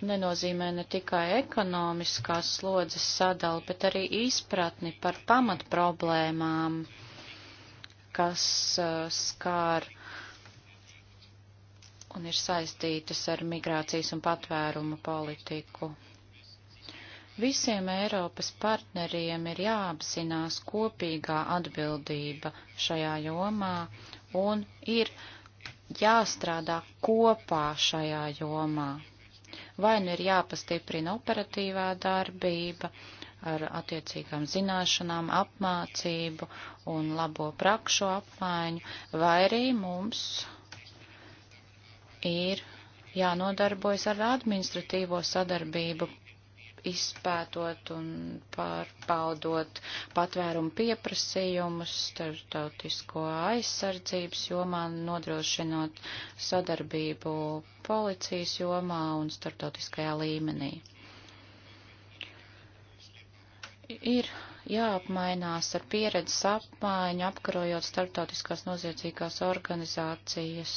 nenozīmē ne tikai ekonomiskās slodzes sadalu, bet arī izpratni par pamat problēmām, kas uh, skār un ir saistītas ar migrācijas un patvērumu politiku. Visiem Eiropas partneriem ir jāapzinās kopīgā atbildība šajā jomā un ir jāstrādā kopā šajā jomā vai nu ir jāpastiprina operatīvā darbība ar attiecīgām zināšanām, apmācību un labo prakšu apmaiņu, vai arī mums ir jānodarbojas ar administratīvo sadarbību izpētot un pārbaudot patvērumu pieprasījumus starptautisko aizsardzības jomā, nodrošinot sadarbību policijas jomā un starptautiskajā līmenī. Ir jāapmainās ar pieredzes apmaiņu, apkarojot starptautiskās noziedzīgās organizācijas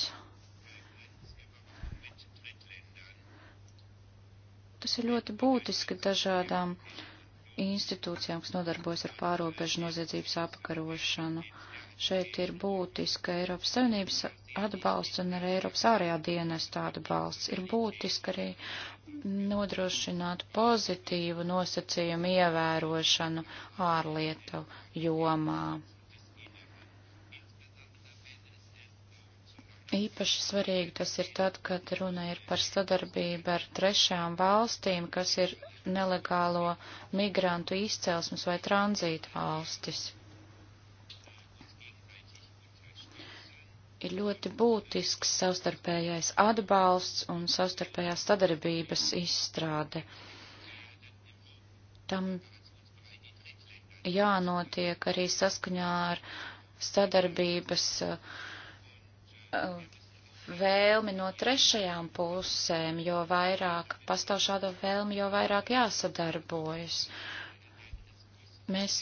Tas ir ļoti būtiski dažādām institūcijām, kas nodarbojas ar pārobežu noziedzības apkarošanu. Šeit ir būtiska Eiropas Savienības atbalsts un arī Eiropas ārējā dienesta atbalsts. Ir būtiski arī nodrošināt pozitīvu nosacījumu ievērošanu ārlietu jomā. Īpaši svarīgi tas ir tad, kad runa ir par sadarbību ar trešām valstīm, kas ir nelegālo migrantu izcelsmes vai tranzīta valstis. Ir ļoti būtisks savstarpējais atbalsts un savstarpējās sadarbības izstrāde. Tam jānotiek arī saskaņā ar sadarbības uh, Uh, vēlmi no trešajām pusēm, jo vairāk pastāv šādo vēlmi, jo vairāk jāsadarbojas. Mēs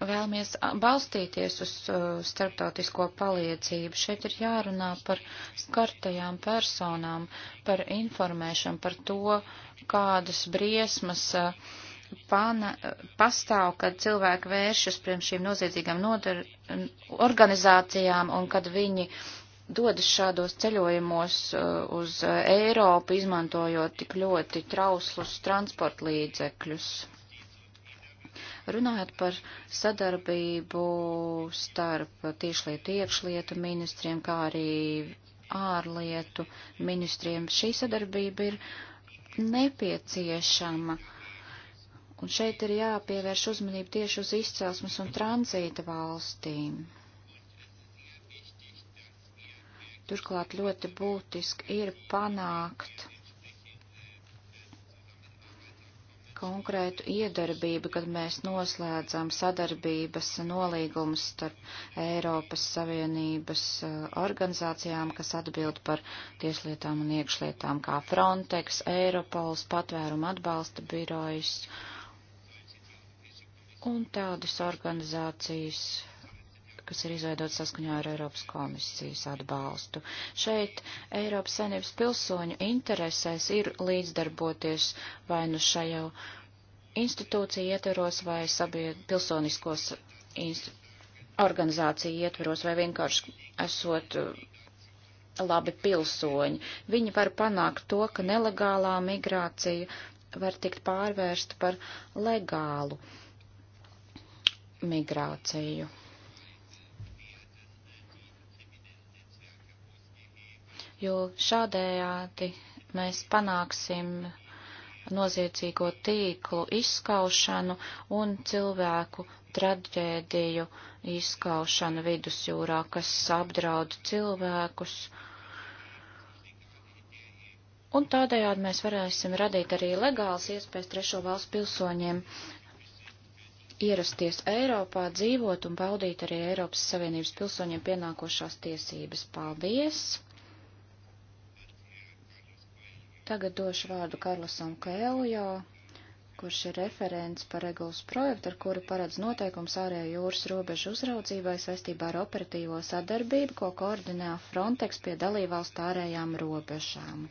vēlamies balstīties uz uh, starptautisko palīdzību. Šeit ir jārunā par skartajām personām, par informēšanu, par to, kādas briesmas uh, pana, pastāv, kad cilvēki vēršas pirms šīm noziedzīgām nodar, organizācijām un kad viņi dodas šādos ceļojumos uh, uz Eiropu, izmantojot tik ļoti trauslus transporta līdzekļus. Runājot par sadarbību starp tiešlietu iekšlietu ministriem, kā arī ārlietu ministriem, šī sadarbība ir nepieciešama. Uh, Un šeit ir jāpievērš uzmanība tieši uz izcelsmes un tranzīta valstīm. Turklāt ļoti būtiski ir panākt konkrētu iedarbību, kad mēs noslēdzam sadarbības nolīgumus starp Eiropas Savienības eh, organizācijām, kas atbild par tieslietām un iekšlietām, kā Frontex, Eiropols, patvērumu atbalsta birojas un tādas organizācijas, kas ir izveidotas saskaņā ar Eiropas komisijas atbalstu. Šeit Eiropas saimnības pilsoņu interesēs ir līdzdarboties vai nu šajā institūcija ietveros vai sabied pilsoniskos institūcijos organizāciju ietveros vai vienkārši esot uh, labi pilsoņi. Viņi var panākt to, ka nelegālā migrācija var tikt pārvērsta par legālu. Uh, migrāciju. Jo šādējādi mēs panāksim noziedzīgo tīklu izskaušanu un cilvēku traģēdiju izskaušanu vidusjūrā, kas apdraud cilvēkus. Un tādējādi mēs varēsim radīt arī legāls iespējas trešo valstu pilsoņiem ierasties Eiropā, dzīvot un baudīt arī Eiropas Savienības pilsoņiem pienākošās tiesības. Paldies! Tagad došu vārdu Karlosam Kēljo, kurš ir referents par regulas projektu, ar kuru paredz noteikums ārējo jūras robežu uzraudzībai saistībā ar operatīvo sadarbību, ko koordinē Frontex pie dalībvalstu ārējām robežām.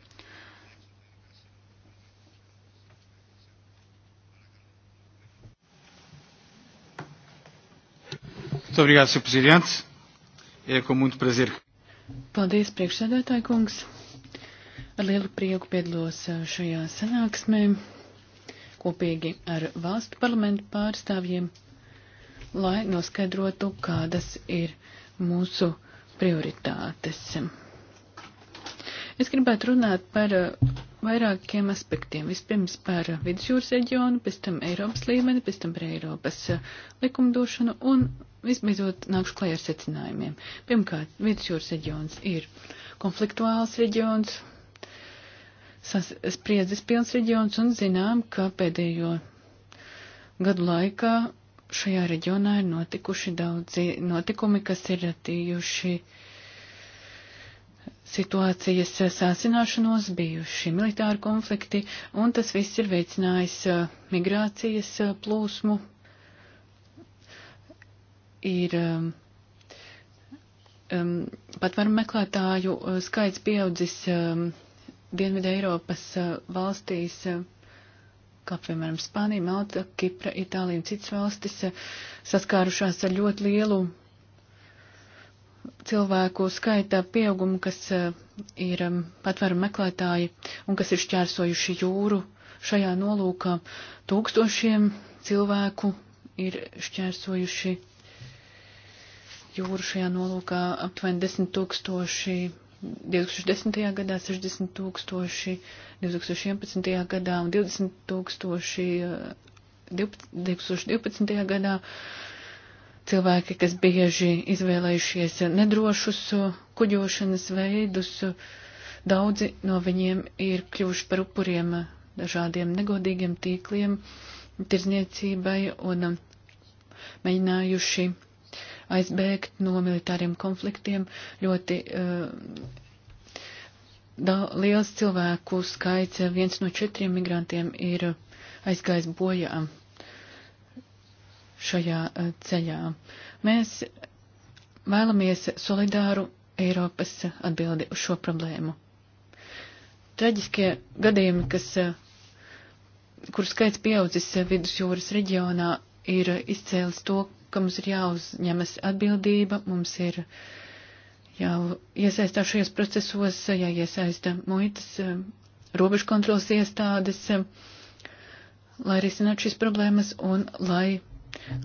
Muito obrigado, Sr. Presidente. É com muito prazer. Paldies, priekšsēdētāji kungs. Ar lielu prieku piedalos šajā sanāksmē kopīgi ar valstu parlamentu pārstāvjiem, lai noskaidrotu, kādas ir mūsu prioritātes. Es gribētu runāt par vairākiem aspektiem. Vispirms par vidusjūras reģionu, pēc tam Eiropas līmeni, pēc tam par Eiropas eh, likumdošanu un visbeidzot nākšu klajā ar secinājumiem. Pirmkārt, vidusjūras reģions ir konfliktuāls reģions, spriedzes pilns reģions un zinām, ka pēdējo gadu laikā šajā reģionā ir notikuši daudzi notikumi, kas ir ratījuši uh, situācijas eh, sāsināšanos, bijuši militāri konflikti, un tas viss ir veicinājis eh, migrācijas eh, plūsmu. Ir um, patvaru meklētāju skaits pieaudzis um, ehm, Dienvidē Eiropas uh, valstīs, uh, kā piemēram Spānija, Malta, Kipra, Itālija un citas valstis, uh, saskārušās ar ļoti lielu cilvēku skaita pieaugumu, kas eh, ir mm, patvērumu meklētāji un kas ir šķērsojuši jūru. Šajā nolūkā tūkstošiem cilvēku ir šķērsojuši jūru. Šajā nolūkā aptuveni 10 tūkstoši 2010. gadā, 60 tūkstoši 2011. gadā un 20 tūkstoši 2012. gadā cilvēki, kas bieži izvēlējušies nedrošus kuģošanas veidus, daudzi no viņiem ir kļuvuši par upuriem dažādiem negodīgiem tīkliem, tirzniecībai un mēģinājuši aizbēgt no militāriem konfliktiem. Ļoti uh, da, liels cilvēku skaits, viens no četriem migrantiem ir aizgājis bojā šajā e, ceļā. Mēs vēlamies solidāru Eiropas atbildi uz šo problēmu. Traģiskie gadījumi, kas, e, kur skaits pieaudzis vidusjūras reģionā, ir izcēlis to, ka mums ir jāuzņemas atbildība, mums ir jau iesaistā šajos procesos, jāiesaista muitas, e, robežu kontrolas iestādes, lai risinātu šīs problēmas un lai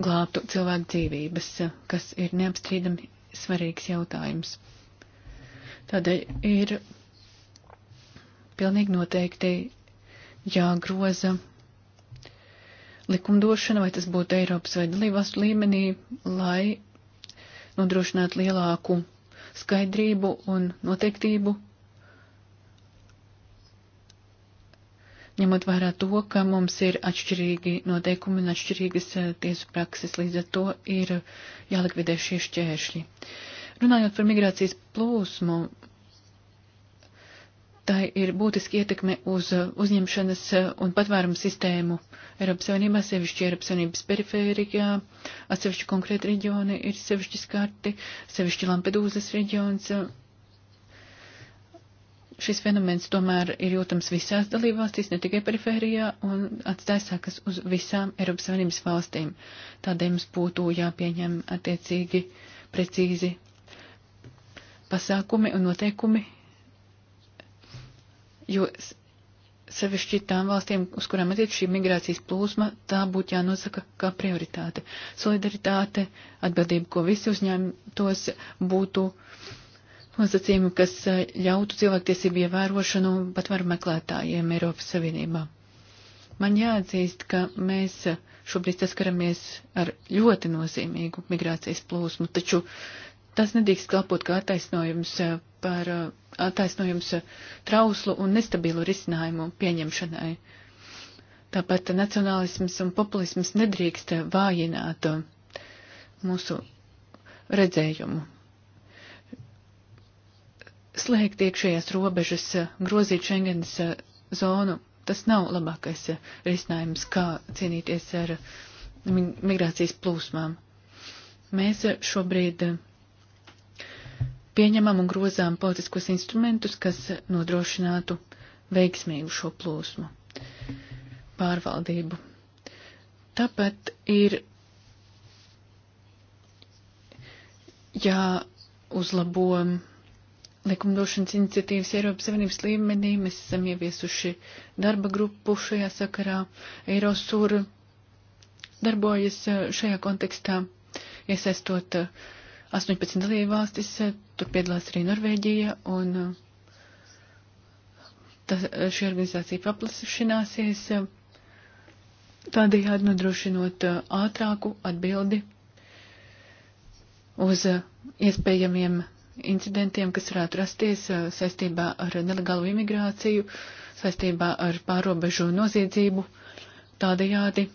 glābtu cilvēku dzīvības, kas ir neapstrīdami svarīgs jautājums. Tādēļ ir pilnīgi noteikti jāgroza likumdošana, vai tas būtu Eiropas vai dalībvalstu līmenī, lai nodrošinātu lielāku skaidrību un noteiktību ņemot vērā to, ka mums ir atšķirīgi noteikumi un atšķirīgas eh, tiesu prakses, līdz ar to ir jālikvidē šie šķēršļi. Runājot par migrācijas plūsmu, tā ir būtiski ietekme uz eh, uzņemšanas eh, un patvērumu sistēmu Eiropas Savienībā, sevišķi Eiropas Savienības perifērijā, atsevišķi konkrēti reģioni ir sevišķi skarti, sevišķi Lampedūzas reģions šis fenomens tomēr ir jūtams visās dalībvalstīs, ne tikai perifērijā, un atstāja sakas uz visām Eiropas Savienības valstīm. Tādēļ mums būtu jāpieņem attiecīgi precīzi pasākumi un noteikumi, jo sevišķi tām valstīm, uz kurām attiec šī migrācijas plūsma, tā būtu jānosaka kā prioritāte. Solidaritāte, atbildība, ko visi uzņēmtos, būtu nosacījumu, kas eh, ļautu cilvēktiesību ievērošanu patvaru meklētājiem Eiropas Savienībā. Man jāatzīst, ka mēs eh, šobrīd saskaramies ar ļoti nozīmīgu migrācijas plūsmu, taču tas nedrīkst kalpot kā attaisnojums eh, par attaisnojums trauslu un nestabilu risinājumu pieņemšanai. Tāpat nacionālisms un populisms nedrīkst vājināt mūsu redzējumu slēgt iekšējās robežas, eh, grozīt Schengens eh, zonu, tas nav labākais eh, risinājums, kā cīnīties ar migrācijas plūsmām. Mēs šobrīd pieņemam un grozām politiskos instrumentus, kas nodrošinātu veiksmīgu šo plūsmu pārvaldību. Tāpat ir jāuzlabo. Ja likumdošanas iniciatīvas Eiropas Savienības līmenī. Mēs esam ieviesuši darba grupu šajā sakarā. Eirosūra darbojas eh, šajā kontekstā, iesaistot 18 eh, dalību valstis, eh, tur piedalās arī Norvēģija, un tas, šī organizācija paplašināsies, tādējādi nodrošinot ātrāku atbildi uz iespējamiem incidentiem, kas varētu rasties saistībā ar nelegālo imigrāciju, saistībā ar pārobežu noziedzību. Tādējādi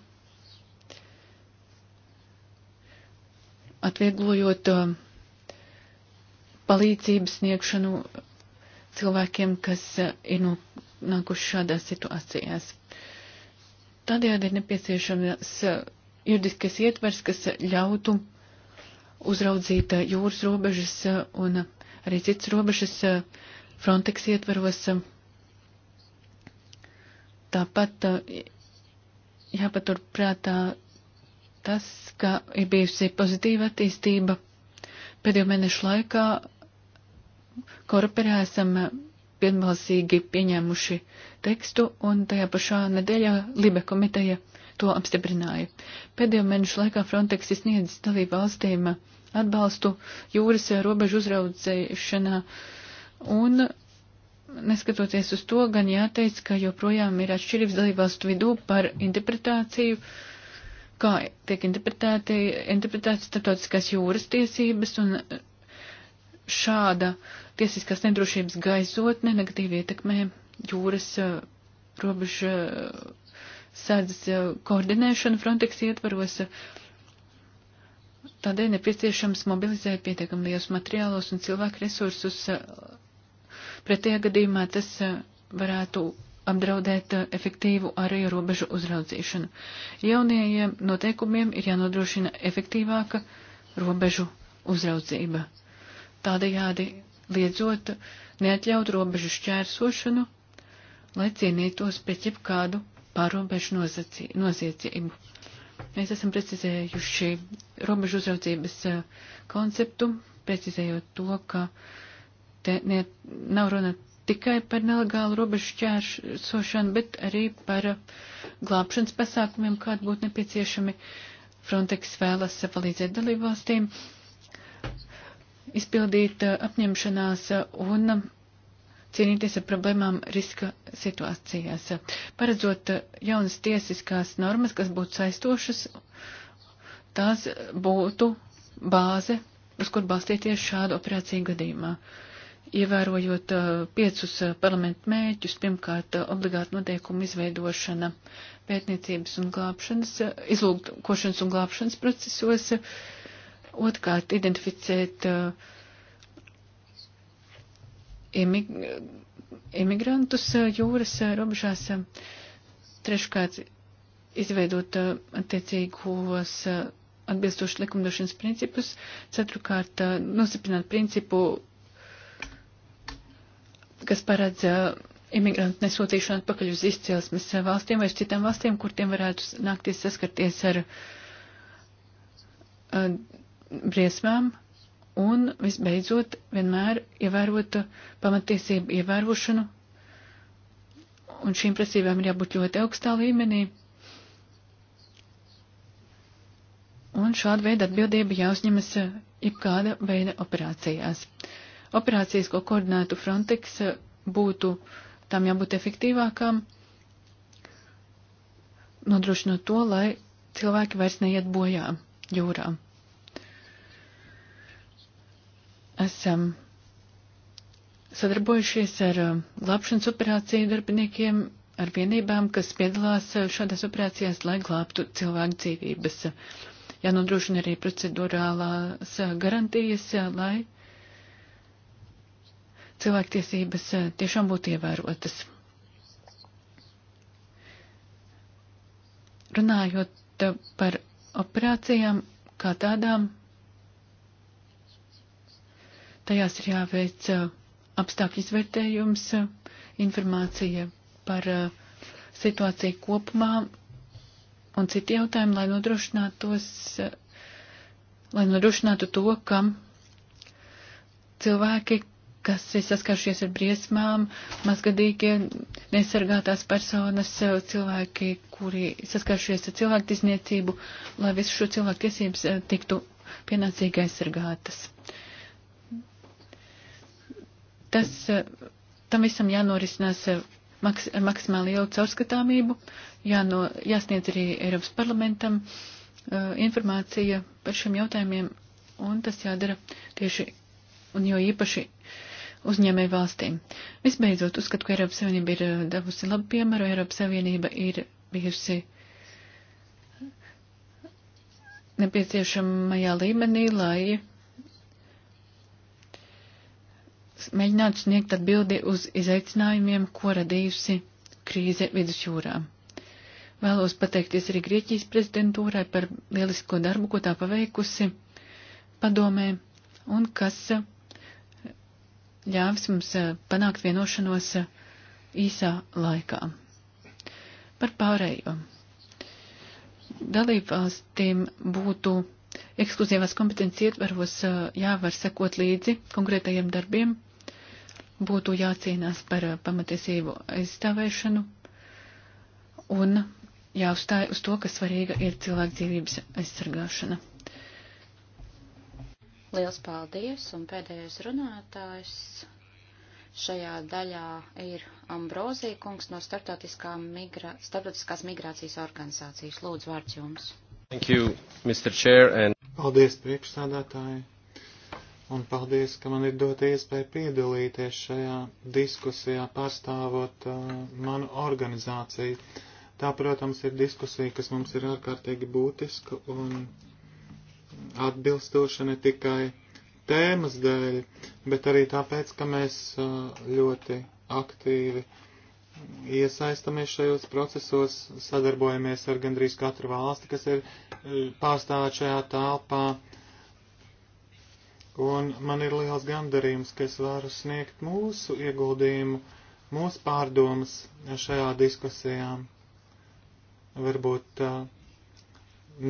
atvieglojot palīdzības sniegšanu cilvēkiem, kas ir nonākuši šādās situācijās. Tādējādi ir nepieciešams juridiskais ietvers, kas ļautu uzraudzīt eh, jūras robežas eh, un eh, arī citas robežas Frontex ietveros. Tāpat jāpaturprātā tas, ka ir bijusi pozitīva attīstība. Pēdējo mēnešu laikā korporā esam vienbalsīgi pieņēmuši tekstu, un tajā pašā nedēļā Libe komiteja to apstiprināja. Pēdējo mēnešu laikā Frontex sniedz dalību valstīm atbalstu jūras robežu uzraudzēšanā un neskatoties uz to, gan jāteic, ka joprojām ir atšķirības dalībvalstu vidū par interpretāciju, kā tiek interpretēti, interpretētas starptautiskās jūras tiesības un šāda tiesiskās nedrošības gaisotne negatīvi ietekmē jūras eh, robežu sārdzes eh, koordinēšanu Frontex ietvaros. Tādēļ nepieciešams mobilizēt pietiekami liels materiālos un cilvēku resursus. Eh, pretējā gadījumā tas eh, varētu apdraudēt efektīvu arī robežu uzraudzīšanu. Jaunajiem noteikumiem ir jānodrošina efektīvāka robežu uzraudzība. Tādējādi liedzot neatļaut robežu šķērsošanu, lai cienītos pret jebkādu pārobežu noziedzību. Mēs esam precizējuši robežu uzraudzības eh, konceptu, precizējot to, ka te ne, nav runa tikai par nelegālu robežu šķērsošanu, bet arī par glābšanas pasākumiem, kādi būtu nepieciešami. Frontex vēlas palīdzēt dalībvalstīm izpildīt eh, apņemšanās un cīnīties ar problēmām riska situācijās, paredzot jaunas tiesiskās normas, kas būtu saistošas, tās būtu bāze, uz kur balstīties šādu operāciju gadījumā. Ievērojot uh, piecus uh, parlamentu mēķus, pirmkārt, uh, obligāta noteikuma izveidošana pētniecības un glābšanas, izlūkošanas un glābšanas procesos, otrkārt, identificēt uh, imig imigrantus eh, jūras eh, robežās. Eh, treškārt, izveidot attiecīgos atbilstoši likumdošanas principus. Ceturkārt, nostiprināt principu, kas paredz imigrantu nesūtīšanu atpakaļ uz izcelsmes valstīm vai uz citām valstīm, kur tiem varētu nākties saskarties ar briesmām. Uh, un, visbeidzot, vienmēr ievērot pamatiesību ievērošanu, un šīm prasībām ir jābūt ļoti augstā līmenī. Un šāda veida atbildība jāuzņemas jebkāda veida operācijās. Operācijas, ko koordinētu Frontex, būtu tam jābūt efektīvākām, nodrošinot to, lai cilvēki vairs neiet bojā jūrām. esam sadarbojušies ar um, glābšanas operāciju darbiniekiem, ar vienībām, kas piedalās uh, šādās operācijās, lai glābtu cilvēku dzīvības. Jānodrošina arī procedurālās uh, garantijas, uh, lai cilvēktiesības tiešām būtu ievērotas. Runājot par operācijām kā tādām, Tajās ir jāveic apstākļu izvērtējums, informācija par situāciju kopumā un citi jautājumi, lai nodrošinātos, lai nodrošinātu to, ka cilvēki, kas ir saskaršies ar briesmām, mazgadīgie, nesargātās personas, cilvēki, kuri saskaršies ar cilvēku tiesniecību, lai visu šo cilvēku tiesības tiktu pienācīgi aizsargātas tas, eh, tam visam jānorisinās eh, maks, maksimāli lielu caurskatāmību, jāno, jāsniedz arī Eiropas parlamentam eh, informācija par šiem jautājumiem, un tas jādara tieši un jo īpaši uzņēmēju valstīm. Visbeidzot, uzskatu, ka Eiropas Savienība ir devusi labu piemēru, Eiropas Savienība ir bijusi nepieciešamajā līmenī, lai mēģinātu sniegt atbildi uz izaicinājumiem, ko radījusi krīze vidusjūrā. Vēlos pateikties arī Grieķijas prezidentūrai par lielisko darbu, ko tā paveikusi padomē un kas eh, ļāvis mums eh, panākt vienošanos eh, īsā laikā. Par pārējo. Dalībvalstīm būtu ekskluzīvās kompetences ietvaros jāvar sekot līdzi konkrētajiem darbiem, būtu jācīnās par pamatiesību aizstāvēšanu un jāuzstāj uz to, ka svarīga ir cilvēku dzīvības aizsargāšana. Liels paldies, un pēdējais runātājs šajā daļā ir Ambrozija kungs no Startautiskā migra Startautiskās migrācijas organizācijas. Lūdzu, vārds jums. Thank you, Mr. Chair, and... Paldies priekšsādātāji, un paldies, ka man ir dot iespēju piedalīties šajā diskusijā, pārstāvot uh, manu organizāciju. Tā, protams, ir diskusija, kas mums ir ārkārtīgi būtiska un atbilstoša ne tikai tēmas dēļ, bet arī tāpēc, ka mēs uh, ļoti aktīvi uh, iesaistamies šajos procesos, sadarbojamies ar gandrīz katru valsti, kas ir eh, pārstāvēt šajā tālpā. Un man ir liels gandarījums, ka es varu sniegt mūsu ieguldījumu, mūsu pārdomas šajā diskusijā. Varbūt uh,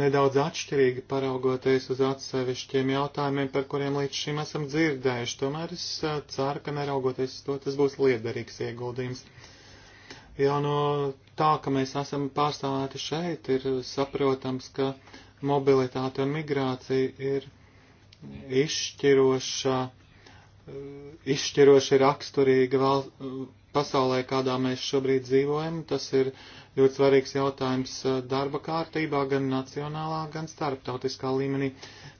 nedaudz atšķirīgi paraugoties uz atsevišķiem jautājumiem, par kuriem līdz šim esam dzirdējuši. Tomēr es eh, ceru, ka neraugoties uz to, tas būs liederīgs ieguldījums. Uh, Jau no tā, ka mēs esam pārstāvēti šeit, ir saprotams, ka mobilitāte un migrācija ir izšķiroša, izšķiroši raksturīga val, pasaulē, kādā mēs šobrīd dzīvojam. Tas ir ļoti svarīgs jautājums eh, darba kārtībā, gan nacionālā, gan starptautiskā līmenī.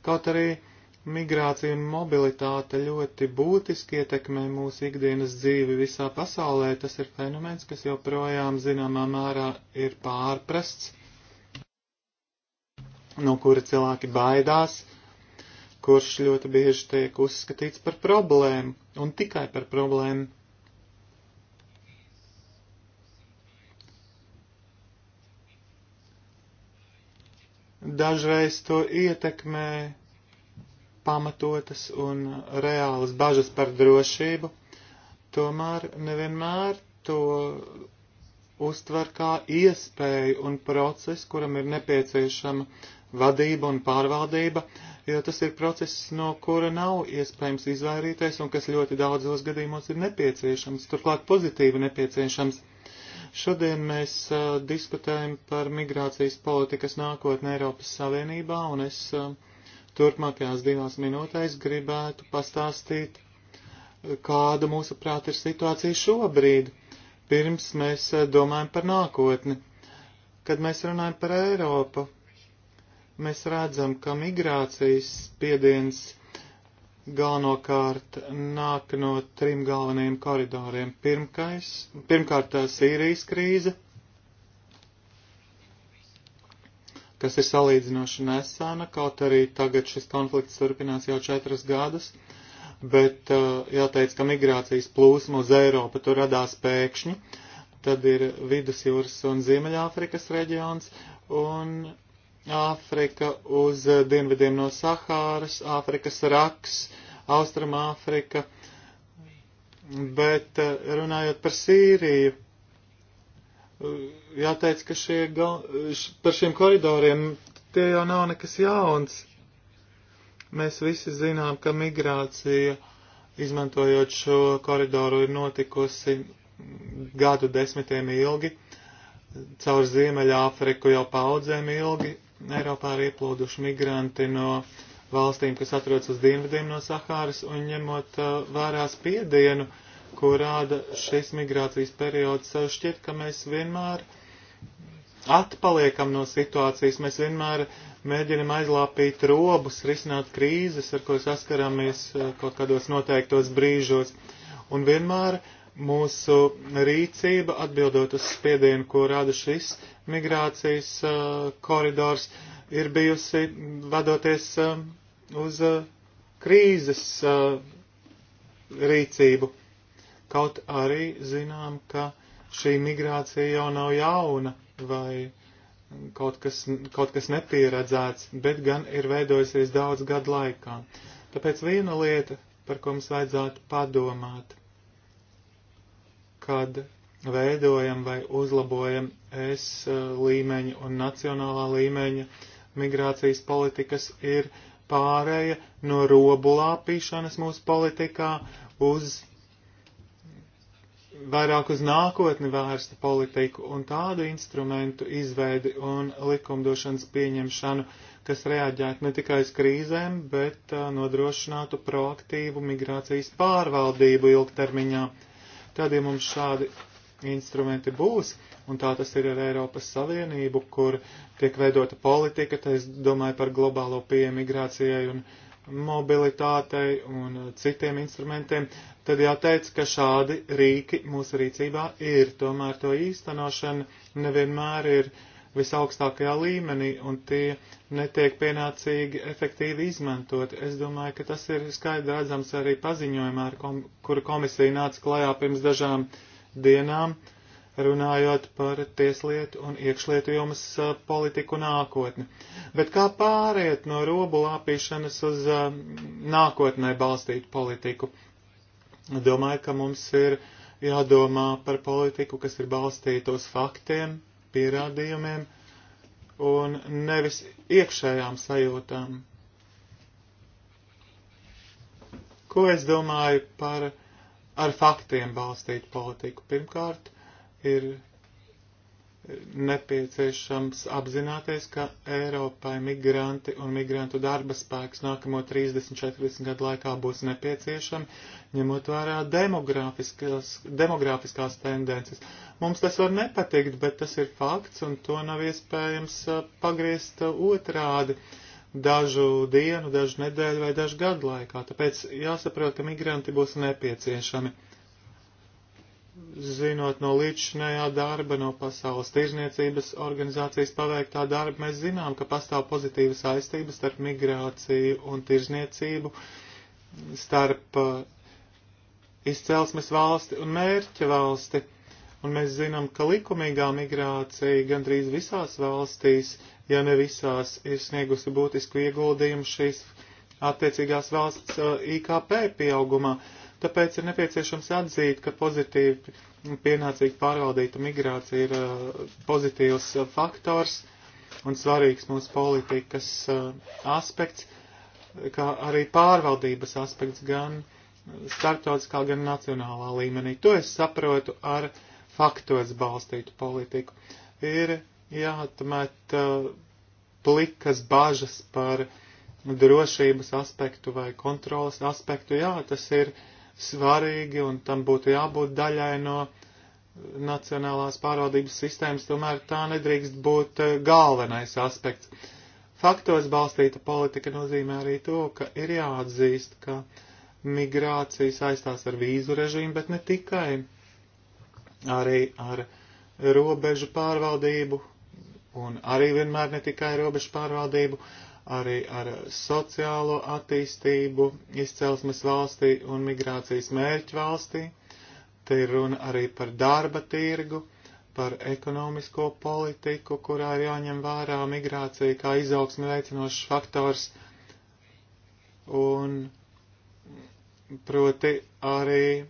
Kaut arī uh, Migrācija un mobilitāte ļoti būtiski ietekmē mūsu ikdienas dzīvi visā pasaulē. Tas ir fenomens, kas joprojām zināmā mērā ir pārprasts, no kura cilvēki baidās, kurš ļoti bieži tiek uzskatīts par problēmu un tikai par problēmu. Dažreiz to ietekmē pamatotas un reālas bažas par drošību, tomēr nevienmēr to uztver kā iespēju un procesu, kuram ir nepieciešama vadība un pārvaldība, jo tas ir process, no kura nav iespējams izvairīties un kas ļoti daudzos gadījumos ir nepieciešams, turklāt pozitīvi nepieciešams. Šodien mēs uh, diskutējam par migrācijas politikas nākotni Eiropas Savienībā, un es uh, Turpmākajās divās minūtēs gribētu pastāstīt, kāda mūsuprāt ir situācija šobrīd, pirms mēs eh, domājam par nākotni. Kad mēs runājam par Eiropu, mēs redzam, ka migrācijas spiediens galvenokārt nāk no trim galvenajiem koridoriem. Pirmkais, pirmkārt, eh, Sīrijas krīze kas ir salīdzinoši nesāna, kaut arī tagad šis konflikts turpinās jau četras gadus, bet uh, jāteic, ka migrācijas plūsma uz Eiropu tur radās pēkšņi, tad ir Vidusjūras un Ziemeļāfrikas reģions, un Āfrika uz uh, dienvidiem no Sahāras, Āfrikas raks, Austram Āfrika, bet uh, runājot par Sīriju, Eh, jāteic, ka šie gal, par šiem koridoriem tie jau nav nekas jauns. Mēs visi zinām, ka migrācija, izmantojot šo koridoru, ir notikusi gadu desmitiem ilgi, caur Ziemeļāfriku jau paudzēm ilgi, Eiropā ir ieplūduši migranti no valstīm, kas atrodas uz dienvidiem no Sahāras, un ņemot uh, vērā spiedienu, uh, ko rāda šis migrācijas periods, eh, šķiet, ka mēs vienmēr atpaliekam no situācijas, mēs vienmēr mēģinam aizlāpīt robus, risināt krīzes, ar ko saskaramies eh, kaut kādos noteiktos brīžos. Un vienmēr mūsu rīcība, atbildot uz spiedienu, ko rada šis migrācijas uh, koridors, ir bijusi vadoties uh, uz uh, krīzes rīcību. Kaut arī zinām, ka šī migrācija jau nav jauna vai kaut kas, kaut kas nepieredzēts, bet gan ir veidojusies daudz gadu laikā. Tāpēc viena lieta, par ko mums vajadzētu padomāt, kad veidojam vai uzlabojam es eh, līmeņa un nacionālā līmeņa migrācijas politikas, ir pārēja no robu lāpīšanas mūsu politikā uz vairāk uz nākotni vērsta politiku un tādu instrumentu izveidi un likumdošanas pieņemšanu, kas reaģētu ne tikai uz krīzēm, bet uh, nodrošinātu proaktīvu migrācijas pārvaldību ilgtermiņā. Tad, ja mums šādi instrumenti būs, un tā tas ir ar Eiropas Savienību, kur tiek veidota politika, tā es domāju par globālo pieeja migrācijai un migrācijai mobilitātei un citiem instrumentiem, tad jāteic, ka šādi rīki mūsu rīcībā ir. Tomēr to īstenošana nevienmēr ir visaugstākajā līmenī un tie netiek pienācīgi efektīvi izmantot. Es domāju, ka tas ir skaidri redzams arī paziņojumā, ar kom kuru komisija nāca klajā pirms dažām dienām. Uh, runājot par tieslietu un iekšlietu jomas politiku nākotni. Bet kā pāriet no robu lāpīšanas uz nākotnē balstītu politiku? Domāju, ka mums ir jādomā par politiku, kas ir balstīta uz faktiem, pierādījumiem un nevis iekšējām sajūtām. Ko es domāju par ar faktiem balstītu politiku? Pirmkārt, ir nepieciešams apzināties, ka Eiropai migranti un migrantu darba spēks nākamo 30-40 gadu laikā būs nepieciešami, ņemot vērā demografiskās, demografiskās tendences. Mums tas var nepatikt, bet tas ir fakts, un to nav iespējams uh, pagriezt uh, otrādi dažu dienu, dažu nedēļu vai dažu gadu laikā. Tāpēc jāsaprot, ka migranti būs nepieciešami zinot no līdzšinējā darba, no Pasaules tirzniecības organizācijas paveiktā darba, mēs zinām, ka pastāv pozitīva saistība starp migrāciju un tirzniecību, starp uh, izcelsmes valsti un mērķa valsti. Un mēs zinām, ka likumīgā migrācija gandrīz visās valstīs, ja ne visās, ir sniegusi būtisku ieguldījumu šīs attiecīgās valsts uh, IKP pieaugumā. Uh, Tāpēc ir nepieciešams atzīt, ka pozitīvi pienācīgi pārvaldīta migrācija ir uh, pozitīvs uh, faktors un svarīgs mūsu politikas uh, aspekts, kā arī pārvaldības aspekts gan starptautiskā, gan nacionālā līmenī. To es saprotu ar faktos balstītu politiku. Ir jāatmet uh, plikas bažas par drošības aspektu vai kontrolas aspektu. Jā, tas ir uh, svarīgi un tam būtu jābūt daļai no nacionālās pārvaldības sistēmas, tomēr tā nedrīkst būt eh, galvenais aspekts. Faktos balstīta politika nozīmē arī to, ka ir jāatzīst, ka migrācija saistās ar vīzu režīmu, bet ne tikai, arī ar robežu pārvaldību un arī vienmēr ne tikai robežu pārvaldību, uh, arī ar sociālo attīstību izcelsmes valstī un migrācijas mērķu valstī. Te ir runa arī par darba tirgu, par ekonomisko politiku, kurā ir jāņem vērā migrācija kā izaugsme veicinošs faktors, un proti arī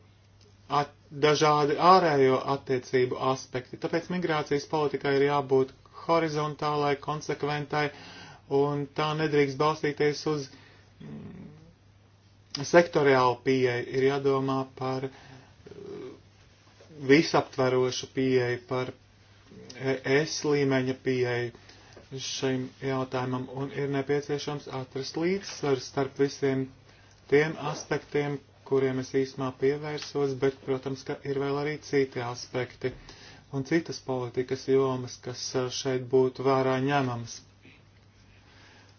at, dažādi ārējo attiecību aspekti. Tāpēc migrācijas politikai ir jābūt horizontālai, konsekventai, uh, un tā nedrīkst balstīties uz mm, sektoriālu pieeju, ir jādomā par mm, visaptverošu pieeju, par mm, es līmeņa pieeju šim jautājumam, un ir nepieciešams atrast līdzsvaru starp visiem tiem aspektiem, kuriem es īsumā pievērsos, bet, protams, ka ir vēl arī citi aspekti un citas politikas jomas, kas eh, šeit būtu vērā ņemamas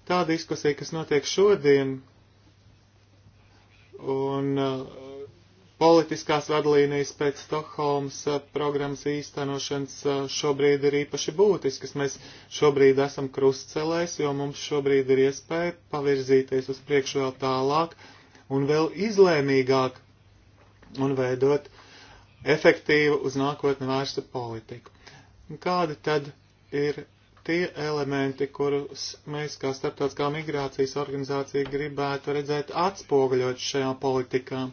tā diskusija, kas notiek šodien, un uh, politiskās vadlīnijas pēc Stokholmas uh, programmas īstenošanas uh, šobrīd ir īpaši būtiskas. Mēs šobrīd esam krustcelēs, jo mums šobrīd ir iespēja pavirzīties uz priekšu vēl tālāk un vēl izlēmīgāk un veidot efektīvu uz nākotni vērstu politiku. Kādi tad ir tie elementi, kurus mēs kā starptautiskā migrācijas organizācija gribētu redzēt atspoguļot šajā politikā.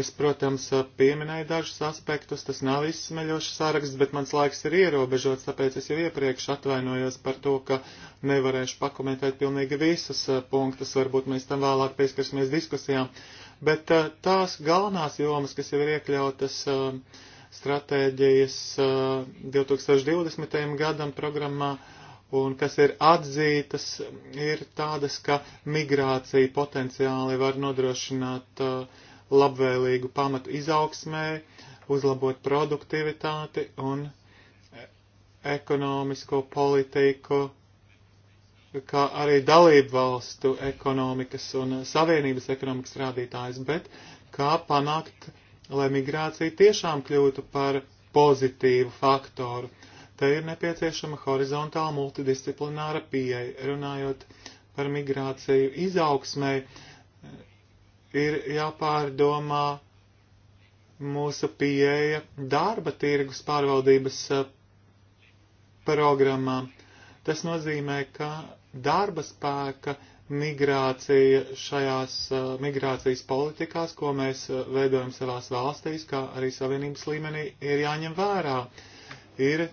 Es, protams, pieminēju dažus aspektus, tas nav izsmeļošs saraksts, bet mans laiks ir ierobežots, tāpēc es jau iepriekš atvainojos par to, ka nevarēšu pakomentēt pilnīgi visus eh, punktus, varbūt mēs tam vēlāk pieskarsimies diskusijām, bet eh, tās galvenās jomas, kas jau ir iekļautas uh, stratēģijas 2020. Eh, gadam programmā un kas ir atzītas, ir tādas, ka migrācija potenciāli var nodrošināt eh, labvēlīgu pamatu izaugsmē, uzlabot produktivitāti un eh, ekonomisko politiku, kā arī dalību valstu ekonomikas un savienības ekonomikas rādītājs, bet kā panākt lai migrācija tiešām kļūtu par pozitīvu faktoru. Te ir nepieciešama horizontāla multidisciplināra pieeja. Runājot par migrāciju izaugsmai, ir jāpārdomā mūsu pieeja darba tirgus pārvaldības programmā. Tas nozīmē, ka darba spēka migrācija šajās eh, migrācijas politikās, ko mēs eh, veidojam savās valstīs, kā arī savienības līmenī, ir jāņem vērā. Ir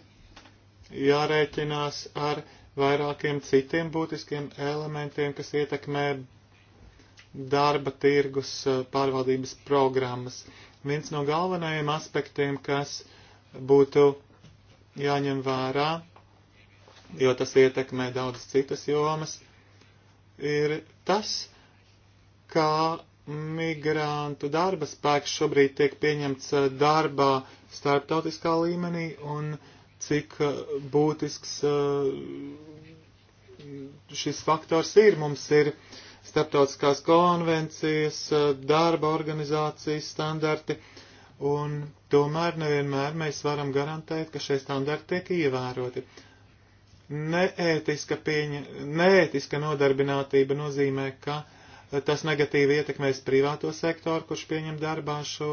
jārēķinās ar vairākiem citiem būtiskiem elementiem, kas ietekmē darba tirgus eh, pārvaldības programmas. Viens no galvenajiem aspektiem, kas būtu jāņem vērā, jo tas ietekmē daudzas citas jomas, ir tas, kā migrantu darba spēks šobrīd tiek pieņemts eh, darbā starptautiskā līmenī un cik eh, būtisks eh, šis faktors ir. Mums ir starptautiskās konvencijas, darba organizācijas standarti, un tomēr nevienmēr mēs varam garantēt, ka šie standarti tiek ievēroti. Neētiska, pieņa, neētiska nodarbinātība nozīmē, ka tas negatīvi ietekmēs privāto sektoru, kurš pieņem darbā šo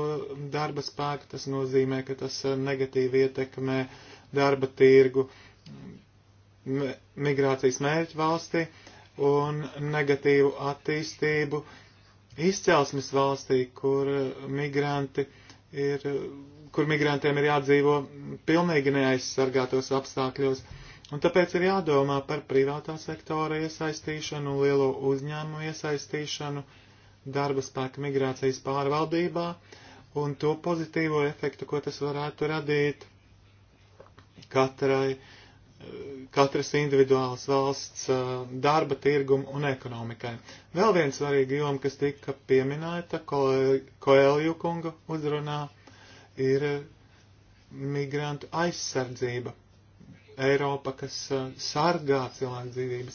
darba spēku. Tas nozīmē, ka tas eh, negatīvi ietekmē darba tirgu migrācijas mērķu valstī un negatīvu attīstību izcelsmes valstī, kur eh, migranti ir, kur migrantiem ir jādzīvo pilnīgi neaizsargātos apstākļos. Un tāpēc ir jādomā par privātā sektora iesaistīšanu, lielo uzņēmumu iesaistīšanu, darba spēka migrācijas pārvaldībā un to pozitīvo efektu, ko tas varētu radīt katrai, katras individuālas valsts darba tirgumu un ekonomikai. Vēl viens svarīgi joma, kas tika pieminēta Koelju kunga uzrunā, ir migrantu aizsardzība Eiropa, kas uh, sargā cilvēku dzīvības.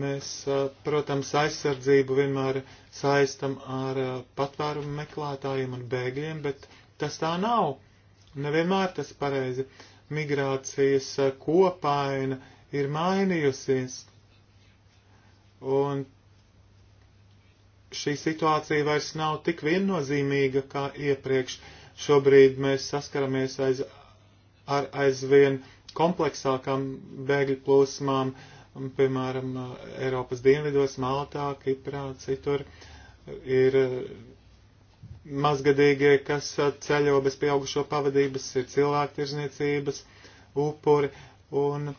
Mēs, uh, protams, aizsardzību vienmēr saistam ar uh, patvērumu meklētājiem un bēgļiem, bet tas tā nav. Nevienmēr tas pareizi. Migrācijas uh, kopaina ir mainījusies. Un šī situācija vairs nav tik viennozīmīga kā iepriekš. Šobrīd mēs saskaramies aiz, ar aizvien kompleksākām bēgļu plūsmām, piemēram, Eiropas dienvidos, Maltā, Kiprā, citur, ir eh, mazgadīgie, kas eh, ceļo bez pieaugušo pavadības, ir cilvēktirzniecības, upuri, un,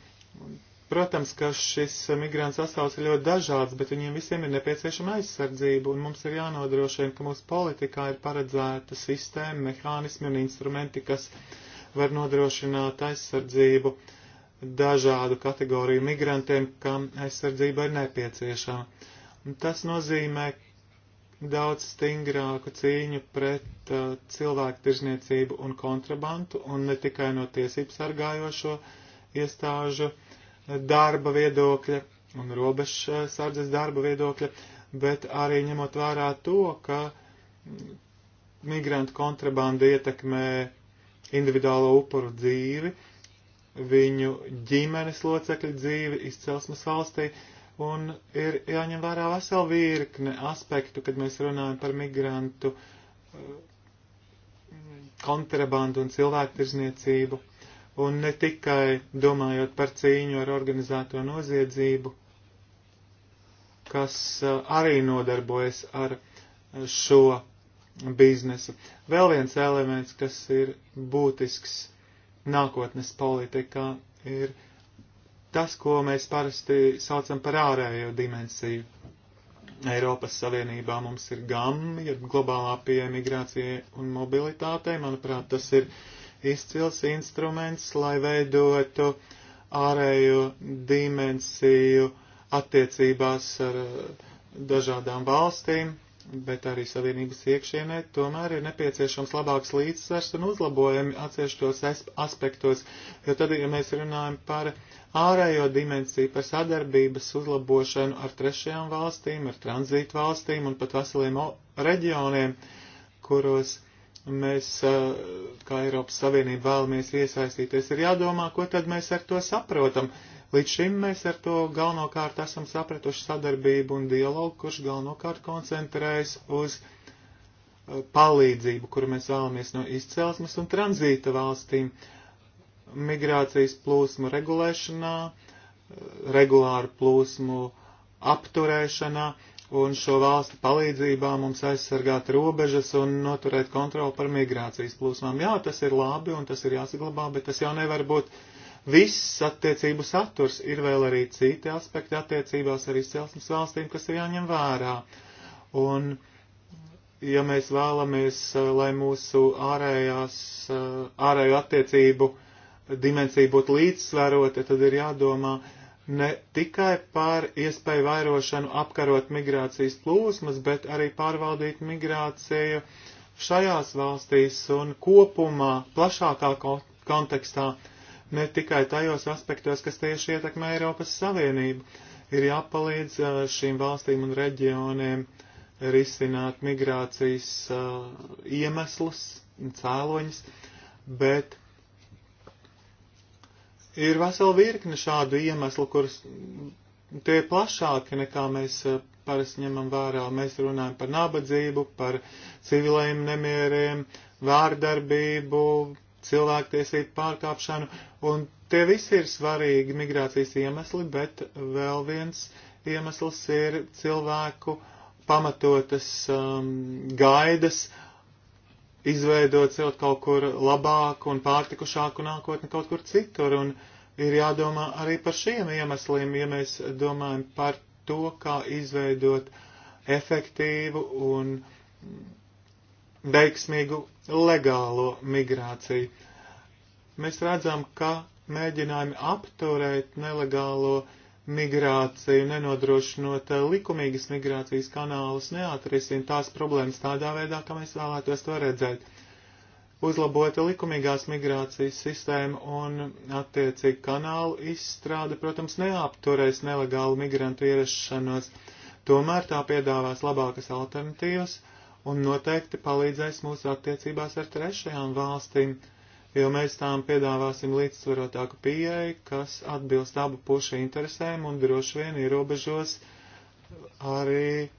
protams, ka šis migrāns sastāvs ir ļoti dažāds, bet viņiem visiem ir nepieciešama aizsardzība, un mums ir jānodrošina, ka mūsu politikā ir paredzēta sistēma, mehānismi un instrumenti, kas uh, var nodrošināt aizsardzību dažādu kategoriju migrantiem, kam aizsardzība ir nepieciešama. Tas nozīmē daudz stingrāku cīņu pret uh, cilvēku tirzniecību un kontrabantu, un ne tikai no tiesību sargājošo iestāžu uh, darba viedokļa un robežsardzes uh, darba viedokļa, bet arī ņemot vērā to, ka mm, migrantu kontrabanda ietekmē individuālo upuru dzīvi, viņu ģimenes locekļu dzīvi izcelsmes valstī, un ir jāņem vērā vesela virkne aspektu, kad mēs runājam par migrantu eh, kontrabandu un cilvēktirzniecību, un ne tikai domājot par cīņu ar organizēto noziedzību, kas eh, arī nodarbojas ar eh, šo biznesu. Vēl viens elements, kas ir būtisks nākotnes politikā, ir tas, ko mēs parasti saucam par ārējo dimensiju. Eiropas Savienībā mums ir GAM, ir globālā pieeja migrācijai un mobilitātei. Manuprāt, tas ir izcils instruments, lai veidotu ārējo dimensiju attiecībās ar eh, dažādām valstīm, bet arī savienības iekšienē, tomēr ir nepieciešams labāks līdzsvers un uzlabojumi atsevišķos aspektos, jo tad, ja mēs runājam par ārējo dimensiju, par sadarbības uzlabošanu ar trešajām valstīm, ar tranzītu valstīm un pat veseliem reģioniem, kuros mēs, kā Eiropas Savienība, vēlamies iesaistīties, ir jādomā, ko tad mēs ar to saprotam Līdz šim mēs ar to galvenokārt esam sapratuši sadarbību un dialogu, kurš galvenokārt koncentrējas uz uh, palīdzību, kuru mēs vēlamies no izcelsmes un tranzīta valstīm, migrācijas plūsmu regulēšanā, uh, regulāru plūsmu apturēšanā un šo valstu palīdzībā mums aizsargāt robežas un noturēt kontroli par migrācijas plūsmām. Jā, tas ir labi un tas ir jāsaglabā, bet tas jau nevar būt uh, Viss attiecību saturs ir vēl arī citi aspekti attiecībās ar izcelsmes valstīm, kas ir jāņem vērā. Un, ja mēs vēlamies, eh, lai mūsu ārējās, eh, ārēju attiecību dimensija būtu līdzsvarota, tad ir jādomā, ne tikai par iespēju vairošanu apkarot migrācijas plūsmas, bet arī pārvaldīt migrāciju šajās valstīs un kopumā plašākā kontekstā ne tikai tajos aspektos, kas tieši ietekmē Eiropas Savienību. Ir jāpalīdz šīm valstīm un reģioniem risināt migrācijas iemeslus, cēloņus, bet ir vesela virkne šādu iemeslu, kurus tie plašāki nekā mēs parasti ņemam vērā. Mēs runājam par nabadzību, par civilējiem nemieriem, vārdarbību, cilvēktiesību pārkāpšanu, un tie visi ir svarīgi migrācijas iemesli, bet vēl viens iemesls ir cilvēku pamatotas um, gaidas izveidot sev kaut kur labāku un pārtikušāku nākotni kaut kur citur, un ir jādomā arī par šiem iemesliem, ja mēs domājam par to, kā izveidot efektīvu un mm, veiksmīgu legālo migrāciju. Mēs redzam, ka mēģinājumi apturēt nelegālo migrāciju, nenodrošinot eh, likumīgas migrācijas kanālus, neatrisin tās problēmas tādā veidā, ka mēs vēlētos to redzēt. Uzlabota likumīgās migrācijas sistēma un attiecīgi kanālu izstrāde, protams, neapturēs nelegālu migrantu ierašanos, tomēr tā piedāvās labākas alternatīvas un noteikti palīdzēs mūsu attiecībās ar trešajām valstīm, jo mēs tām piedāvāsim līdzsvarotāku pieeju, kas atbilst abu pušu interesēm un droši vien ierobežos arī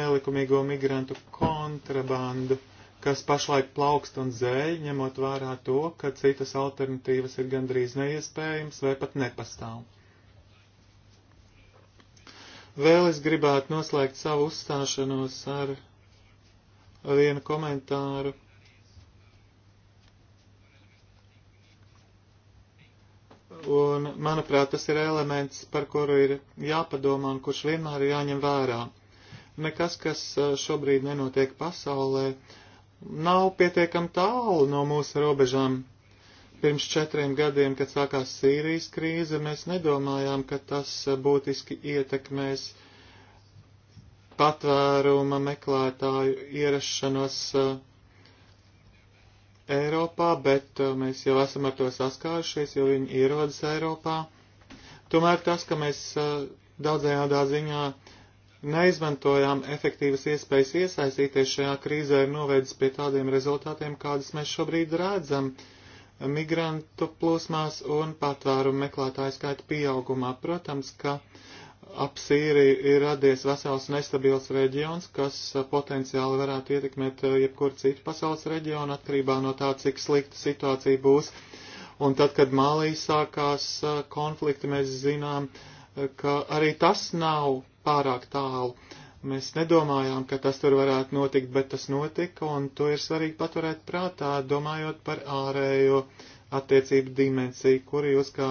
nelikumīgo migrantu kontrabandu, kas pašlaik plaukst un zēļ, ņemot vērā to, ka citas alternatīvas ir gandrīz neiespējams vai pat nepastāv. Vēl es gribētu noslēgt savu uzstāšanos ar vienu komentāru. Un, manuprāt, tas ir elements, par kuru ir jāpadomā un kurš vienmēr ir jāņem vērā. Nekas, kas uh, šobrīd nenotiek pasaulē, nav pietiekami tālu no mūsu robežām Pirms četriem gadiem, kad sākās Sīrijas krīze, mēs nedomājām, ka tas e, būtiski ietekmēs patvēruma meklētāju ierašanos e, Eiropā, bet e, mēs jau esam ar to saskārušies, jo viņi ierodas Eiropā. Tomēr tas, ka mēs daudzējādā ziņā neizmantojām efektīvas iespējas iesaistīties šajā krīzē, ir novēdis pie tādiem rezultātiem, kādas mēs šobrīd redzam. Uh, migrantu plūsmās un patvērumu meklētāju skaita pieaugumā. Protams, ka ap Sīriju ir radies vesels nestabils reģions, kas potenciāli varētu ietekmēt jebkuru citu pasaules reģionu atkarībā no tā, cik slikta situācija būs. Un tad, kad Malī sākās konflikti, mēs zinām, ka arī tas nav pārāk tālu. Uh, Mēs nedomājām, ka tas tur varētu notikt, bet tas notika, un to ir svarīgi paturēt prātā, domājot par ārējo attiecību dimensiju, kuru jūs kā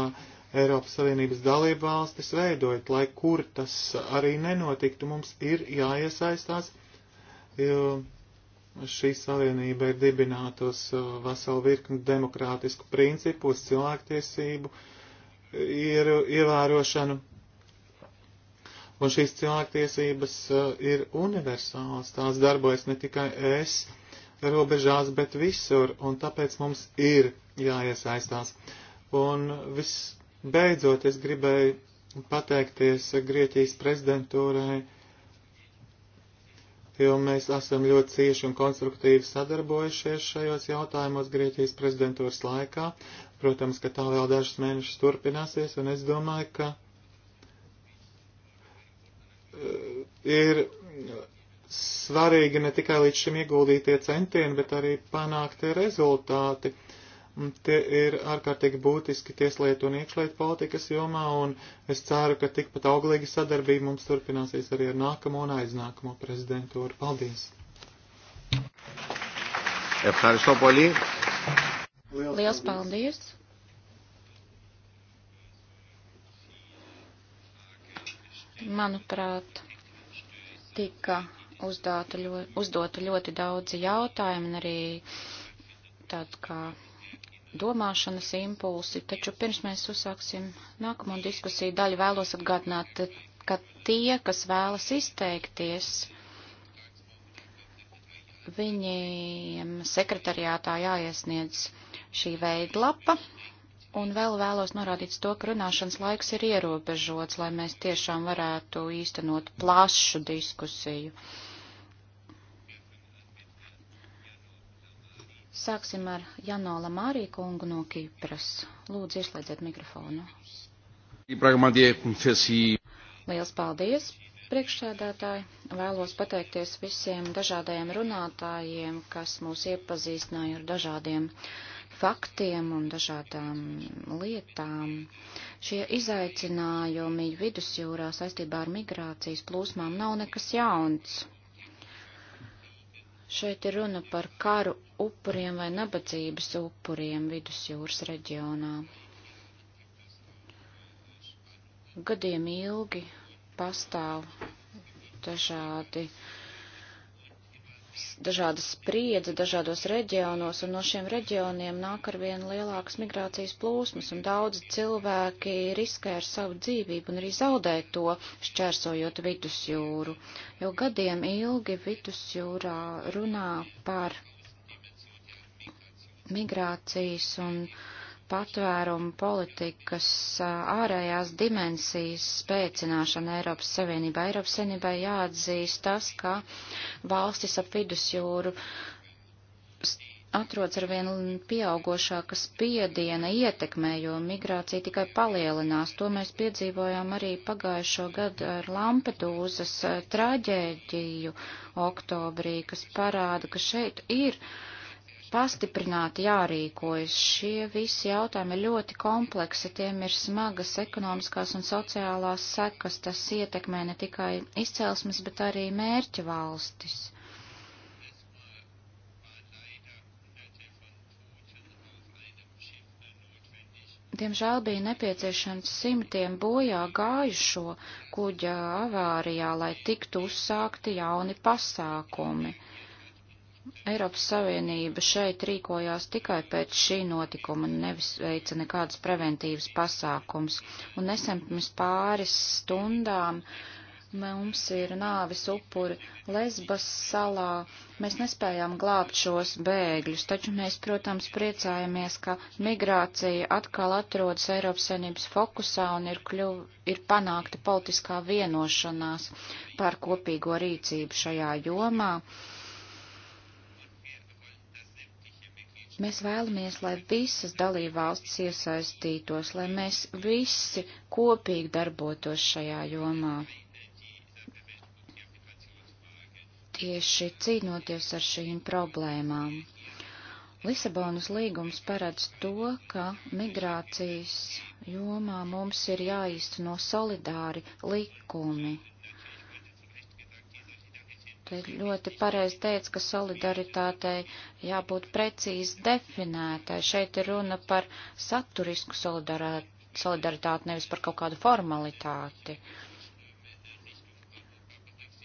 Eiropas Savienības dalību valstis veidojat, lai kur tas arī nenotiktu, mums ir jāiesaistās, jo šī savienība ir dibinātos uh, veselu virkni demokrātisku principu uz cilvēktiesību ir ievērošanu Un šīs cilvēktiesības eh, ir universālas, tās darbojas ne tikai es robežās, bet visur, un tāpēc mums ir jāiesaistās. Un visbeidzot, es gribēju pateikties Grieķijas prezidentūrai, jo mēs esam ļoti cieši un konstruktīvi sadarbojušies šajos jautājumos Grieķijas prezidentūras laikā. Protams, ka tā vēl dažus mēnešus turpināsies, un es domāju, ka ir svarīgi ne tikai līdz šim ieguldītie centieni, bet arī panāktie rezultāti. Tie ir ārkārtīgi būtiski tieslietu un iekšlietu politikas jomā, un es ceru, ka tikpat auglīga sadarbība mums turpināsies arī ar nākamo un aiznākamo prezidentūru. Paldies! Liels paldies! Manuprāt, tika uzdāta ļoti, uzdota ļoti daudzi jautājumi un arī tāda kā domāšanas impulsi, taču pirms mēs uzsāksim nākamo diskusiju daļu vēlos atgādināt, ka tie, kas vēlas izteikties, viņiem sekretariātā jāiesniedz šī veidlapa, Un vēl vēlos norādīt to, ka runāšanas laiks ir ierobežots, lai mēs tiešām varētu īstenot plašu diskusiju. Sāksim ar Janola Mārī kungu no Kipras. Lūdzu, ieslēdziet mikrofonu. Liels paldies, priekšsēdētāji. Vēlos pateikties visiem dažādajiem runātājiem, kas mūs iepazīstināja ar dažādiem uh, faktiem un dažādām lietām. Šie izaicinājumi vidusjūrā saistībā ar migrācijas plūsmām nav nekas jauns. Šeit ir runa par karu upuriem vai nabadzības upuriem vidusjūras reģionā. Gadiem ilgi pastāv dažādi uh, dažāda spriedze dažādos reģionos, un no šiem reģioniem nāk ar vien lielākas migrācijas plūsmas, un daudzi cilvēki riskē ar savu dzīvību un arī zaudē to, šķērsojot vidusjūru. Jau gadiem ilgi vidusjūrā runā par migrācijas un uh, patvērumu politikas ārējās dimensijas spēcināšana Eiropas Savienībā. Eiropas Savienībai jāatzīst tas, ka valstis ap vidusjūru atrodas ar vien pieaugošāka spiediena ietekmē, jo migrācija tikai palielinās. To mēs piedzīvojām arī pagājušo gadu ar Lampedūzas traģēģiju oktobrī, kas parāda, ka šeit ir uh, pastiprināti jārīkojas. Šie visi jautājumi ir ļoti kompleksi, tiem ir smagas ekonomiskās un sociālās sekas, tas ietekmē ne tikai izcelsmes, bet arī mērķa valstis. Diemžēl bija nepieciešams simtiem bojā gājušo kuģa avārijā, lai tiktu uzsākti jauni pasākumi. Eiropas Savienība šeit rīkojās tikai pēc šī notikuma, nevis veica nekādas preventīvas pasākums. Un nesen pirms pāris stundām mums ir nāvis upuri Lesbas salā. Mēs nespējām glābt šos bēgļus, taču mēs, protams, priecājamies, ka migrācija atkal atrodas Eiropas Savienības fokusā un ir, kļuv, ir panākta politiskā vienošanās par kopīgo rīcību šajā jomā. Uh, Mēs vēlamies, lai visas dalībvalstis iesaistītos, lai mēs visi kopīgi darbotos šajā jomā. Tieši cīnoties ar šīm problēmām. Lisabonas līgums paredz to, ka migrācijas jomā mums ir jāīsteno solidāri likumi, ļoti pareizi teica, ka solidaritātei jābūt precīzi definētai. Šeit ir runa par saturisku solidaritāti, nevis par kaut kādu formalitāti. Uh,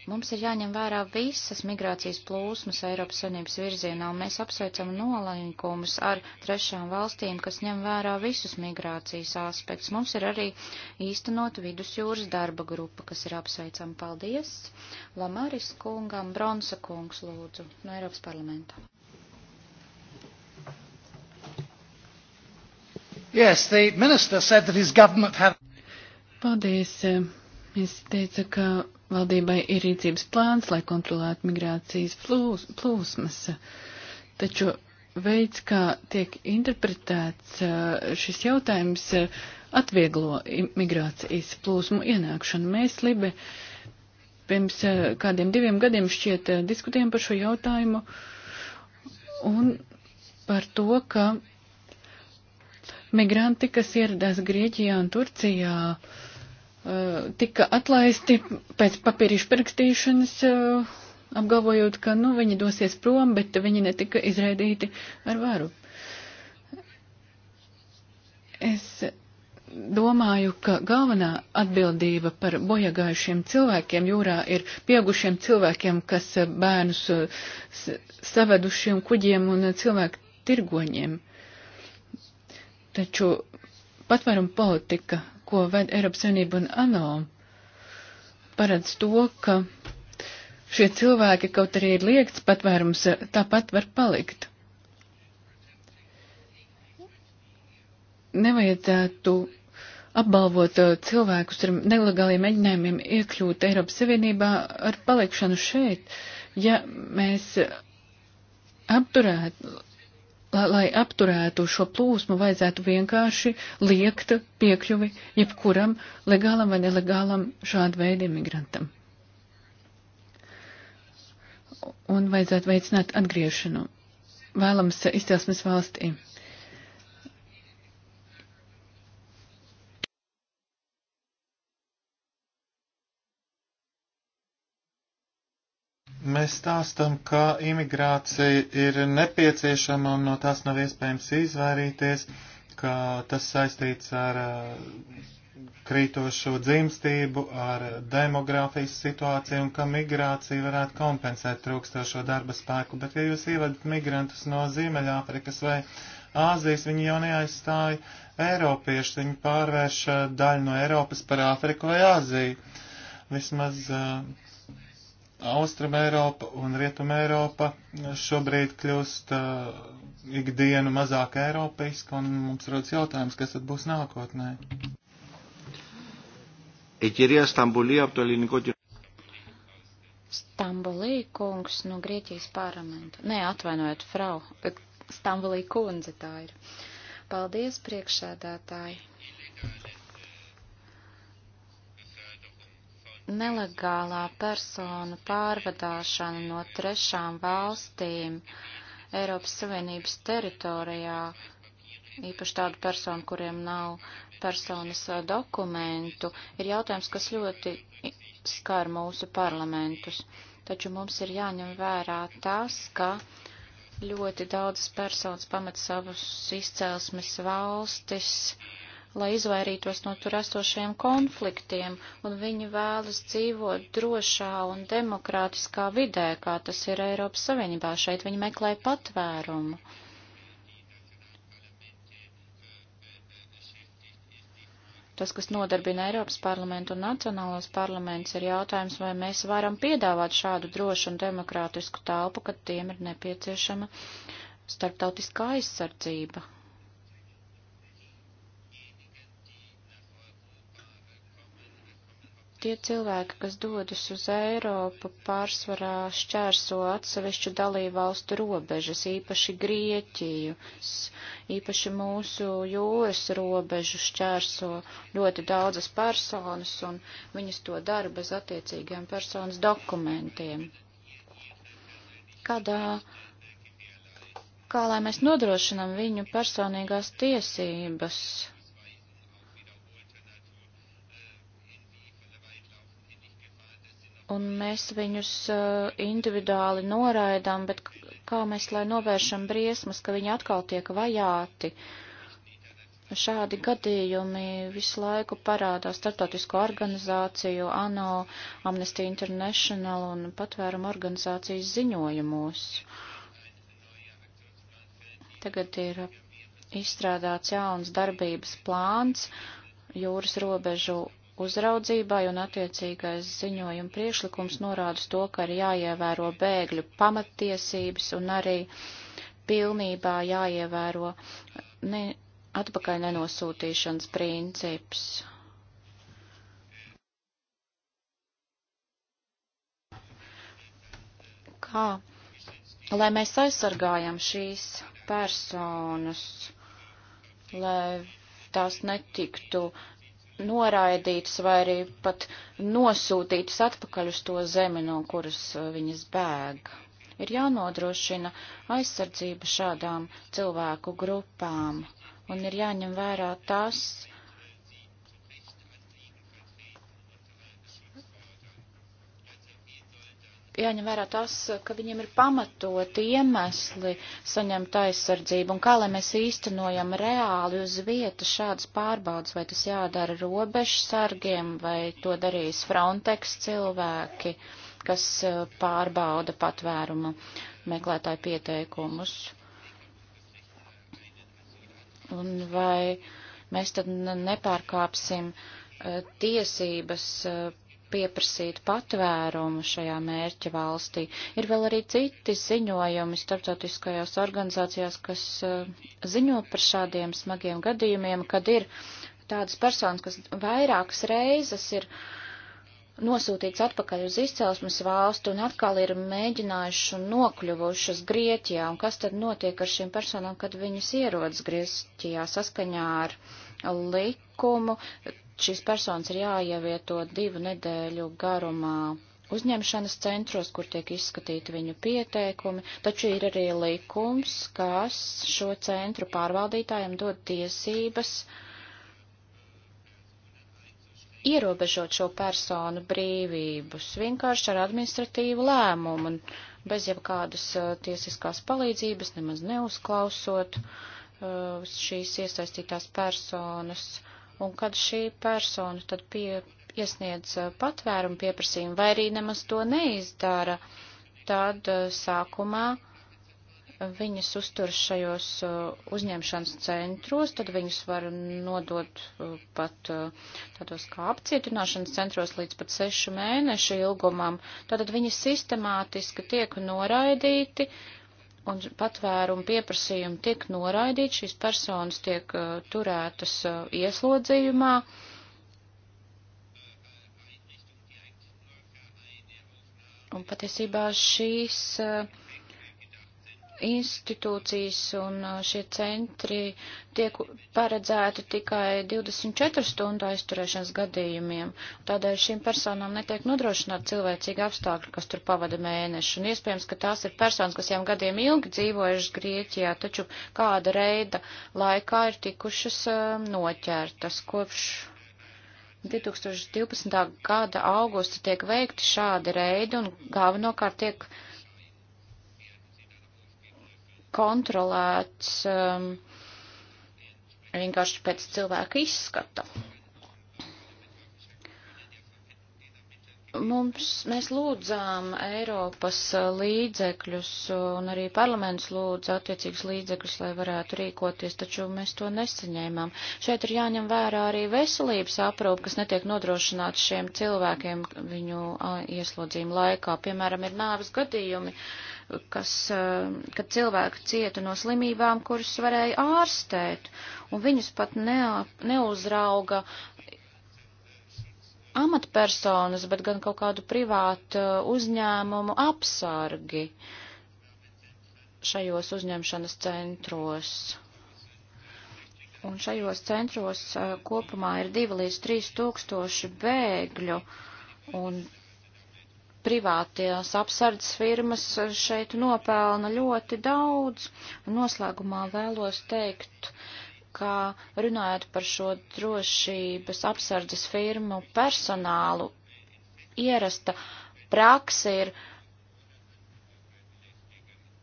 Mums ir jāņem vērā visas migrācijas plūsmas Eiropas Savienības virzienā, un mēs apsveicam nolainkumus ar trešām valstīm, kas ņem vērā visus migrācijas aspektus. Mums ir arī īstenot vidusjūras darba grupa, kas ir apsveicama. Paldies! Lamaris kungam, Bronsa kungs lūdzu no Eiropas parlamenta. Yes, the minister said that his government had. Paldies. Es teicu, ka Valdībai ir rīcības plāns, lai kontrolētu migrācijas plūs, plūsmas, taču veids, kā tiek interpretēts šis jautājums, atvieglo migrācijas plūsmu ienākšanu. Mēs, Libe, pirms kādiem diviem gadiem šķiet diskutējam par šo jautājumu un par to, ka migranti, kas ieradās Grieķijā un Turcijā, uh, Eh, tika atlaisti pēc papīrīšu parakstīšanas, eh, apgalvojot, ka nu, viņi dosies prom, bet viņi netika izraidīti ar varu. Es domāju, ka galvenā atbildība par bojagājušiem cilvēkiem jūrā ir pieaugušiem cilvēkiem, kas eh, bērnus savedušiem kuģiem un cilvēku tirgoņiem. Taču patvērumu politika ko ved Eiropas Savienība un ANO, paredz to, ka šie cilvēki, kaut arī ir liegts patvērums, tāpat var palikt. Nevajadzētu apbalvot uh, cilvēkus ar nelegāliem mēģinājumiem iekļūt Eiropas Savienībā ar palikšanu šeit, ja mēs apturētu lai apturētu šo plūsmu, vajadzētu vienkārši liekt piekļuvi jebkuram legālam vai nelegālam šādu veidu imigrantam. Un vajadzētu veicināt atgriešanu vēlams izcelsmes valstī. Mēs stāstam, ka imigrācija ir nepieciešama un no tās nav iespējams izvairīties, ka tas saistīts ar uh, krītošo dzimstību, ar demogrāfijas situāciju un ka migrācija varētu kompensēt trūkstošo darba spēku. Bet, ja jūs ievadat migrantus no Ziemeļāfrikas vai Āzijas, viņi jau neaizstāja Eiropiešus, viņi pārvērš uh, daļu no Eiropas par Āfriku vai Āziju. Vismaz uh, Austruma Eiropa un Rietuma Eiropa šobrīd kļūst uh, ikdienu mazāk eiropeiska, un mums rodas jautājums, kas tad būs nākotnē. E, Stambulī kungs no Grieķijas parlamenta. Nē, atvainojiet, frau. Stambulī kundze tā ir. Paldies, priekšsēdētāji. nelegālā personu pārvadāšana no trešām valstīm Eiropas Savienības teritorijā, īpaši tādu personu, kuriem nav personas eh, dokumentu, ir jautājums, kas ļoti skar mūsu parlamentus. Taču mums ir jāņem vērā tas, ka ļoti daudzas personas pamet savus izcelsmes valstis, uh, lai izvairītos no tur esošiem konfliktiem, un viņi vēlas dzīvot drošā un demokrātiskā vidē, kā tas ir Eiropas Savienībā. Šeit viņi meklē patvērumu. Tas, kas nodarbina Eiropas parlamentu un nacionālos parlaments, ir jautājums, vai mēs varam piedāvāt šādu drošu un demokrātisku telpu, kad tiem ir nepieciešama starptautiskā aizsardzība. Tie cilvēki, kas dodas uz Eiropu, pārsvarā šķērso atsevišķu dalībvalstu robežas, īpaši Grieķijas, īpaši mūsu jūras robežu šķērso ļoti daudzas personas, un viņas to dara bez attiecīgiem personas dokumentiem. Kādā, kā lai mēs nodrošinam viņu personīgās tiesības? un mēs viņus eh, individuāli noraidām, bet kā mēs lai novēršam briesmas, ka viņi atkal tiek vajāti? Šādi gadījumi visu laiku parādās startautisko organizāciju, ANO, Amnesty International un patvērumu organizācijas ziņojumos. Tagad ir izstrādāts jauns darbības plāns jūras robežu uzraudzībai un attiecīgais ziņojuma priekšlikums norāda to, ka ir jāievēro bēgļu pamattiesības un arī pilnībā jāievēro ne, atpakaļ nenosūtīšanas princips. Kā? Lai mēs aizsargājam šīs personas, lai tās netiktu noraidītas vai arī pat nosūtītas atpakaļ uz to zemi, no kuras uh, viņas bēg. Ir jānodrošina aizsardzība šādām cilvēku grupām, un ir jāņem vērā tas, uh, jāņem vērā tas, ka viņiem ir pamatoti iemesli saņemt aizsardzību un kā lai mēs īstenojam reāli uz vietas šādas pārbaudas, vai tas jādara robežsargiem, vai to darīs Frontex cilvēki, kas eh, pārbauda patvēruma meklētāju pieteikumus. Un vai mēs tad nepārkāpsim eh, tiesības eh, pieprasīt patvērumu šajā mērķa valstī. Ir vēl arī citi ziņojumi starptautiskajās organizācijās, kas eh, ziņo par šādiem smagiem gadījumiem, kad ir tādas personas, kas vairākas reizes ir nosūtīts atpakaļ uz izcelsmes valstu un atkal ir mēģinājuši un nokļuvušas Grieķijā. Un kas tad notiek ar šīm personām, kad viņas ierodas Grieķijā saskaņā ar likumu? šīs personas ir jāievieto divu nedēļu garumā uzņemšanas centros, kur tiek izskatīti viņu pieteikumi, taču ir arī likums, kas šo centru pārvaldītājiem dod tiesības ierobežot šo personu brīvības vienkārši ar administratīvu lēmumu un bez jebkādas uh, tiesiskās palīdzības, nemaz neuzklausot uh, šīs iesaistītās personas. Uh, un kad šī persona tad pie, iesniedz patvērumu pieprasījumu, vai arī nemaz to neizdara, tad sākumā viņas uztur šajos uzņemšanas centros, tad viņus var nodot pat tādos kā apcietināšanas centros līdz pat sešu mēnešu ilgumam. Tātad viņi sistemātiski tiek noraidīti un patvērumu pieprasījumi tiek noraidīti, šīs personas tiek uh, turētas uh, ieslodzījumā. Un patiesībā šīs uh, institūcijas un uh, šie centri tiek paredzēti tikai 24 stundu aizturēšanas gadījumiem. Tādēļ šīm personām netiek nodrošināt cilvēcīgi apstākļi, kas tur pavada mēnešu. Un iespējams, ka tās ir personas, kas jau gadiem ilgi dzīvojušas Grieķijā, taču kāda reida laikā ir tikušas um, noķertas kopš 2012. gada augusta tiek veikti šādi reidi un galvenokārt tiek kontrolēts um, vienkārši pēc cilvēka izskata. Mums, mēs lūdzām Eiropas līdzekļus un arī parlaments lūdza attiecīgus līdzekļus, lai varētu rīkoties, taču mēs to nesaņēmām. Šeit ir jāņem vērā arī veselības aprūpe, kas netiek nodrošināta šiem cilvēkiem viņu ieslodzījumu laikā. Piemēram, ir nāves gadījumi, uh, kas, eh, kad cilvēki cieta no slimībām, kuras varēja ārstēt, un viņus pat ne, neuzrauga amatpersonas, bet gan kaut kādu privātu eh, uzņēmumu apsargi šajos uzņemšanas centros. Un šajos centros eh, kopumā ir 2 līdz 3 tūkstoši bēgļu, un privātās apsardzes firmas šeit nopelna ļoti daudz. Noslēgumā vēlos teikt, ka runājot par šo drošības apsardzes firmu personālu, ierasta praksa ir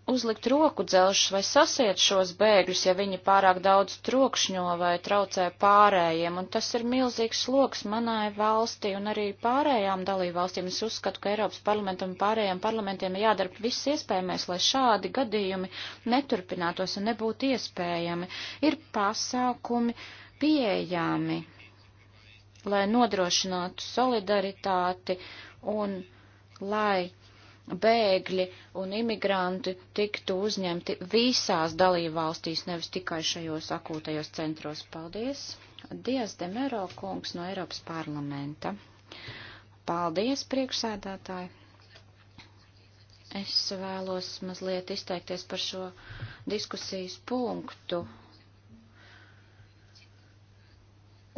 uzlikt roku dzelžus vai sasiet šos bēgļus, ja viņi pārāk daudz trokšņo vai traucē pārējiem, un tas ir milzīgs sloks manai valstī un arī pārējām dalībvalstīm. Es uzskatu, ka Eiropas parlamentam un pārējām parlamentiem ir jādara viss iespējamais, lai šādi gadījumi neturpinātos un nebūtu iespējami. Ir pasākumi pieejami, lai nodrošinātu solidaritāti un lai bēgļi un imigranti tiktu uzņemti visās dalībvalstīs, nevis tikai šajos akūtajos centros. Paldies! Dievs Demero kungs no Eiropas parlamenta. Paldies, priekšsēdētāji! Es vēlos mazliet izteikties par šo diskusijas punktu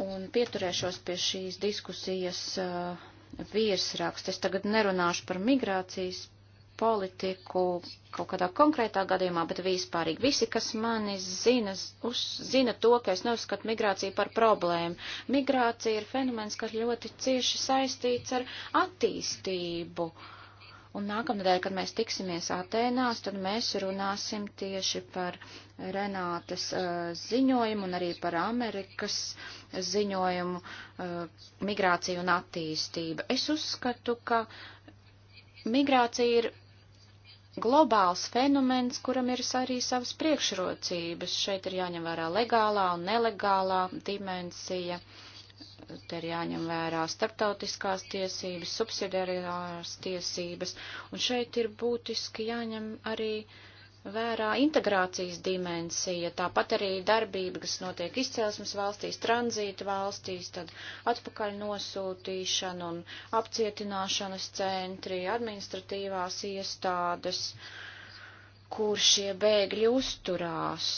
un pieturēšos pie šīs diskusijas uh, virsraksts. Es tagad nerunāšu par migrācijas politiku kaut kādā konkrētā gadījumā, bet vispārīgi visi, kas mani zina, uz, zina to, ka es neuzskatu migrāciju par problēmu. Migrācija ir fenomens, kas ļoti cieši saistīts ar attīstību. Uh, Un nākamnedēļ, kad mēs tiksimies Atēnās, tad mēs runāsim tieši par Renātes uh, ziņojumu un arī par Amerikas ziņojumu uh, migrāciju un attīstību. Es uzskatu, ka migrācija ir globāls fenomens, kuram ir arī savas priekšrocības. Šeit ir jāņem vērā legālā un nelegālā dimensija. Uh, Te ir jāņem vērā starptautiskās tiesības, subsidiārās tiesības, un šeit ir būtiski jāņem arī vērā integrācijas dimensija, tāpat arī darbība, kas notiek izcelsmes valstīs, tranzīta valstīs, tad atpakaļ nosūtīšana un apcietināšanas centri, administratīvās iestādes, kur šie bēgļi uzturās.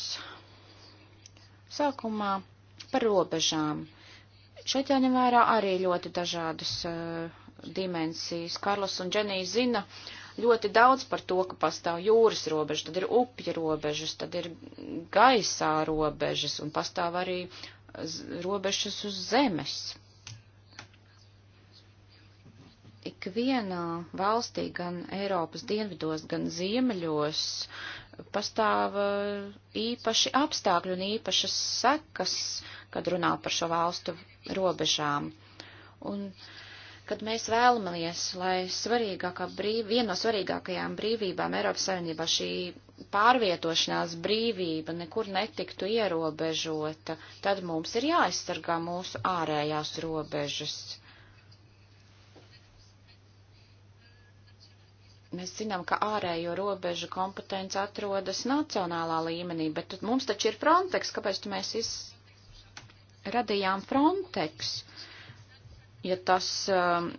Sākumā par robežām. Šeit jāņem vērā arī ļoti dažādas uh, dimensijas. Karlos un Dženija zina ļoti daudz par to, ka pastāv jūras robežas, tad ir upja robežas, tad ir gaisā robežas un pastāv arī eh, robežas uz zemes. Ikvienā valstī, gan Eiropas dienvidos, gan ziemeļos, pastāv eh, īpaši apstākļi un īpašas sekas, kad runā par šo valstu robežām. Un, kad mēs vēlamies, lai svarīgākā brīv, viena no svarīgākajām brīvībām Eiropas Savienībā šī pārvietošanās brīvība nekur netiktu ierobežota, tad mums ir jāaizsargā mūsu ārējās robežas. Mēs zinām, ka ārējo robežu kompetence atrodas nacionālā līmenī, bet mums taču ir Frontex, kāpēc mēs iz, radījām Frontex, ja tas, um,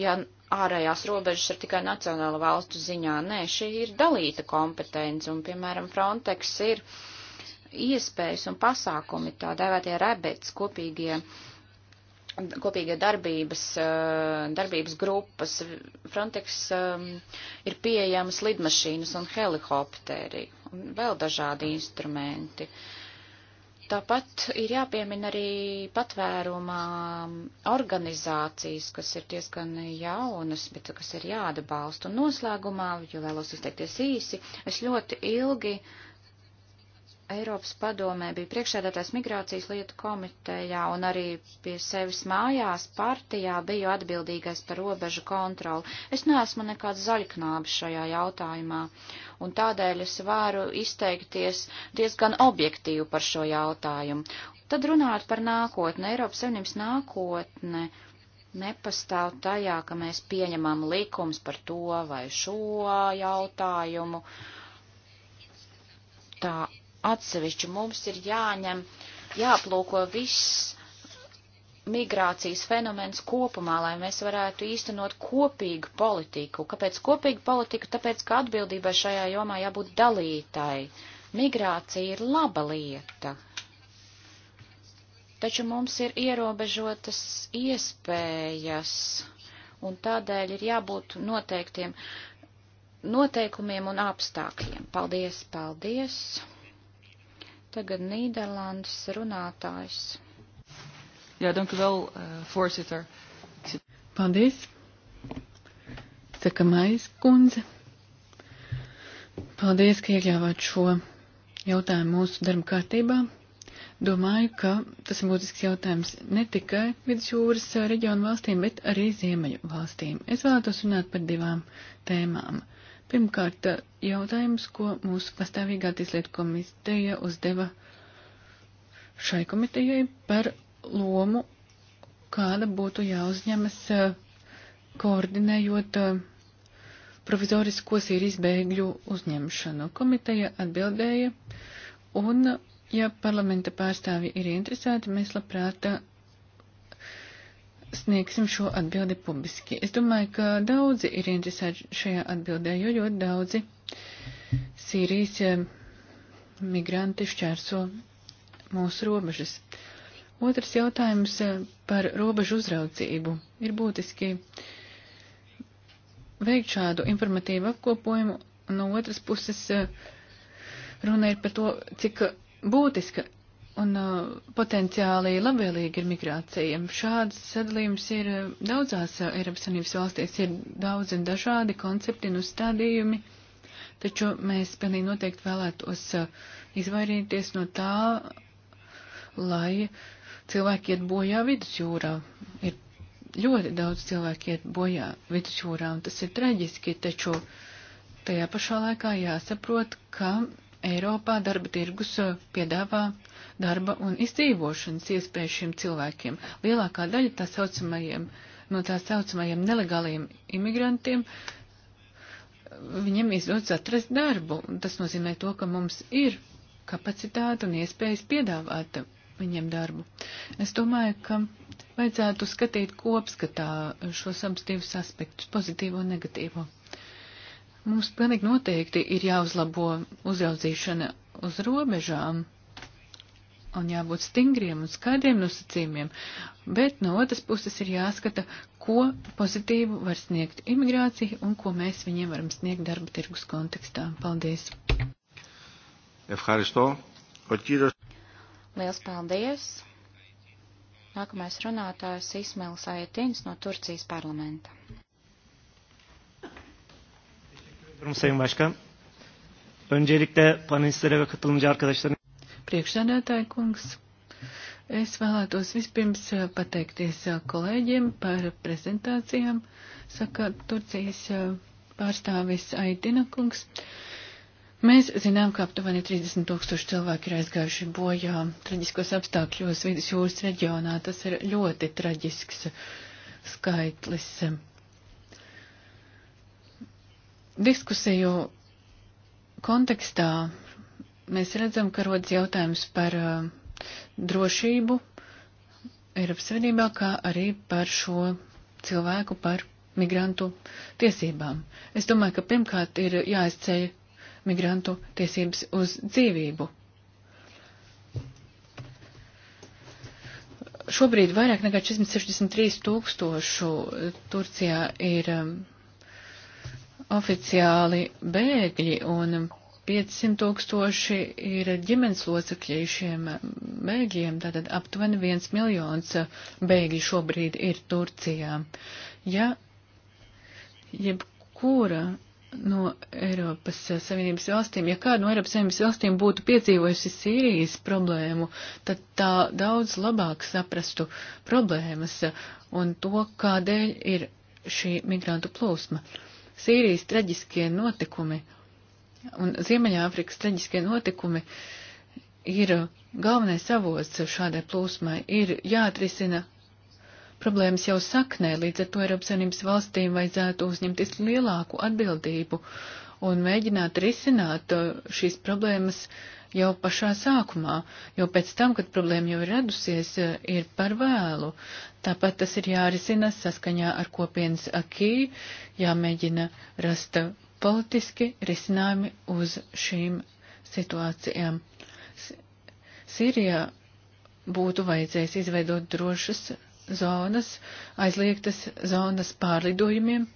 ja ārējās robežas ir tikai nacionāla valstu ziņā, nē, šī ir dalīta kompetence, un, piemēram, Frontex ir iespējas un pasākumi, tā dēvētie rebets, kopīgie, kopīgie darbības, uh, darbības grupas. Frontex um, ir pieejamas lidmašīnas un helikopteri, un vēl dažādi instrumenti. Uh, Tāpat ir jāpiemina arī patvērumā organizācijas, kas ir diezgan jaunas, bet kas ir jāatbalsta. Un noslēgumā, jo vēlos izteikties īsi, es ļoti ilgi Eiropas padomē bija priekšsēdētājs migrācijas lietu komitejā un arī pie sevis mājās partijā biju atbildīgais par robežu kontroli. Es neesmu nekāds zaļknābis šajā jautājumā, un tādēļ es varu izteikties diezgan objektīvi par šo jautājumu. Tad runāt par nākotni, Eiropas Savienības nākotne nepastāv tajā, ka mēs pieņemam likums par to vai šo jautājumu. Tā atsevišķi. Mums ir jāņem, jāplūko viss migrācijas fenomens kopumā, lai mēs varētu īstenot kopīgu politiku. Kāpēc kopīgu politiku? Tāpēc, ka atbildībai šajā jomā jābūt dalītai. Migrācija ir laba lieta, taču mums ir ierobežotas iespējas, un tādēļ ir jābūt noteiktiem noteikumiem un apstākļiem. Paldies, paldies! Tagad Nīderlandes runātājs. Jā, dank u wel, eh, voorzitter. Paldies. Sakamais kundze. Paldies, ka iekļāvāt šo jautājumu mūsu darba kārtībā. Domāju, ka tas ir būtisks jautājums ne tikai vidusjūras eh, reģionu valstīm, bet arī ziemeļu valstīm. Es vēlētos runāt par divām tēmām. Uh, Pirmkārt, jautājums, ko mūsu pastāvīgā tieslietu komiteja uzdeva šai komitejai par lomu, kāda būtu jāuzņemas e, koordinējot e, provizorisko Sīrijas bēgļu uzņemšanu. Komiteja atbildēja, un, ja parlamenta pārstāvi ir interesēti, mēs labprāt sniegsim šo atbildi publiski. Es domāju, ka daudzi ir interesēti šajā atbildē, jo ļoti daudzi Sīrijas eh, migranti šķērso mūsu robežas. Otrs jautājums eh, par robežu uzraudzību. Ir būtiski veikt šādu informatīvu apkopojumu, no otras puses eh, runa ir par to, cik būtiska un uh, potenciāli labvēlīgi ir migrācija. Šāds sadalījums ir uh, daudzās uh, Eiropas Savienības valstīs, ir daudz un dažādi koncepti un uzstādījumi, taču mēs pilnīgi noteikti vēlētos uh, izvairīties no tā, lai cilvēki iet bojā vidusjūrā. Ir ļoti daudz cilvēku iet bojā vidusjūrā, un tas ir traģiski, taču tajā pašā laikā jāsaprot, ka Eiropā darba tirgus uh, piedāvā darba un izdzīvošanas iespējas šiem cilvēkiem. Lielākā daļa tā saucamajiem, no tā saucamajiem nelegāliem imigrantiem viņiem izdodas atrast darbu. Tas nozīmē to, ka mums ir kapacitāte un iespējas piedāvāt viņiem darbu. Es domāju, ka vajadzētu skatīt kopskatā šos abus divus aspektus, pozitīvo un negatīvo. Mums pilnīgi noteikti ir jāuzlabo uzraudzīšana uz robežām un jābūt stingriem un skaidriem nosacījumiem, bet no otras puses ir jāskata, ko pozitīvu var sniegt imigrācija un ko mēs viņiem varam sniegt darba tirgus kontekstā. Paldies! Liels paldies! Nākamais runātājs Ismails Ajetins no Turcijas parlamenta ediyorum Sayın Başkan. Öncelikle panelistlere ve katılımcı arkadaşlarım. Priekšsēdētāji kungs, es vēlētos vispirms eh, pateikties eh, kolēģiem par prezentācijām, saka Turcijas eh, pārstāvis Aitina kungs. Mēs zinām, ka aptuveni 30 tūkstoši cilvēki ir aizgājuši bojā traģiskos apstākļos vidus jūras reģionā. Tas ir ļoti traģisks skaitlis. Diskusiju kontekstā mēs redzam, ka rodas jautājums par uh, drošību Eiropas Savienībā, kā arī par šo cilvēku, par migrantu tiesībām. Es domāju, ka pirmkārt ir jāizceļ migrantu tiesības uz dzīvību. Šobrīd vairāk nekā 463 tūkstošu Turcijā ir um, oficiāli bēgļi un 500 tūkstoši ir ģimenes locekļi šiem bēgļiem, tātad aptuveni 1 miljons bēgļi šobrīd ir Turcijā. Ja jebkura no Eiropas Savienības valstīm, ja kāda no Eiropas Savienības valstīm būtu piedzīvojusi Sīrijas problēmu, tad tā daudz labāk saprastu problēmas un to, kādēļ ir šī migrantu plūsma. Uh, Sīrijas traģiskie notikumi un Ziemeļāfrikas traģiskie notikumi ir galvenais avots šādai plūsmai. Ir jāatrisina problēmas jau saknē, līdz ar to Eiropas Savienības valstīm vajadzētu uzņemties lielāku atbildību un mēģināt risināt šīs problēmas uh, jau pašā sākumā, jo pēc tam, kad problēma jau ir radusies, eh, ir par vēlu. Tāpat tas ir jārisina saskaņā ar kopienas akī, jāmēģina rast politiski risinājumi uz šīm situācijām. Sīrijā būtu vajadzējis izveidot drošas zonas, aizliegtas zonas pārlidojumiem.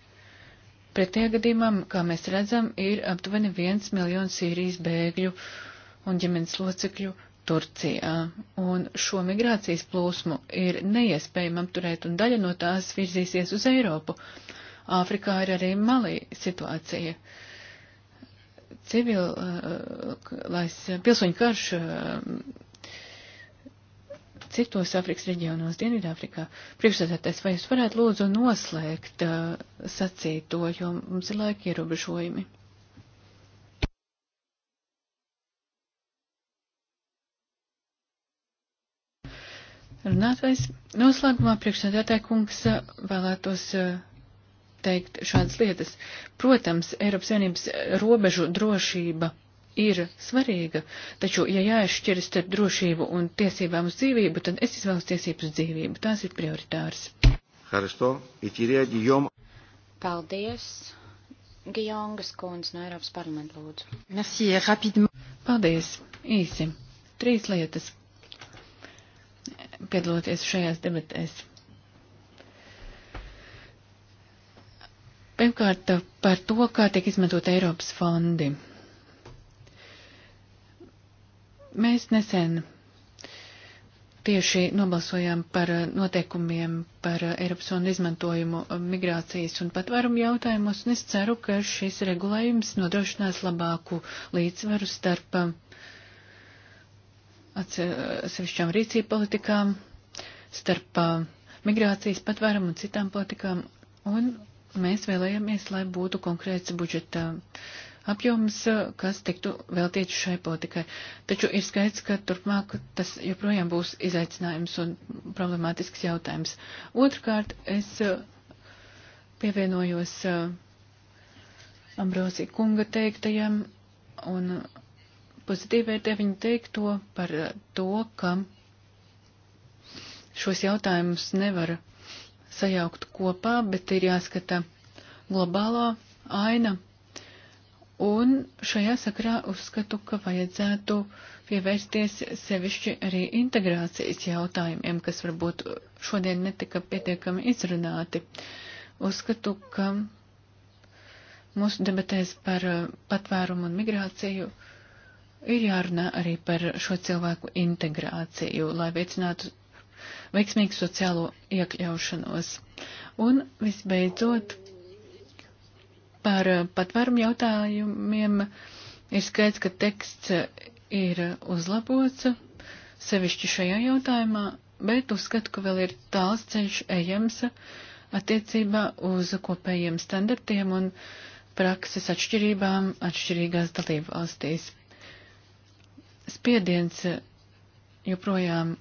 Pretējā gadījumā, kā mēs redzam, ir aptuveni viens miljons Sīrijas bēgļu un ģimenes locekļu Turcijā. Un šo migrācijas plūsmu ir neiespējami apturēt, un daļa no tās virzīsies uz Eiropu. Āfrikā ir arī malī situācija. Civilais uh, pilsoņu karš uh, citos Afrikas reģionos, Dienvidāfrikā. Priekšsēdētājs, vai jūs varētu lūdzu noslēgt uh, sacīto, jo mums ir laika ierobežojumi. runātājs. Noslēgumā priekšsēdētāja kungs eh, vēlētos eh, teikt šādas lietas. Protams, Eiropas Savienības robežu drošība ir svarīga, taču, ja jāizšķiras starp drošību un tiesībām uz dzīvību, tad es izvēlos tiesības uz dzīvību. Tās ir prioritāras. Paldies! Gijongas kundze no Eiropas parlamenta lūdzu. Merci, rapidement. Paldies, īsi. Trīs lietas piedalīties šajās debatēs. Pirmkārt, par to, kā tiek izmantot Eiropas fondi. Mēs nesen tieši nobalsojām par noteikumiem par Eiropas fondu izmantojumu migrācijas un patvērumu jautājumos, un es ceru, ka šis regulējums nodrošinās labāku līdzsvaru starp uh, atsevišķām rīcību politikām, starp uh, migrācijas patvērumu un citām politikām, un mēs vēlējāmies, lai būtu konkrēts budžeta apjoms, uh, kas tiktu veltīts šai politikai. Taču ir skaidrs, ka turpmāk tas joprojām būs izaicinājums un problemātisks jautājums. Otrkārt, es uh, pievienojos Ambrosija kunga teiktajam un Pozitīvi vērtē viņa teikto par eh, to, ka šos jautājumus nevar sajaukt kopā, bet ir jāskata globālā aina. Un šajā sakrā uzskatu, ka vajadzētu pievērsties sevišķi arī integrācijas jautājumiem, kas varbūt šodien netika pietiekami izrunāti. Uzskatu, ka mūsu debatēs par eh, patvērumu un migrāciju uh, Ir jārunā arī par šo cilvēku integrāciju, lai veicinātu veiksmīgu sociālo iekļaušanos. Un visbeidzot, par patvērumu jautājumiem ir skaidrs, ka teksts ir uzlabots, sevišķi šajā jautājumā, bet uzskatu, ka vēl ir tāls ceļš ejams attiecībā uz kopējiem standartiem un prakses atšķirībām atšķirīgās dalību valstīs spiediens eh, joprojām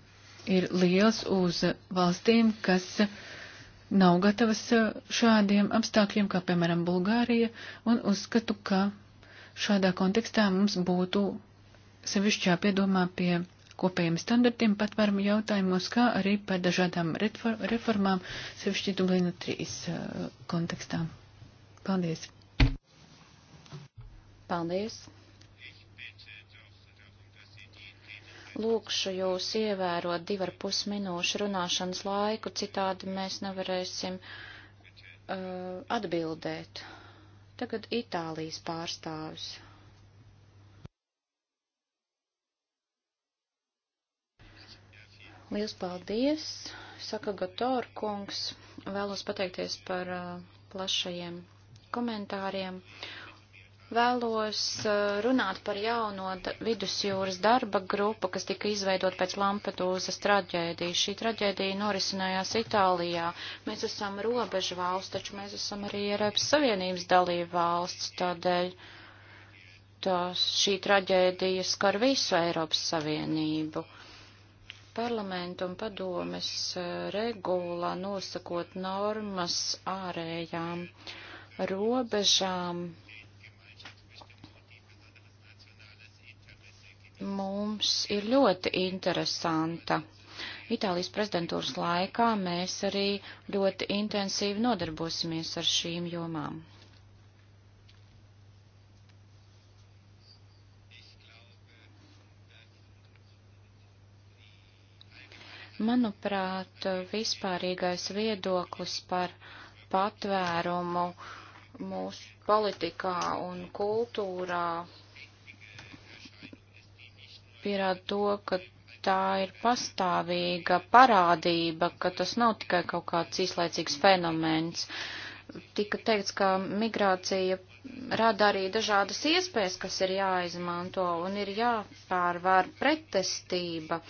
ir liels uz valstīm, kas nav gatavas eh, šādiem apstākļiem, kā piemēram Bulgārija, un uzskatu, ka šādā kontekstā mums būtu sevišķi jāpiedomā pie kopējiem standartiem patvērumu jautājumos, kā arī par dažādām reformām, sevišķi Dublina 3 eh, kontekstā. Paldies! Paldies! Lūkšu jūs ievērot divu ar pus minūšu runāšanas laiku, citādi mēs nevarēsim uh, atbildēt. Tagad Itālijas pārstāvis. Liels paldies, saka Gator kungs. Vēlos pateikties par uh, plašajiem komentāriem vēlos eh, runāt par jauno vidusjūras darba grupu, kas tika izveidot pēc Lampedūzas traģēdijas. Šī traģēdija norisinājās Itālijā. Mēs esam robežu valsts, taču mēs esam arī Eiropas Savienības dalība valsts, tādēļ tās, šī traģēdija skar visu Eiropas Savienību. Parlamentu un padomes eh, regulā nosakot normas ārējām robežām mums ir ļoti interesanta. Itālijas prezidentūras laikā mēs arī ļoti intensīvi nodarbosimies ar šīm jomām. Manuprāt, vispārīgais viedoklis par patvērumu mūsu politikā un kultūrā pierāda to, ka tā ir pastāvīga parādība, ka tas nav tikai kaut kāds īslaicīgs fenomens. Tika teikts, ka migrācija rada arī dažādas iespējas, kas ir jāizmanto un ir jāpārvar pretestība.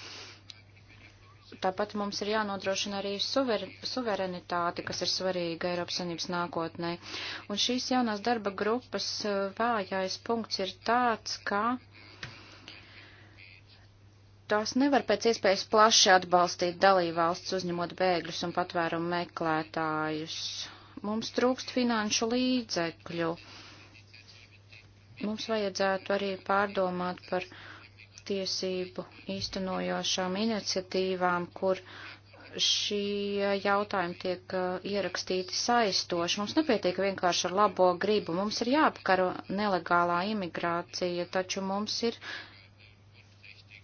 Tāpat mums ir jānodrošina arī suver, suverenitāte, kas ir svarīga Eiropas Savienības nākotnē. Un šīs jaunās darba grupas vājais punkts ir tāds, ka tās nevar pēc iespējas plaši atbalstīt dalībvalsts uzņemot bēgļus un patvērumu meklētājus. Mums trūkst finanšu līdzekļu. Mums vajadzētu arī pārdomāt par tiesību īstenojošām iniciatīvām, kur šie jautājumi tiek uh, ierakstīti saistoši. Mums nepietiek vienkārši ar labo gribu. Mums ir jāapkaro nelegālā imigrācija, taču mums ir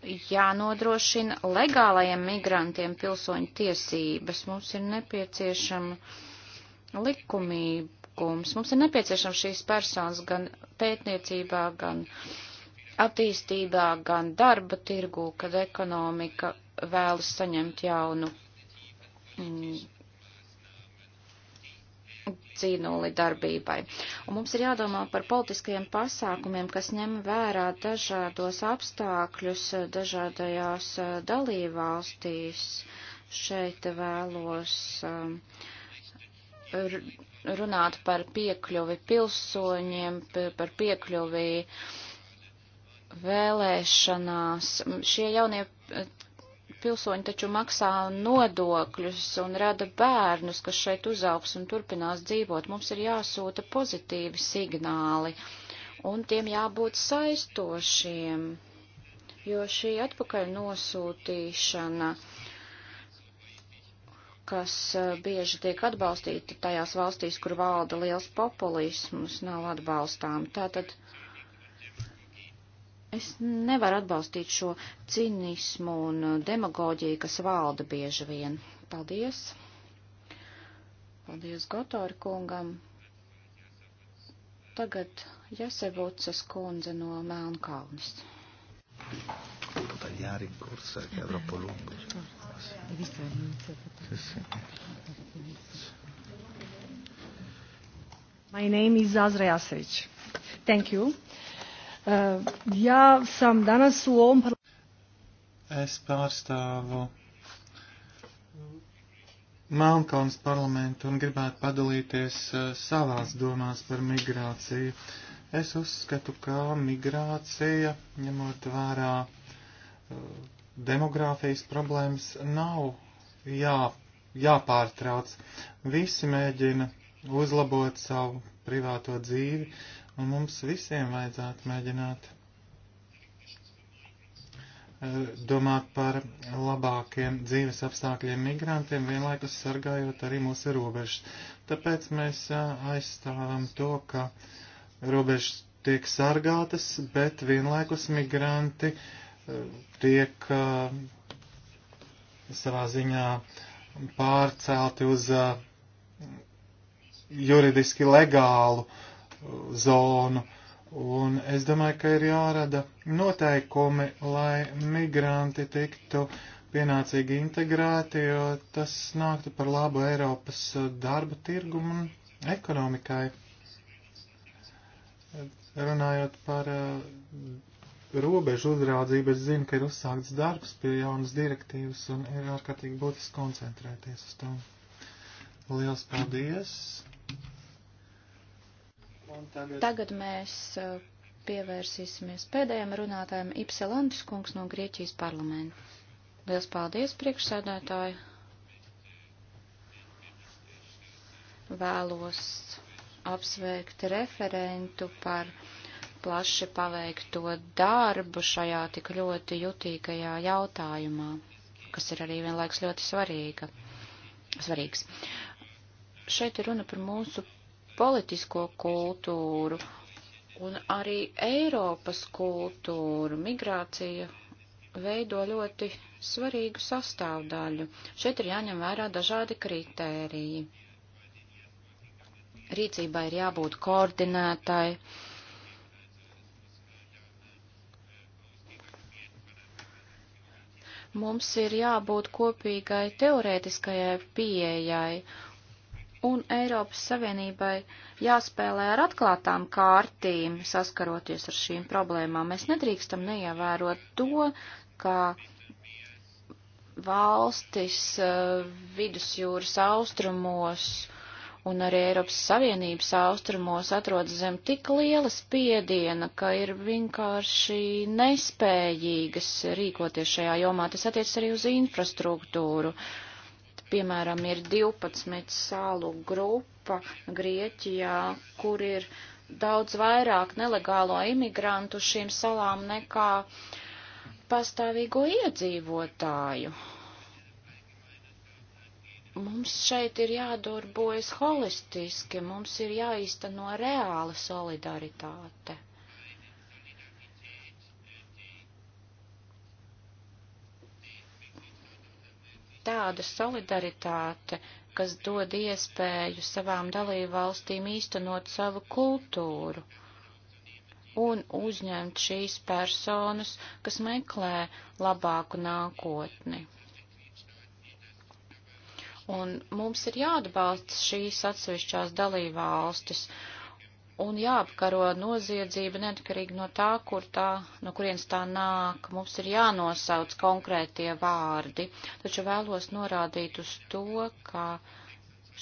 jānodrošina legālajiem migrantiem pilsoņu tiesības. Mums ir nepieciešama likumīgums, mums ir nepieciešama šīs personas gan pētniecībā, gan attīstībā, gan darba tirgū, kad ekonomika vēlas saņemt jaunu mm, cīnuli darbībai. Un mums ir jādomā par politiskajiem pasākumiem, kas ņem vērā dažādos apstākļus dažādajās eh, dalībvalstīs. Šeit vēlos eh, runāt par piekļuvi pilsoņiem, par piekļuvi vēlēšanās. Šie jaunie pilsoņi taču maksā nodokļus un rada bērnus, kas šeit uzaugs un turpinās dzīvot. Mums ir jāsūta pozitīvi signāli, un tiem jābūt saistošiem, jo šī atpakaļ nosūtīšana kas eh, bieži tiek atbalstīti tajās valstīs, kur valda liels populisms, nav atbalstām. Tātad uh, Es nevaru atbalstīt šo cinismu un demagoģiju, kas valda bieži vien. Paldies! Paldies Gotori kungam! Tagad Jasevucas kundze no Melnkalnis. Tagliare in corsa che è troppo lungo. Hai visto sì, sì. My name is Azra Jasevic. Thank you. Eh, ja sam danas u ovom Es pārstāvu Melnkalnas parlamentu un gribētu padalīties eh, savās domās par migrāciju. Es uzskatu, ka migrācija, ņemot vērā eh, demogrāfijas problēmas, nav jā, jāpārtrauc. Visi mēģina uzlabot savu privāto dzīvi, Un mums visiem vajadzētu mēģināt e, domāt par labākiem dzīves apstākļiem migrantiem, vienlaikus sargājot arī mūsu robežas. Tāpēc mēs e, aizstāvam to, ka robežas tiek sargātas, bet vienlaikus migranti e, tiek savā ziņā pārcelti uz juridiski legālu uh, zonu. Un es domāju, ka ir jārada noteikumi, lai migranti tiktu pienācīgi integrēti, jo tas nāktu par labu Eiropas darba tirgumu un ekonomikai. Runājot par eh, robežu uzraudzību, es zinu, ka ir uzsākts darbs pie jaunas direktīvas un ir ārkārtīgi būtiski koncentrēties uz to. Liels paldies! Tagad... tagad mēs uh, pievērsīsimies pēdējiem runātājiem Ipselantis kungs no Grieķijas parlamenta. Liels paldies, priekšsēdētāji! Vēlos apsveikt referentu par plaši paveikto darbu šajā tik ļoti jutīgajā jautājumā, kas ir arī vienlaiks ļoti svarīga, svarīgs. Šeit ir runa par mūsu politisko kultūru un arī Eiropas kultūru. Migrācija veido ļoti svarīgu sastāvdaļu. Šeit ir jāņem vērā dažādi kritēriji. Rīcībai ir jābūt koordinētai. Mums ir jābūt kopīgai teorētiskajai pieejai un Eiropas Savienībai jāspēlē ar atklātām kārtīm, saskaroties ar šīm problēmām. Mēs nedrīkstam neievērot to, ka valstis eh, vidusjūras austrumos un arī Eiropas Savienības austrumos atrodas zem tik liela spiediena, ka ir vienkārši nespējīgas rīkoties šajā jomā. Tas attiec arī uz infrastruktūru. Uh, Piemēram, ir 12 sālu grupa Grieķijā, kur ir daudz vairāk nelegālo imigrantu šīm salām nekā pastāvīgo iedzīvotāju. Mums šeit ir jādarbojas holistiski, mums ir jāizteno reāla solidaritāte. tāda solidaritāte, kas dod iespēju savām dalībvalstīm īstenot savu kultūru un uzņemt šīs personas, kas meklē labāku nākotni. Un mums ir jāatbalsta šīs atsevišķās dalībvalstis, uh, un jāapkaro noziedzība neatkarīgi no tā, kur tā, no kurienes tā nāk. Mums ir jānosauc konkrētie vārdi, taču vēlos norādīt uz to, ka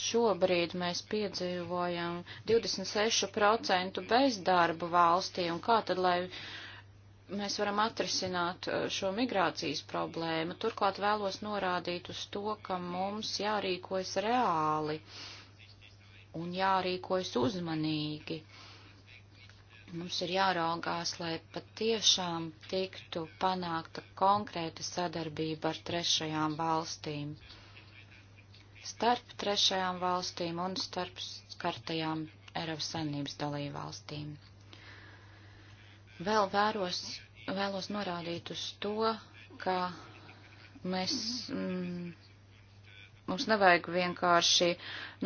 šobrīd mēs piedzīvojam 26% bezdarbu valstī, un kā tad, lai mēs varam atrisināt uh, šo migrācijas problēmu? Turklāt vēlos norādīt uz to, ka mums jārīkojas reāli. Uh, un jārīkojas uzmanīgi. Mums ir jāraugās, lai patiešām tiktu panākta konkrēta sadarbība ar trešajām valstīm, starp trešajām valstīm un starp skartajām Eiropas Savienības dalību valstīm. Vēl vēros, vēlos norādīt uz to, ka mēs. Mm, Mums nevajag vienkārši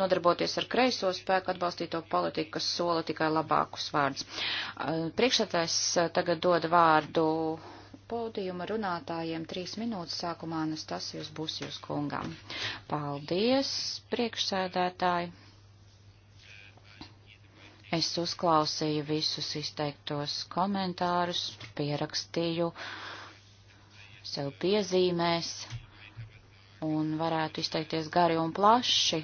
nodarboties ar kreiso spēku atbalstīto politiku, kas sola tikai labākus vārdus. Priekšsētājs tagad dod vārdu podījuma runātājiem trīs minūtes sākumā, Anastasijus būs jūs kungam. Paldies, priekšsēdētāji! Es uzklausīju visus izteiktos komentārus, pierakstīju sev piezīmēs un varētu izteikties gari un plaši.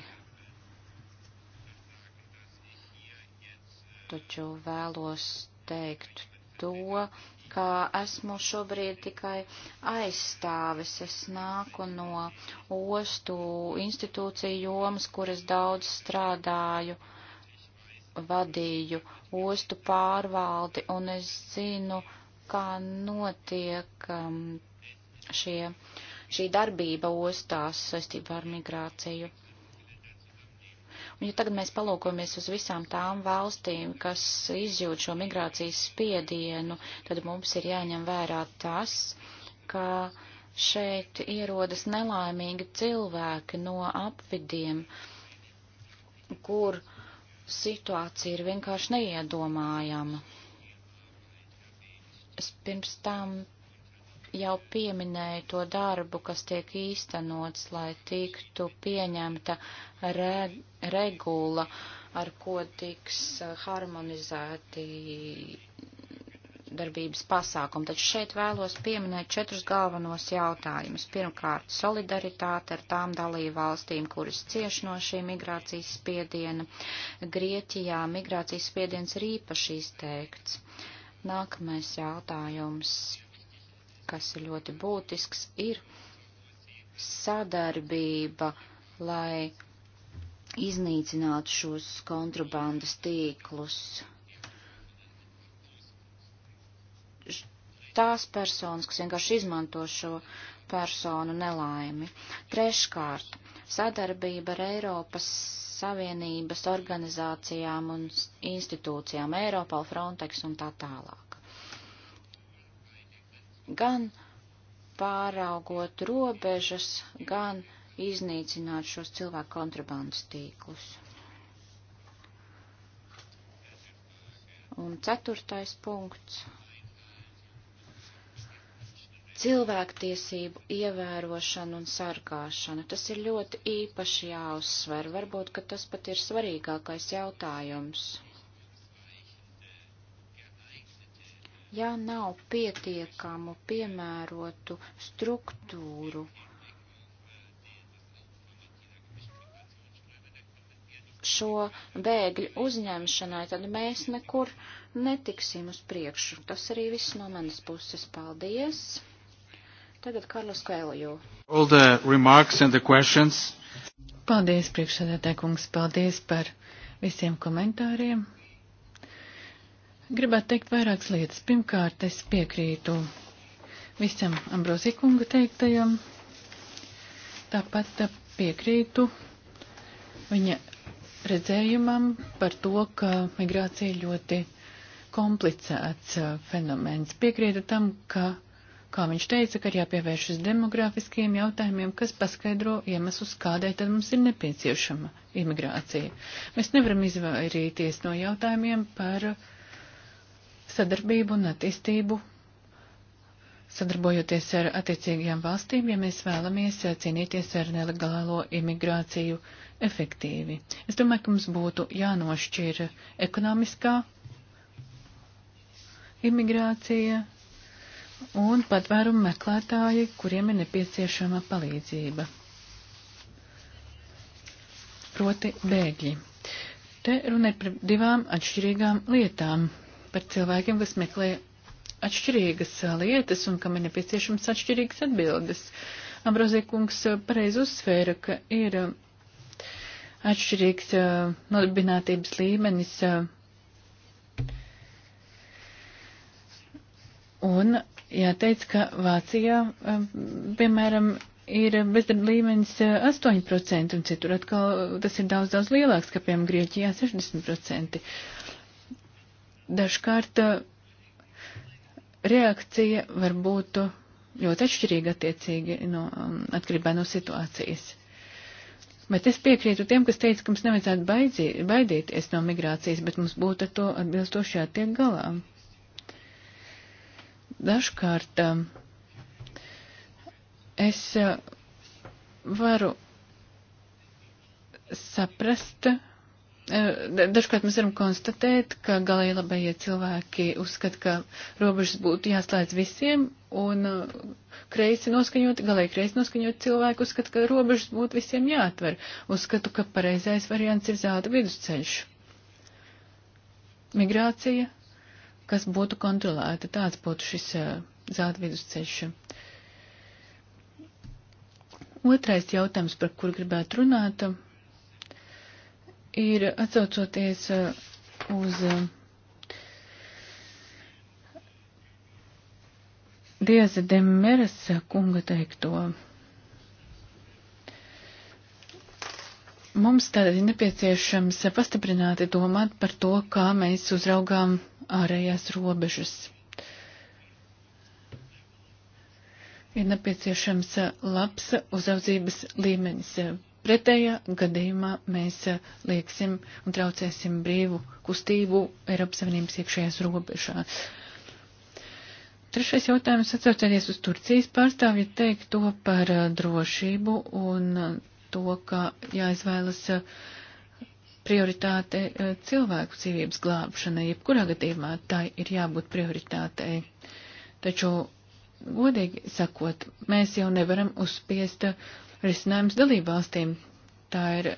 Taču vēlos teikt to, ka esmu šobrīd tikai aizstāvis. Es nāku no ostu institūciju jomas, kuras daudz strādāju, vadīju ostu pārvaldi, un es zinu, kā notiek um, šie uh, šī darbība ostās saistībā ar migrāciju. Un, ja tagad mēs palūkojamies uz visām tām valstīm, kas izjūt šo migrācijas spiedienu, tad mums ir jāņem vērā tas, ka šeit ierodas nelaimīgi cilvēki no apvidiem, kur situācija ir vienkārši neiedomājama. Es pirms tam jau pieminēja to darbu, kas tiek īstenots, lai tiktu pieņemta re regula, ar ko tiks eh, harmonizēti darbības pasākumi. Taču šeit vēlos pieminēt četrus galvenos jautājumus. Pirmkārt, solidaritāte ar tām dalību valstīm, kuras cieš no šī migrācijas spiediena. Grieķijā migrācijas spiediens ir īpaši izteikts. Nākamais jautājums kas ir ļoti būtisks, ir sadarbība, lai iznīcinātu šos kontrabandas tīklus. Tās personas, kas vienkārši izmanto šo personu nelaimi. Treškārt, sadarbība ar Eiropas Savienības organizācijām un institūcijām, Eiropā, Frontex un tā tālāk gan pāraugot robežas, gan iznīcināt šos cilvēku kontrabandas tīklus. Un ceturtais punkts cilvēktiesību ievērošana un sargāšana. Tas ir ļoti īpaši jāuzsver, varbūt, ka tas pat ir svarīgākais jautājums. ja nav pietiekamu piemērotu struktūru. Šo bēgļu uzņemšanai tad mēs nekur netiksim uz priekšu. Tas arī viss no manas puses. Paldies! Tagad Karlos Kēliju. Paldies, priekšsēdētāj kungs, paldies par visiem komentāriem. Gribētu teikt vairākas lietas. Pirmkārt, es piekrītu visam Ambrozikunga teiktajam. Tāpat piekrītu viņa redzējumam par to, ka migrācija ļoti komplicēts uh, fenomens. Piekrītu tam, ka, kā viņš teica, ka ir jāpievēršas demografiskiem jautājumiem, kas paskaidro iemeslus, kādēļ tad mums ir nepieciešama imigrācija. Mēs nevaram izvairīties no jautājumiem par uh, sadarbību un attīstību, sadarbojoties ar attiecīgajām valstīm, ja mēs vēlamies cīnīties ar nelegālo imigrāciju efektīvi. Es domāju, ka mums būtu jānošķir ekonomiskā imigrācija un patvērumu meklētāji, kuriem ir nepieciešama palīdzība. Proti bēgļi. Te runa ir par divām atšķirīgām lietām par cilvēkiem, kas meklē atšķirīgas uh, lietas un kam ir nepieciešams atšķirīgas atbildes. Ambrozīkungs uh, pareiz uzsvēra, ka ir um, atšķirīgs uh, nodarbinātības līmenis un jāteic, ka Vācijā, um, piemēram, ir bezdarba līmenis 8% un citur atkal tas ir daudz, daudz lielāks, ka, piemēram, Grieķijā 60% dažkārt eh, reakcija var būt ļoti atšķirīga attiecīgi no, um, atkarībā no situācijas. Bet es piekrītu tiem, kas teica, ka mums nevajadzētu baidzī, baidīties no migrācijas, bet mums būtu ar to atbilstoši jātiek galā. Dažkārt eh, es eh, varu saprast, Eh, dažkārt mēs varam konstatēt, ka galīgi labējie cilvēki uzskata, ka robežas būtu jāslēdz visiem, un eh, kreisi noskaņot, galīgi kreisi noskaņot cilvēku uzskata, ka robežas būtu visiem jāatver. Uzskatu, ka pareizais variants ir zelta vidusceļš. Migrācija, kas būtu kontrolēta, tāds būtu šis eh, zelta vidusceļš. Otrais jautājums, par kuru gribētu runāt, ir atsaucoties uh, uz uh, Dieza Demeras kunga teikto. Mums tātad ir nepieciešams pastiprināti domāt par to, kā mēs uzraugām ārējās robežas. Ir nepieciešams labs uzraudzības līmenis Pretējā gadījumā mēs eh, lieksim un traucēsim brīvu kustību Eiropas Savienības iekšējās robežās. Trešais jautājums atcaucēties uz Turcijas pārstāvju teikt to par eh, drošību un eh, to, ka jāizvēlas prioritāte cilvēku dzīvības glābšanai, jebkurā gadījumā tai ir jābūt prioritātei. Taču, godīgi sakot, mēs jau nevaram uzspiest risinājums dalībvalstīm. Tā ir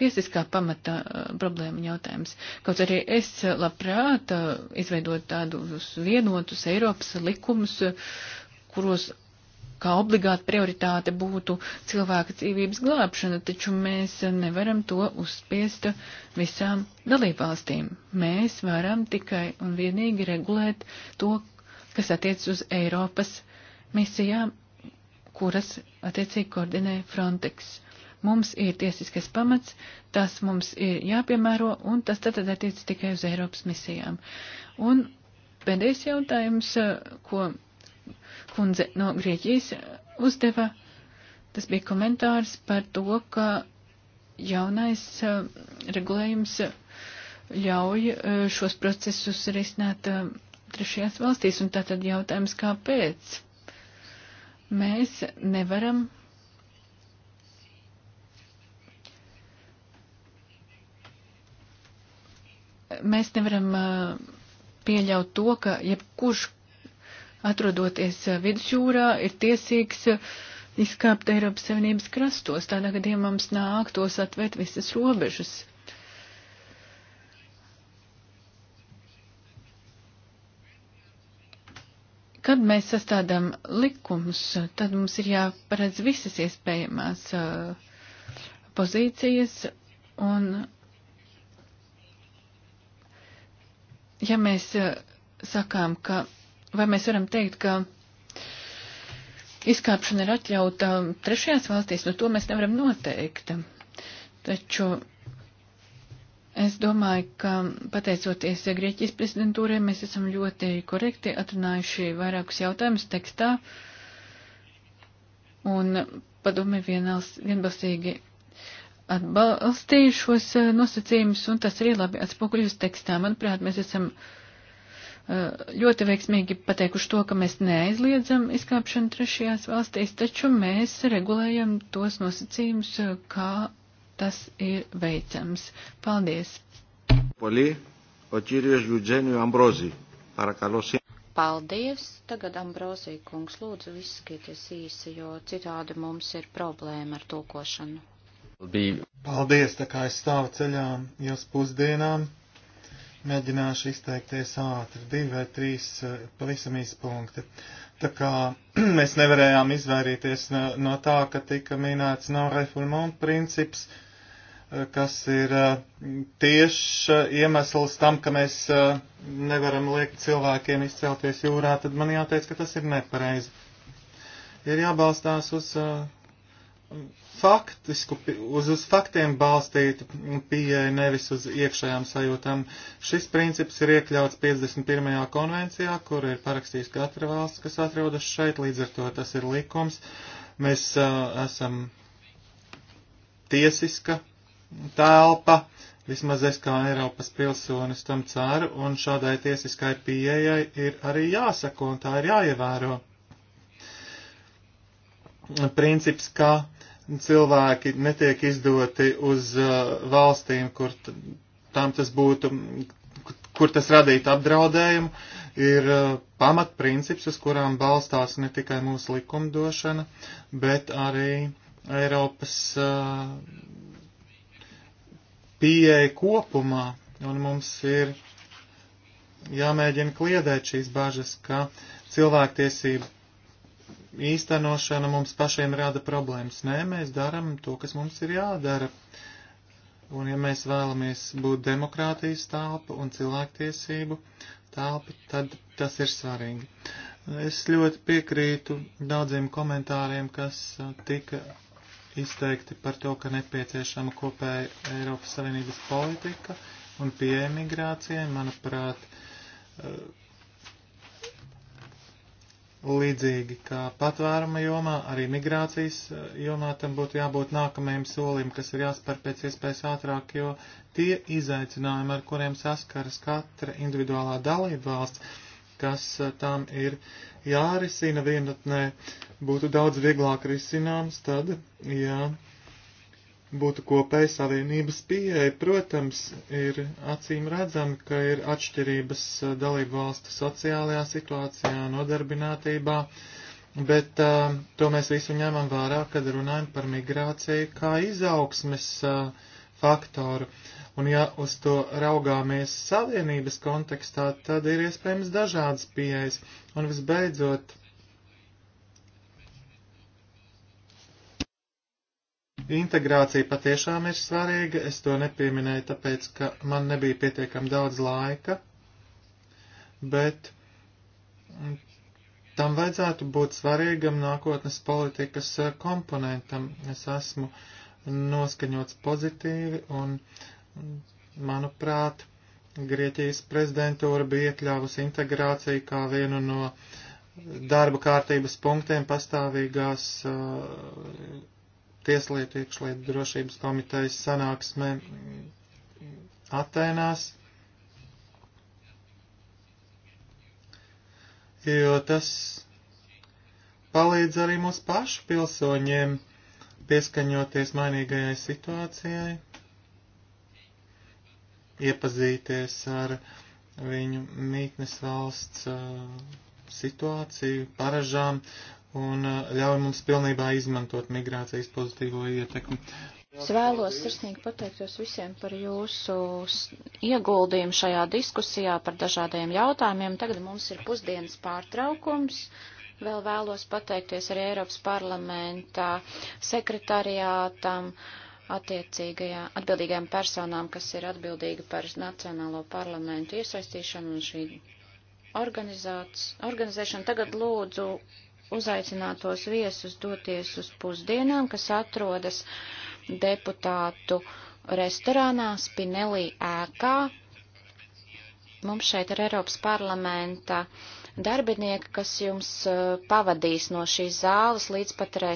tiesiskā pamata eh, problēma jautājums. Kaut arī es labprāt eh, izveidot tādus vienotus Eiropas likumus, kuros kā obligāta prioritāte būtu cilvēka dzīvības glābšana, taču mēs nevaram to uzspiest visām dalībvalstīm. Mēs varam tikai un vienīgi regulēt to, kas attiec uz Eiropas misijām kuras attiecīgi koordinē Frontex. Mums ir tiesiskais pamats, tas mums ir jāpiemēro, un tas tad attiec tikai uz Eiropas misijām. Un pēdējais jautājums, eh, ko kundze no Grieķijas uzdeva, tas bija komentārs par to, ka jaunais eh, regulējums ļauj eh, šos procesus risināt trešajās valstīs, un tātad jautājums, kāpēc? mēs nevaram mēs nevaram uh, pieļaut to, ka jebkurš atrodoties uh, vidusjūrā ir tiesīgs uh, izkāpt Eiropas Savienības krastos. Tādā gadījumā mums nāktos atvērt visas robežas. Kad mēs sastādām likumus, tad mums ir jāparedz visas iespējamās pozīcijas un ja mēs sakām, ka, vai mēs varam teikt, ka izkāpšana ir atļauta trešajās valstīs, nu to mēs nevaram noteikt. Taču Es domāju, ka pateicoties Grieķijas prezidentūrai, mēs esam ļoti korekti atrunājuši vairākus jautājumus tekstā, un padomi vienals, vienbalsīgi atbalstīja šos eh, nosacījumus, un tas arī labi atspoguļos tekstā. Manuprāt, mēs esam eh, ļoti veiksmīgi pateikuši to, ka mēs neaizliedzam izkāpšanu trešajās valstīs, taču mēs regulējam tos nosacījumus, eh, kā tas ir veicams. Paldies! Πολύ, ο κύριος Γιουτζένιο Αμπρόζη. Παρακαλώ Paldies! Tagad Ambrozī kungs lūdzu izskaties īsi, jo citādi mums ir problēma ar tūkošanu. Paldies, tā kā es stāvu ceļā jūs pusdienām. Mēģināšu izteikties ātri, divi vai trīs eh, pavisam īsi punkti. Tā kā [CLEARS THROAT] mēs nevarējām izvairīties no, no tā, ka tika minēts non-refoulement princips. Uh, kas ir eh, tieši eh, iemesls tam, ka mēs eh, nevaram liekt cilvēkiem izcelties jūrā, tad man jāteic, ka tas ir nepareizi. Ir jābalstās uz faktisku, uz, uz faktiem balstīta pieeja, nevis uz iekšējām sajūtām. Šis princips ir iekļauts 51. konvencijā, kur ir parakstījis katra valsts, kas atrodas šeit, līdz ar to tas ir likums. Mēs uh, esam tiesiska telpa. Vismaz es kā Eiropas pilsonis tam ceru, un šādai tiesiskai pieejai ir arī jāsako, un tā ir jāievēro. Princips, ka cilvēki netiek izdoti uz uh, valstīm, kur tam tas būtu, kur tas radītu apdraudējumu, ir uh, pamatprincips, uz kurām balstās ne tikai mūsu likumdošana, bet arī Eiropas uh, pieeja kopumā, un mums ir jāmēģina kliedēt šīs bažas, ka cilvēktiesību īstenošana mums pašiem rada problēmas. Nē, mēs daram to, kas mums ir jādara. Un ja mēs vēlamies būt demokrātijas telpa un cilvēktiesību telpa, tad tas ir svarīgi. Es ļoti piekrītu daudziem komentāriem, kas tika izteikti par to, ka nepieciešama kopēja Eiropas Savienības politika un pieeja migrācijai, manuprāt, eh, līdzīgi kā patvēruma jomā, arī migrācijas eh, jomā tam būtu jābūt nākamajam solim, kas ir jāspēr pēc iespējas ātrāk, jo tie izaicinājumi, ar kuriem saskaras katra individuālā dalība valsts, kas eh, tām ir uh, jārisina vienatnē, būtu daudz vieglāk risināms tad, ja būtu kopēja savienības pieeja. Protams, ir acīm redzami, ka ir atšķirības eh, dalību valstu sociālajā situācijā, nodarbinātībā, bet uh, to mēs visu ņemam vērā, kad runājam par migrāciju kā izaugsmes uh, faktoru. Uh, Un ja uz to raugāmies savienības kontekstā, tad ir iespējams dažādas pieejas. Un visbeidzot, integrācija patiešām ir svarīga. Es to nepieminēju, tāpēc, ka man nebija pietiekami daudz laika. Bet tam vajadzētu būt svarīgam nākotnes politikas komponentam. Es esmu noskaņots pozitīvi un manuprāt, Grieķijas prezidentūra bija iekļāvusi integrāciju kā vienu no darba kārtības punktiem pastāvīgās uh, tieslietu iekšlietu drošības komitejas sanāksmē Atēnās, jo tas palīdz arī mūsu pašu pilsoņiem pieskaņoties mainīgajai situācijai iepazīties ar viņu mītnes valsts uh, situāciju, paražām un uh, ļauj mums pilnībā izmantot migrācijas pozitīvo ietekmi. Es vēlos sirsnīgi pateikties visiem par jūsu ieguldījumu šajā diskusijā par dažādiem jautājumiem. Tagad mums ir pusdienas pārtraukums. Vēl vēlos pateikties arī Eiropas parlamenta sekretariātam. Uh, attiecīgajā atbildīgajām personām, kas ir atbildīga par Nacionālo parlamentu iesaistīšanu un šī organizēšanu. Tagad lūdzu uzaicinātos viesus doties uz pusdienām, kas atrodas deputātu restorānā Spinelī ēkā. Mums šeit ir Eiropas parlamenta darbinieki, kas jums eh, pavadīs no šīs zāles līdz pat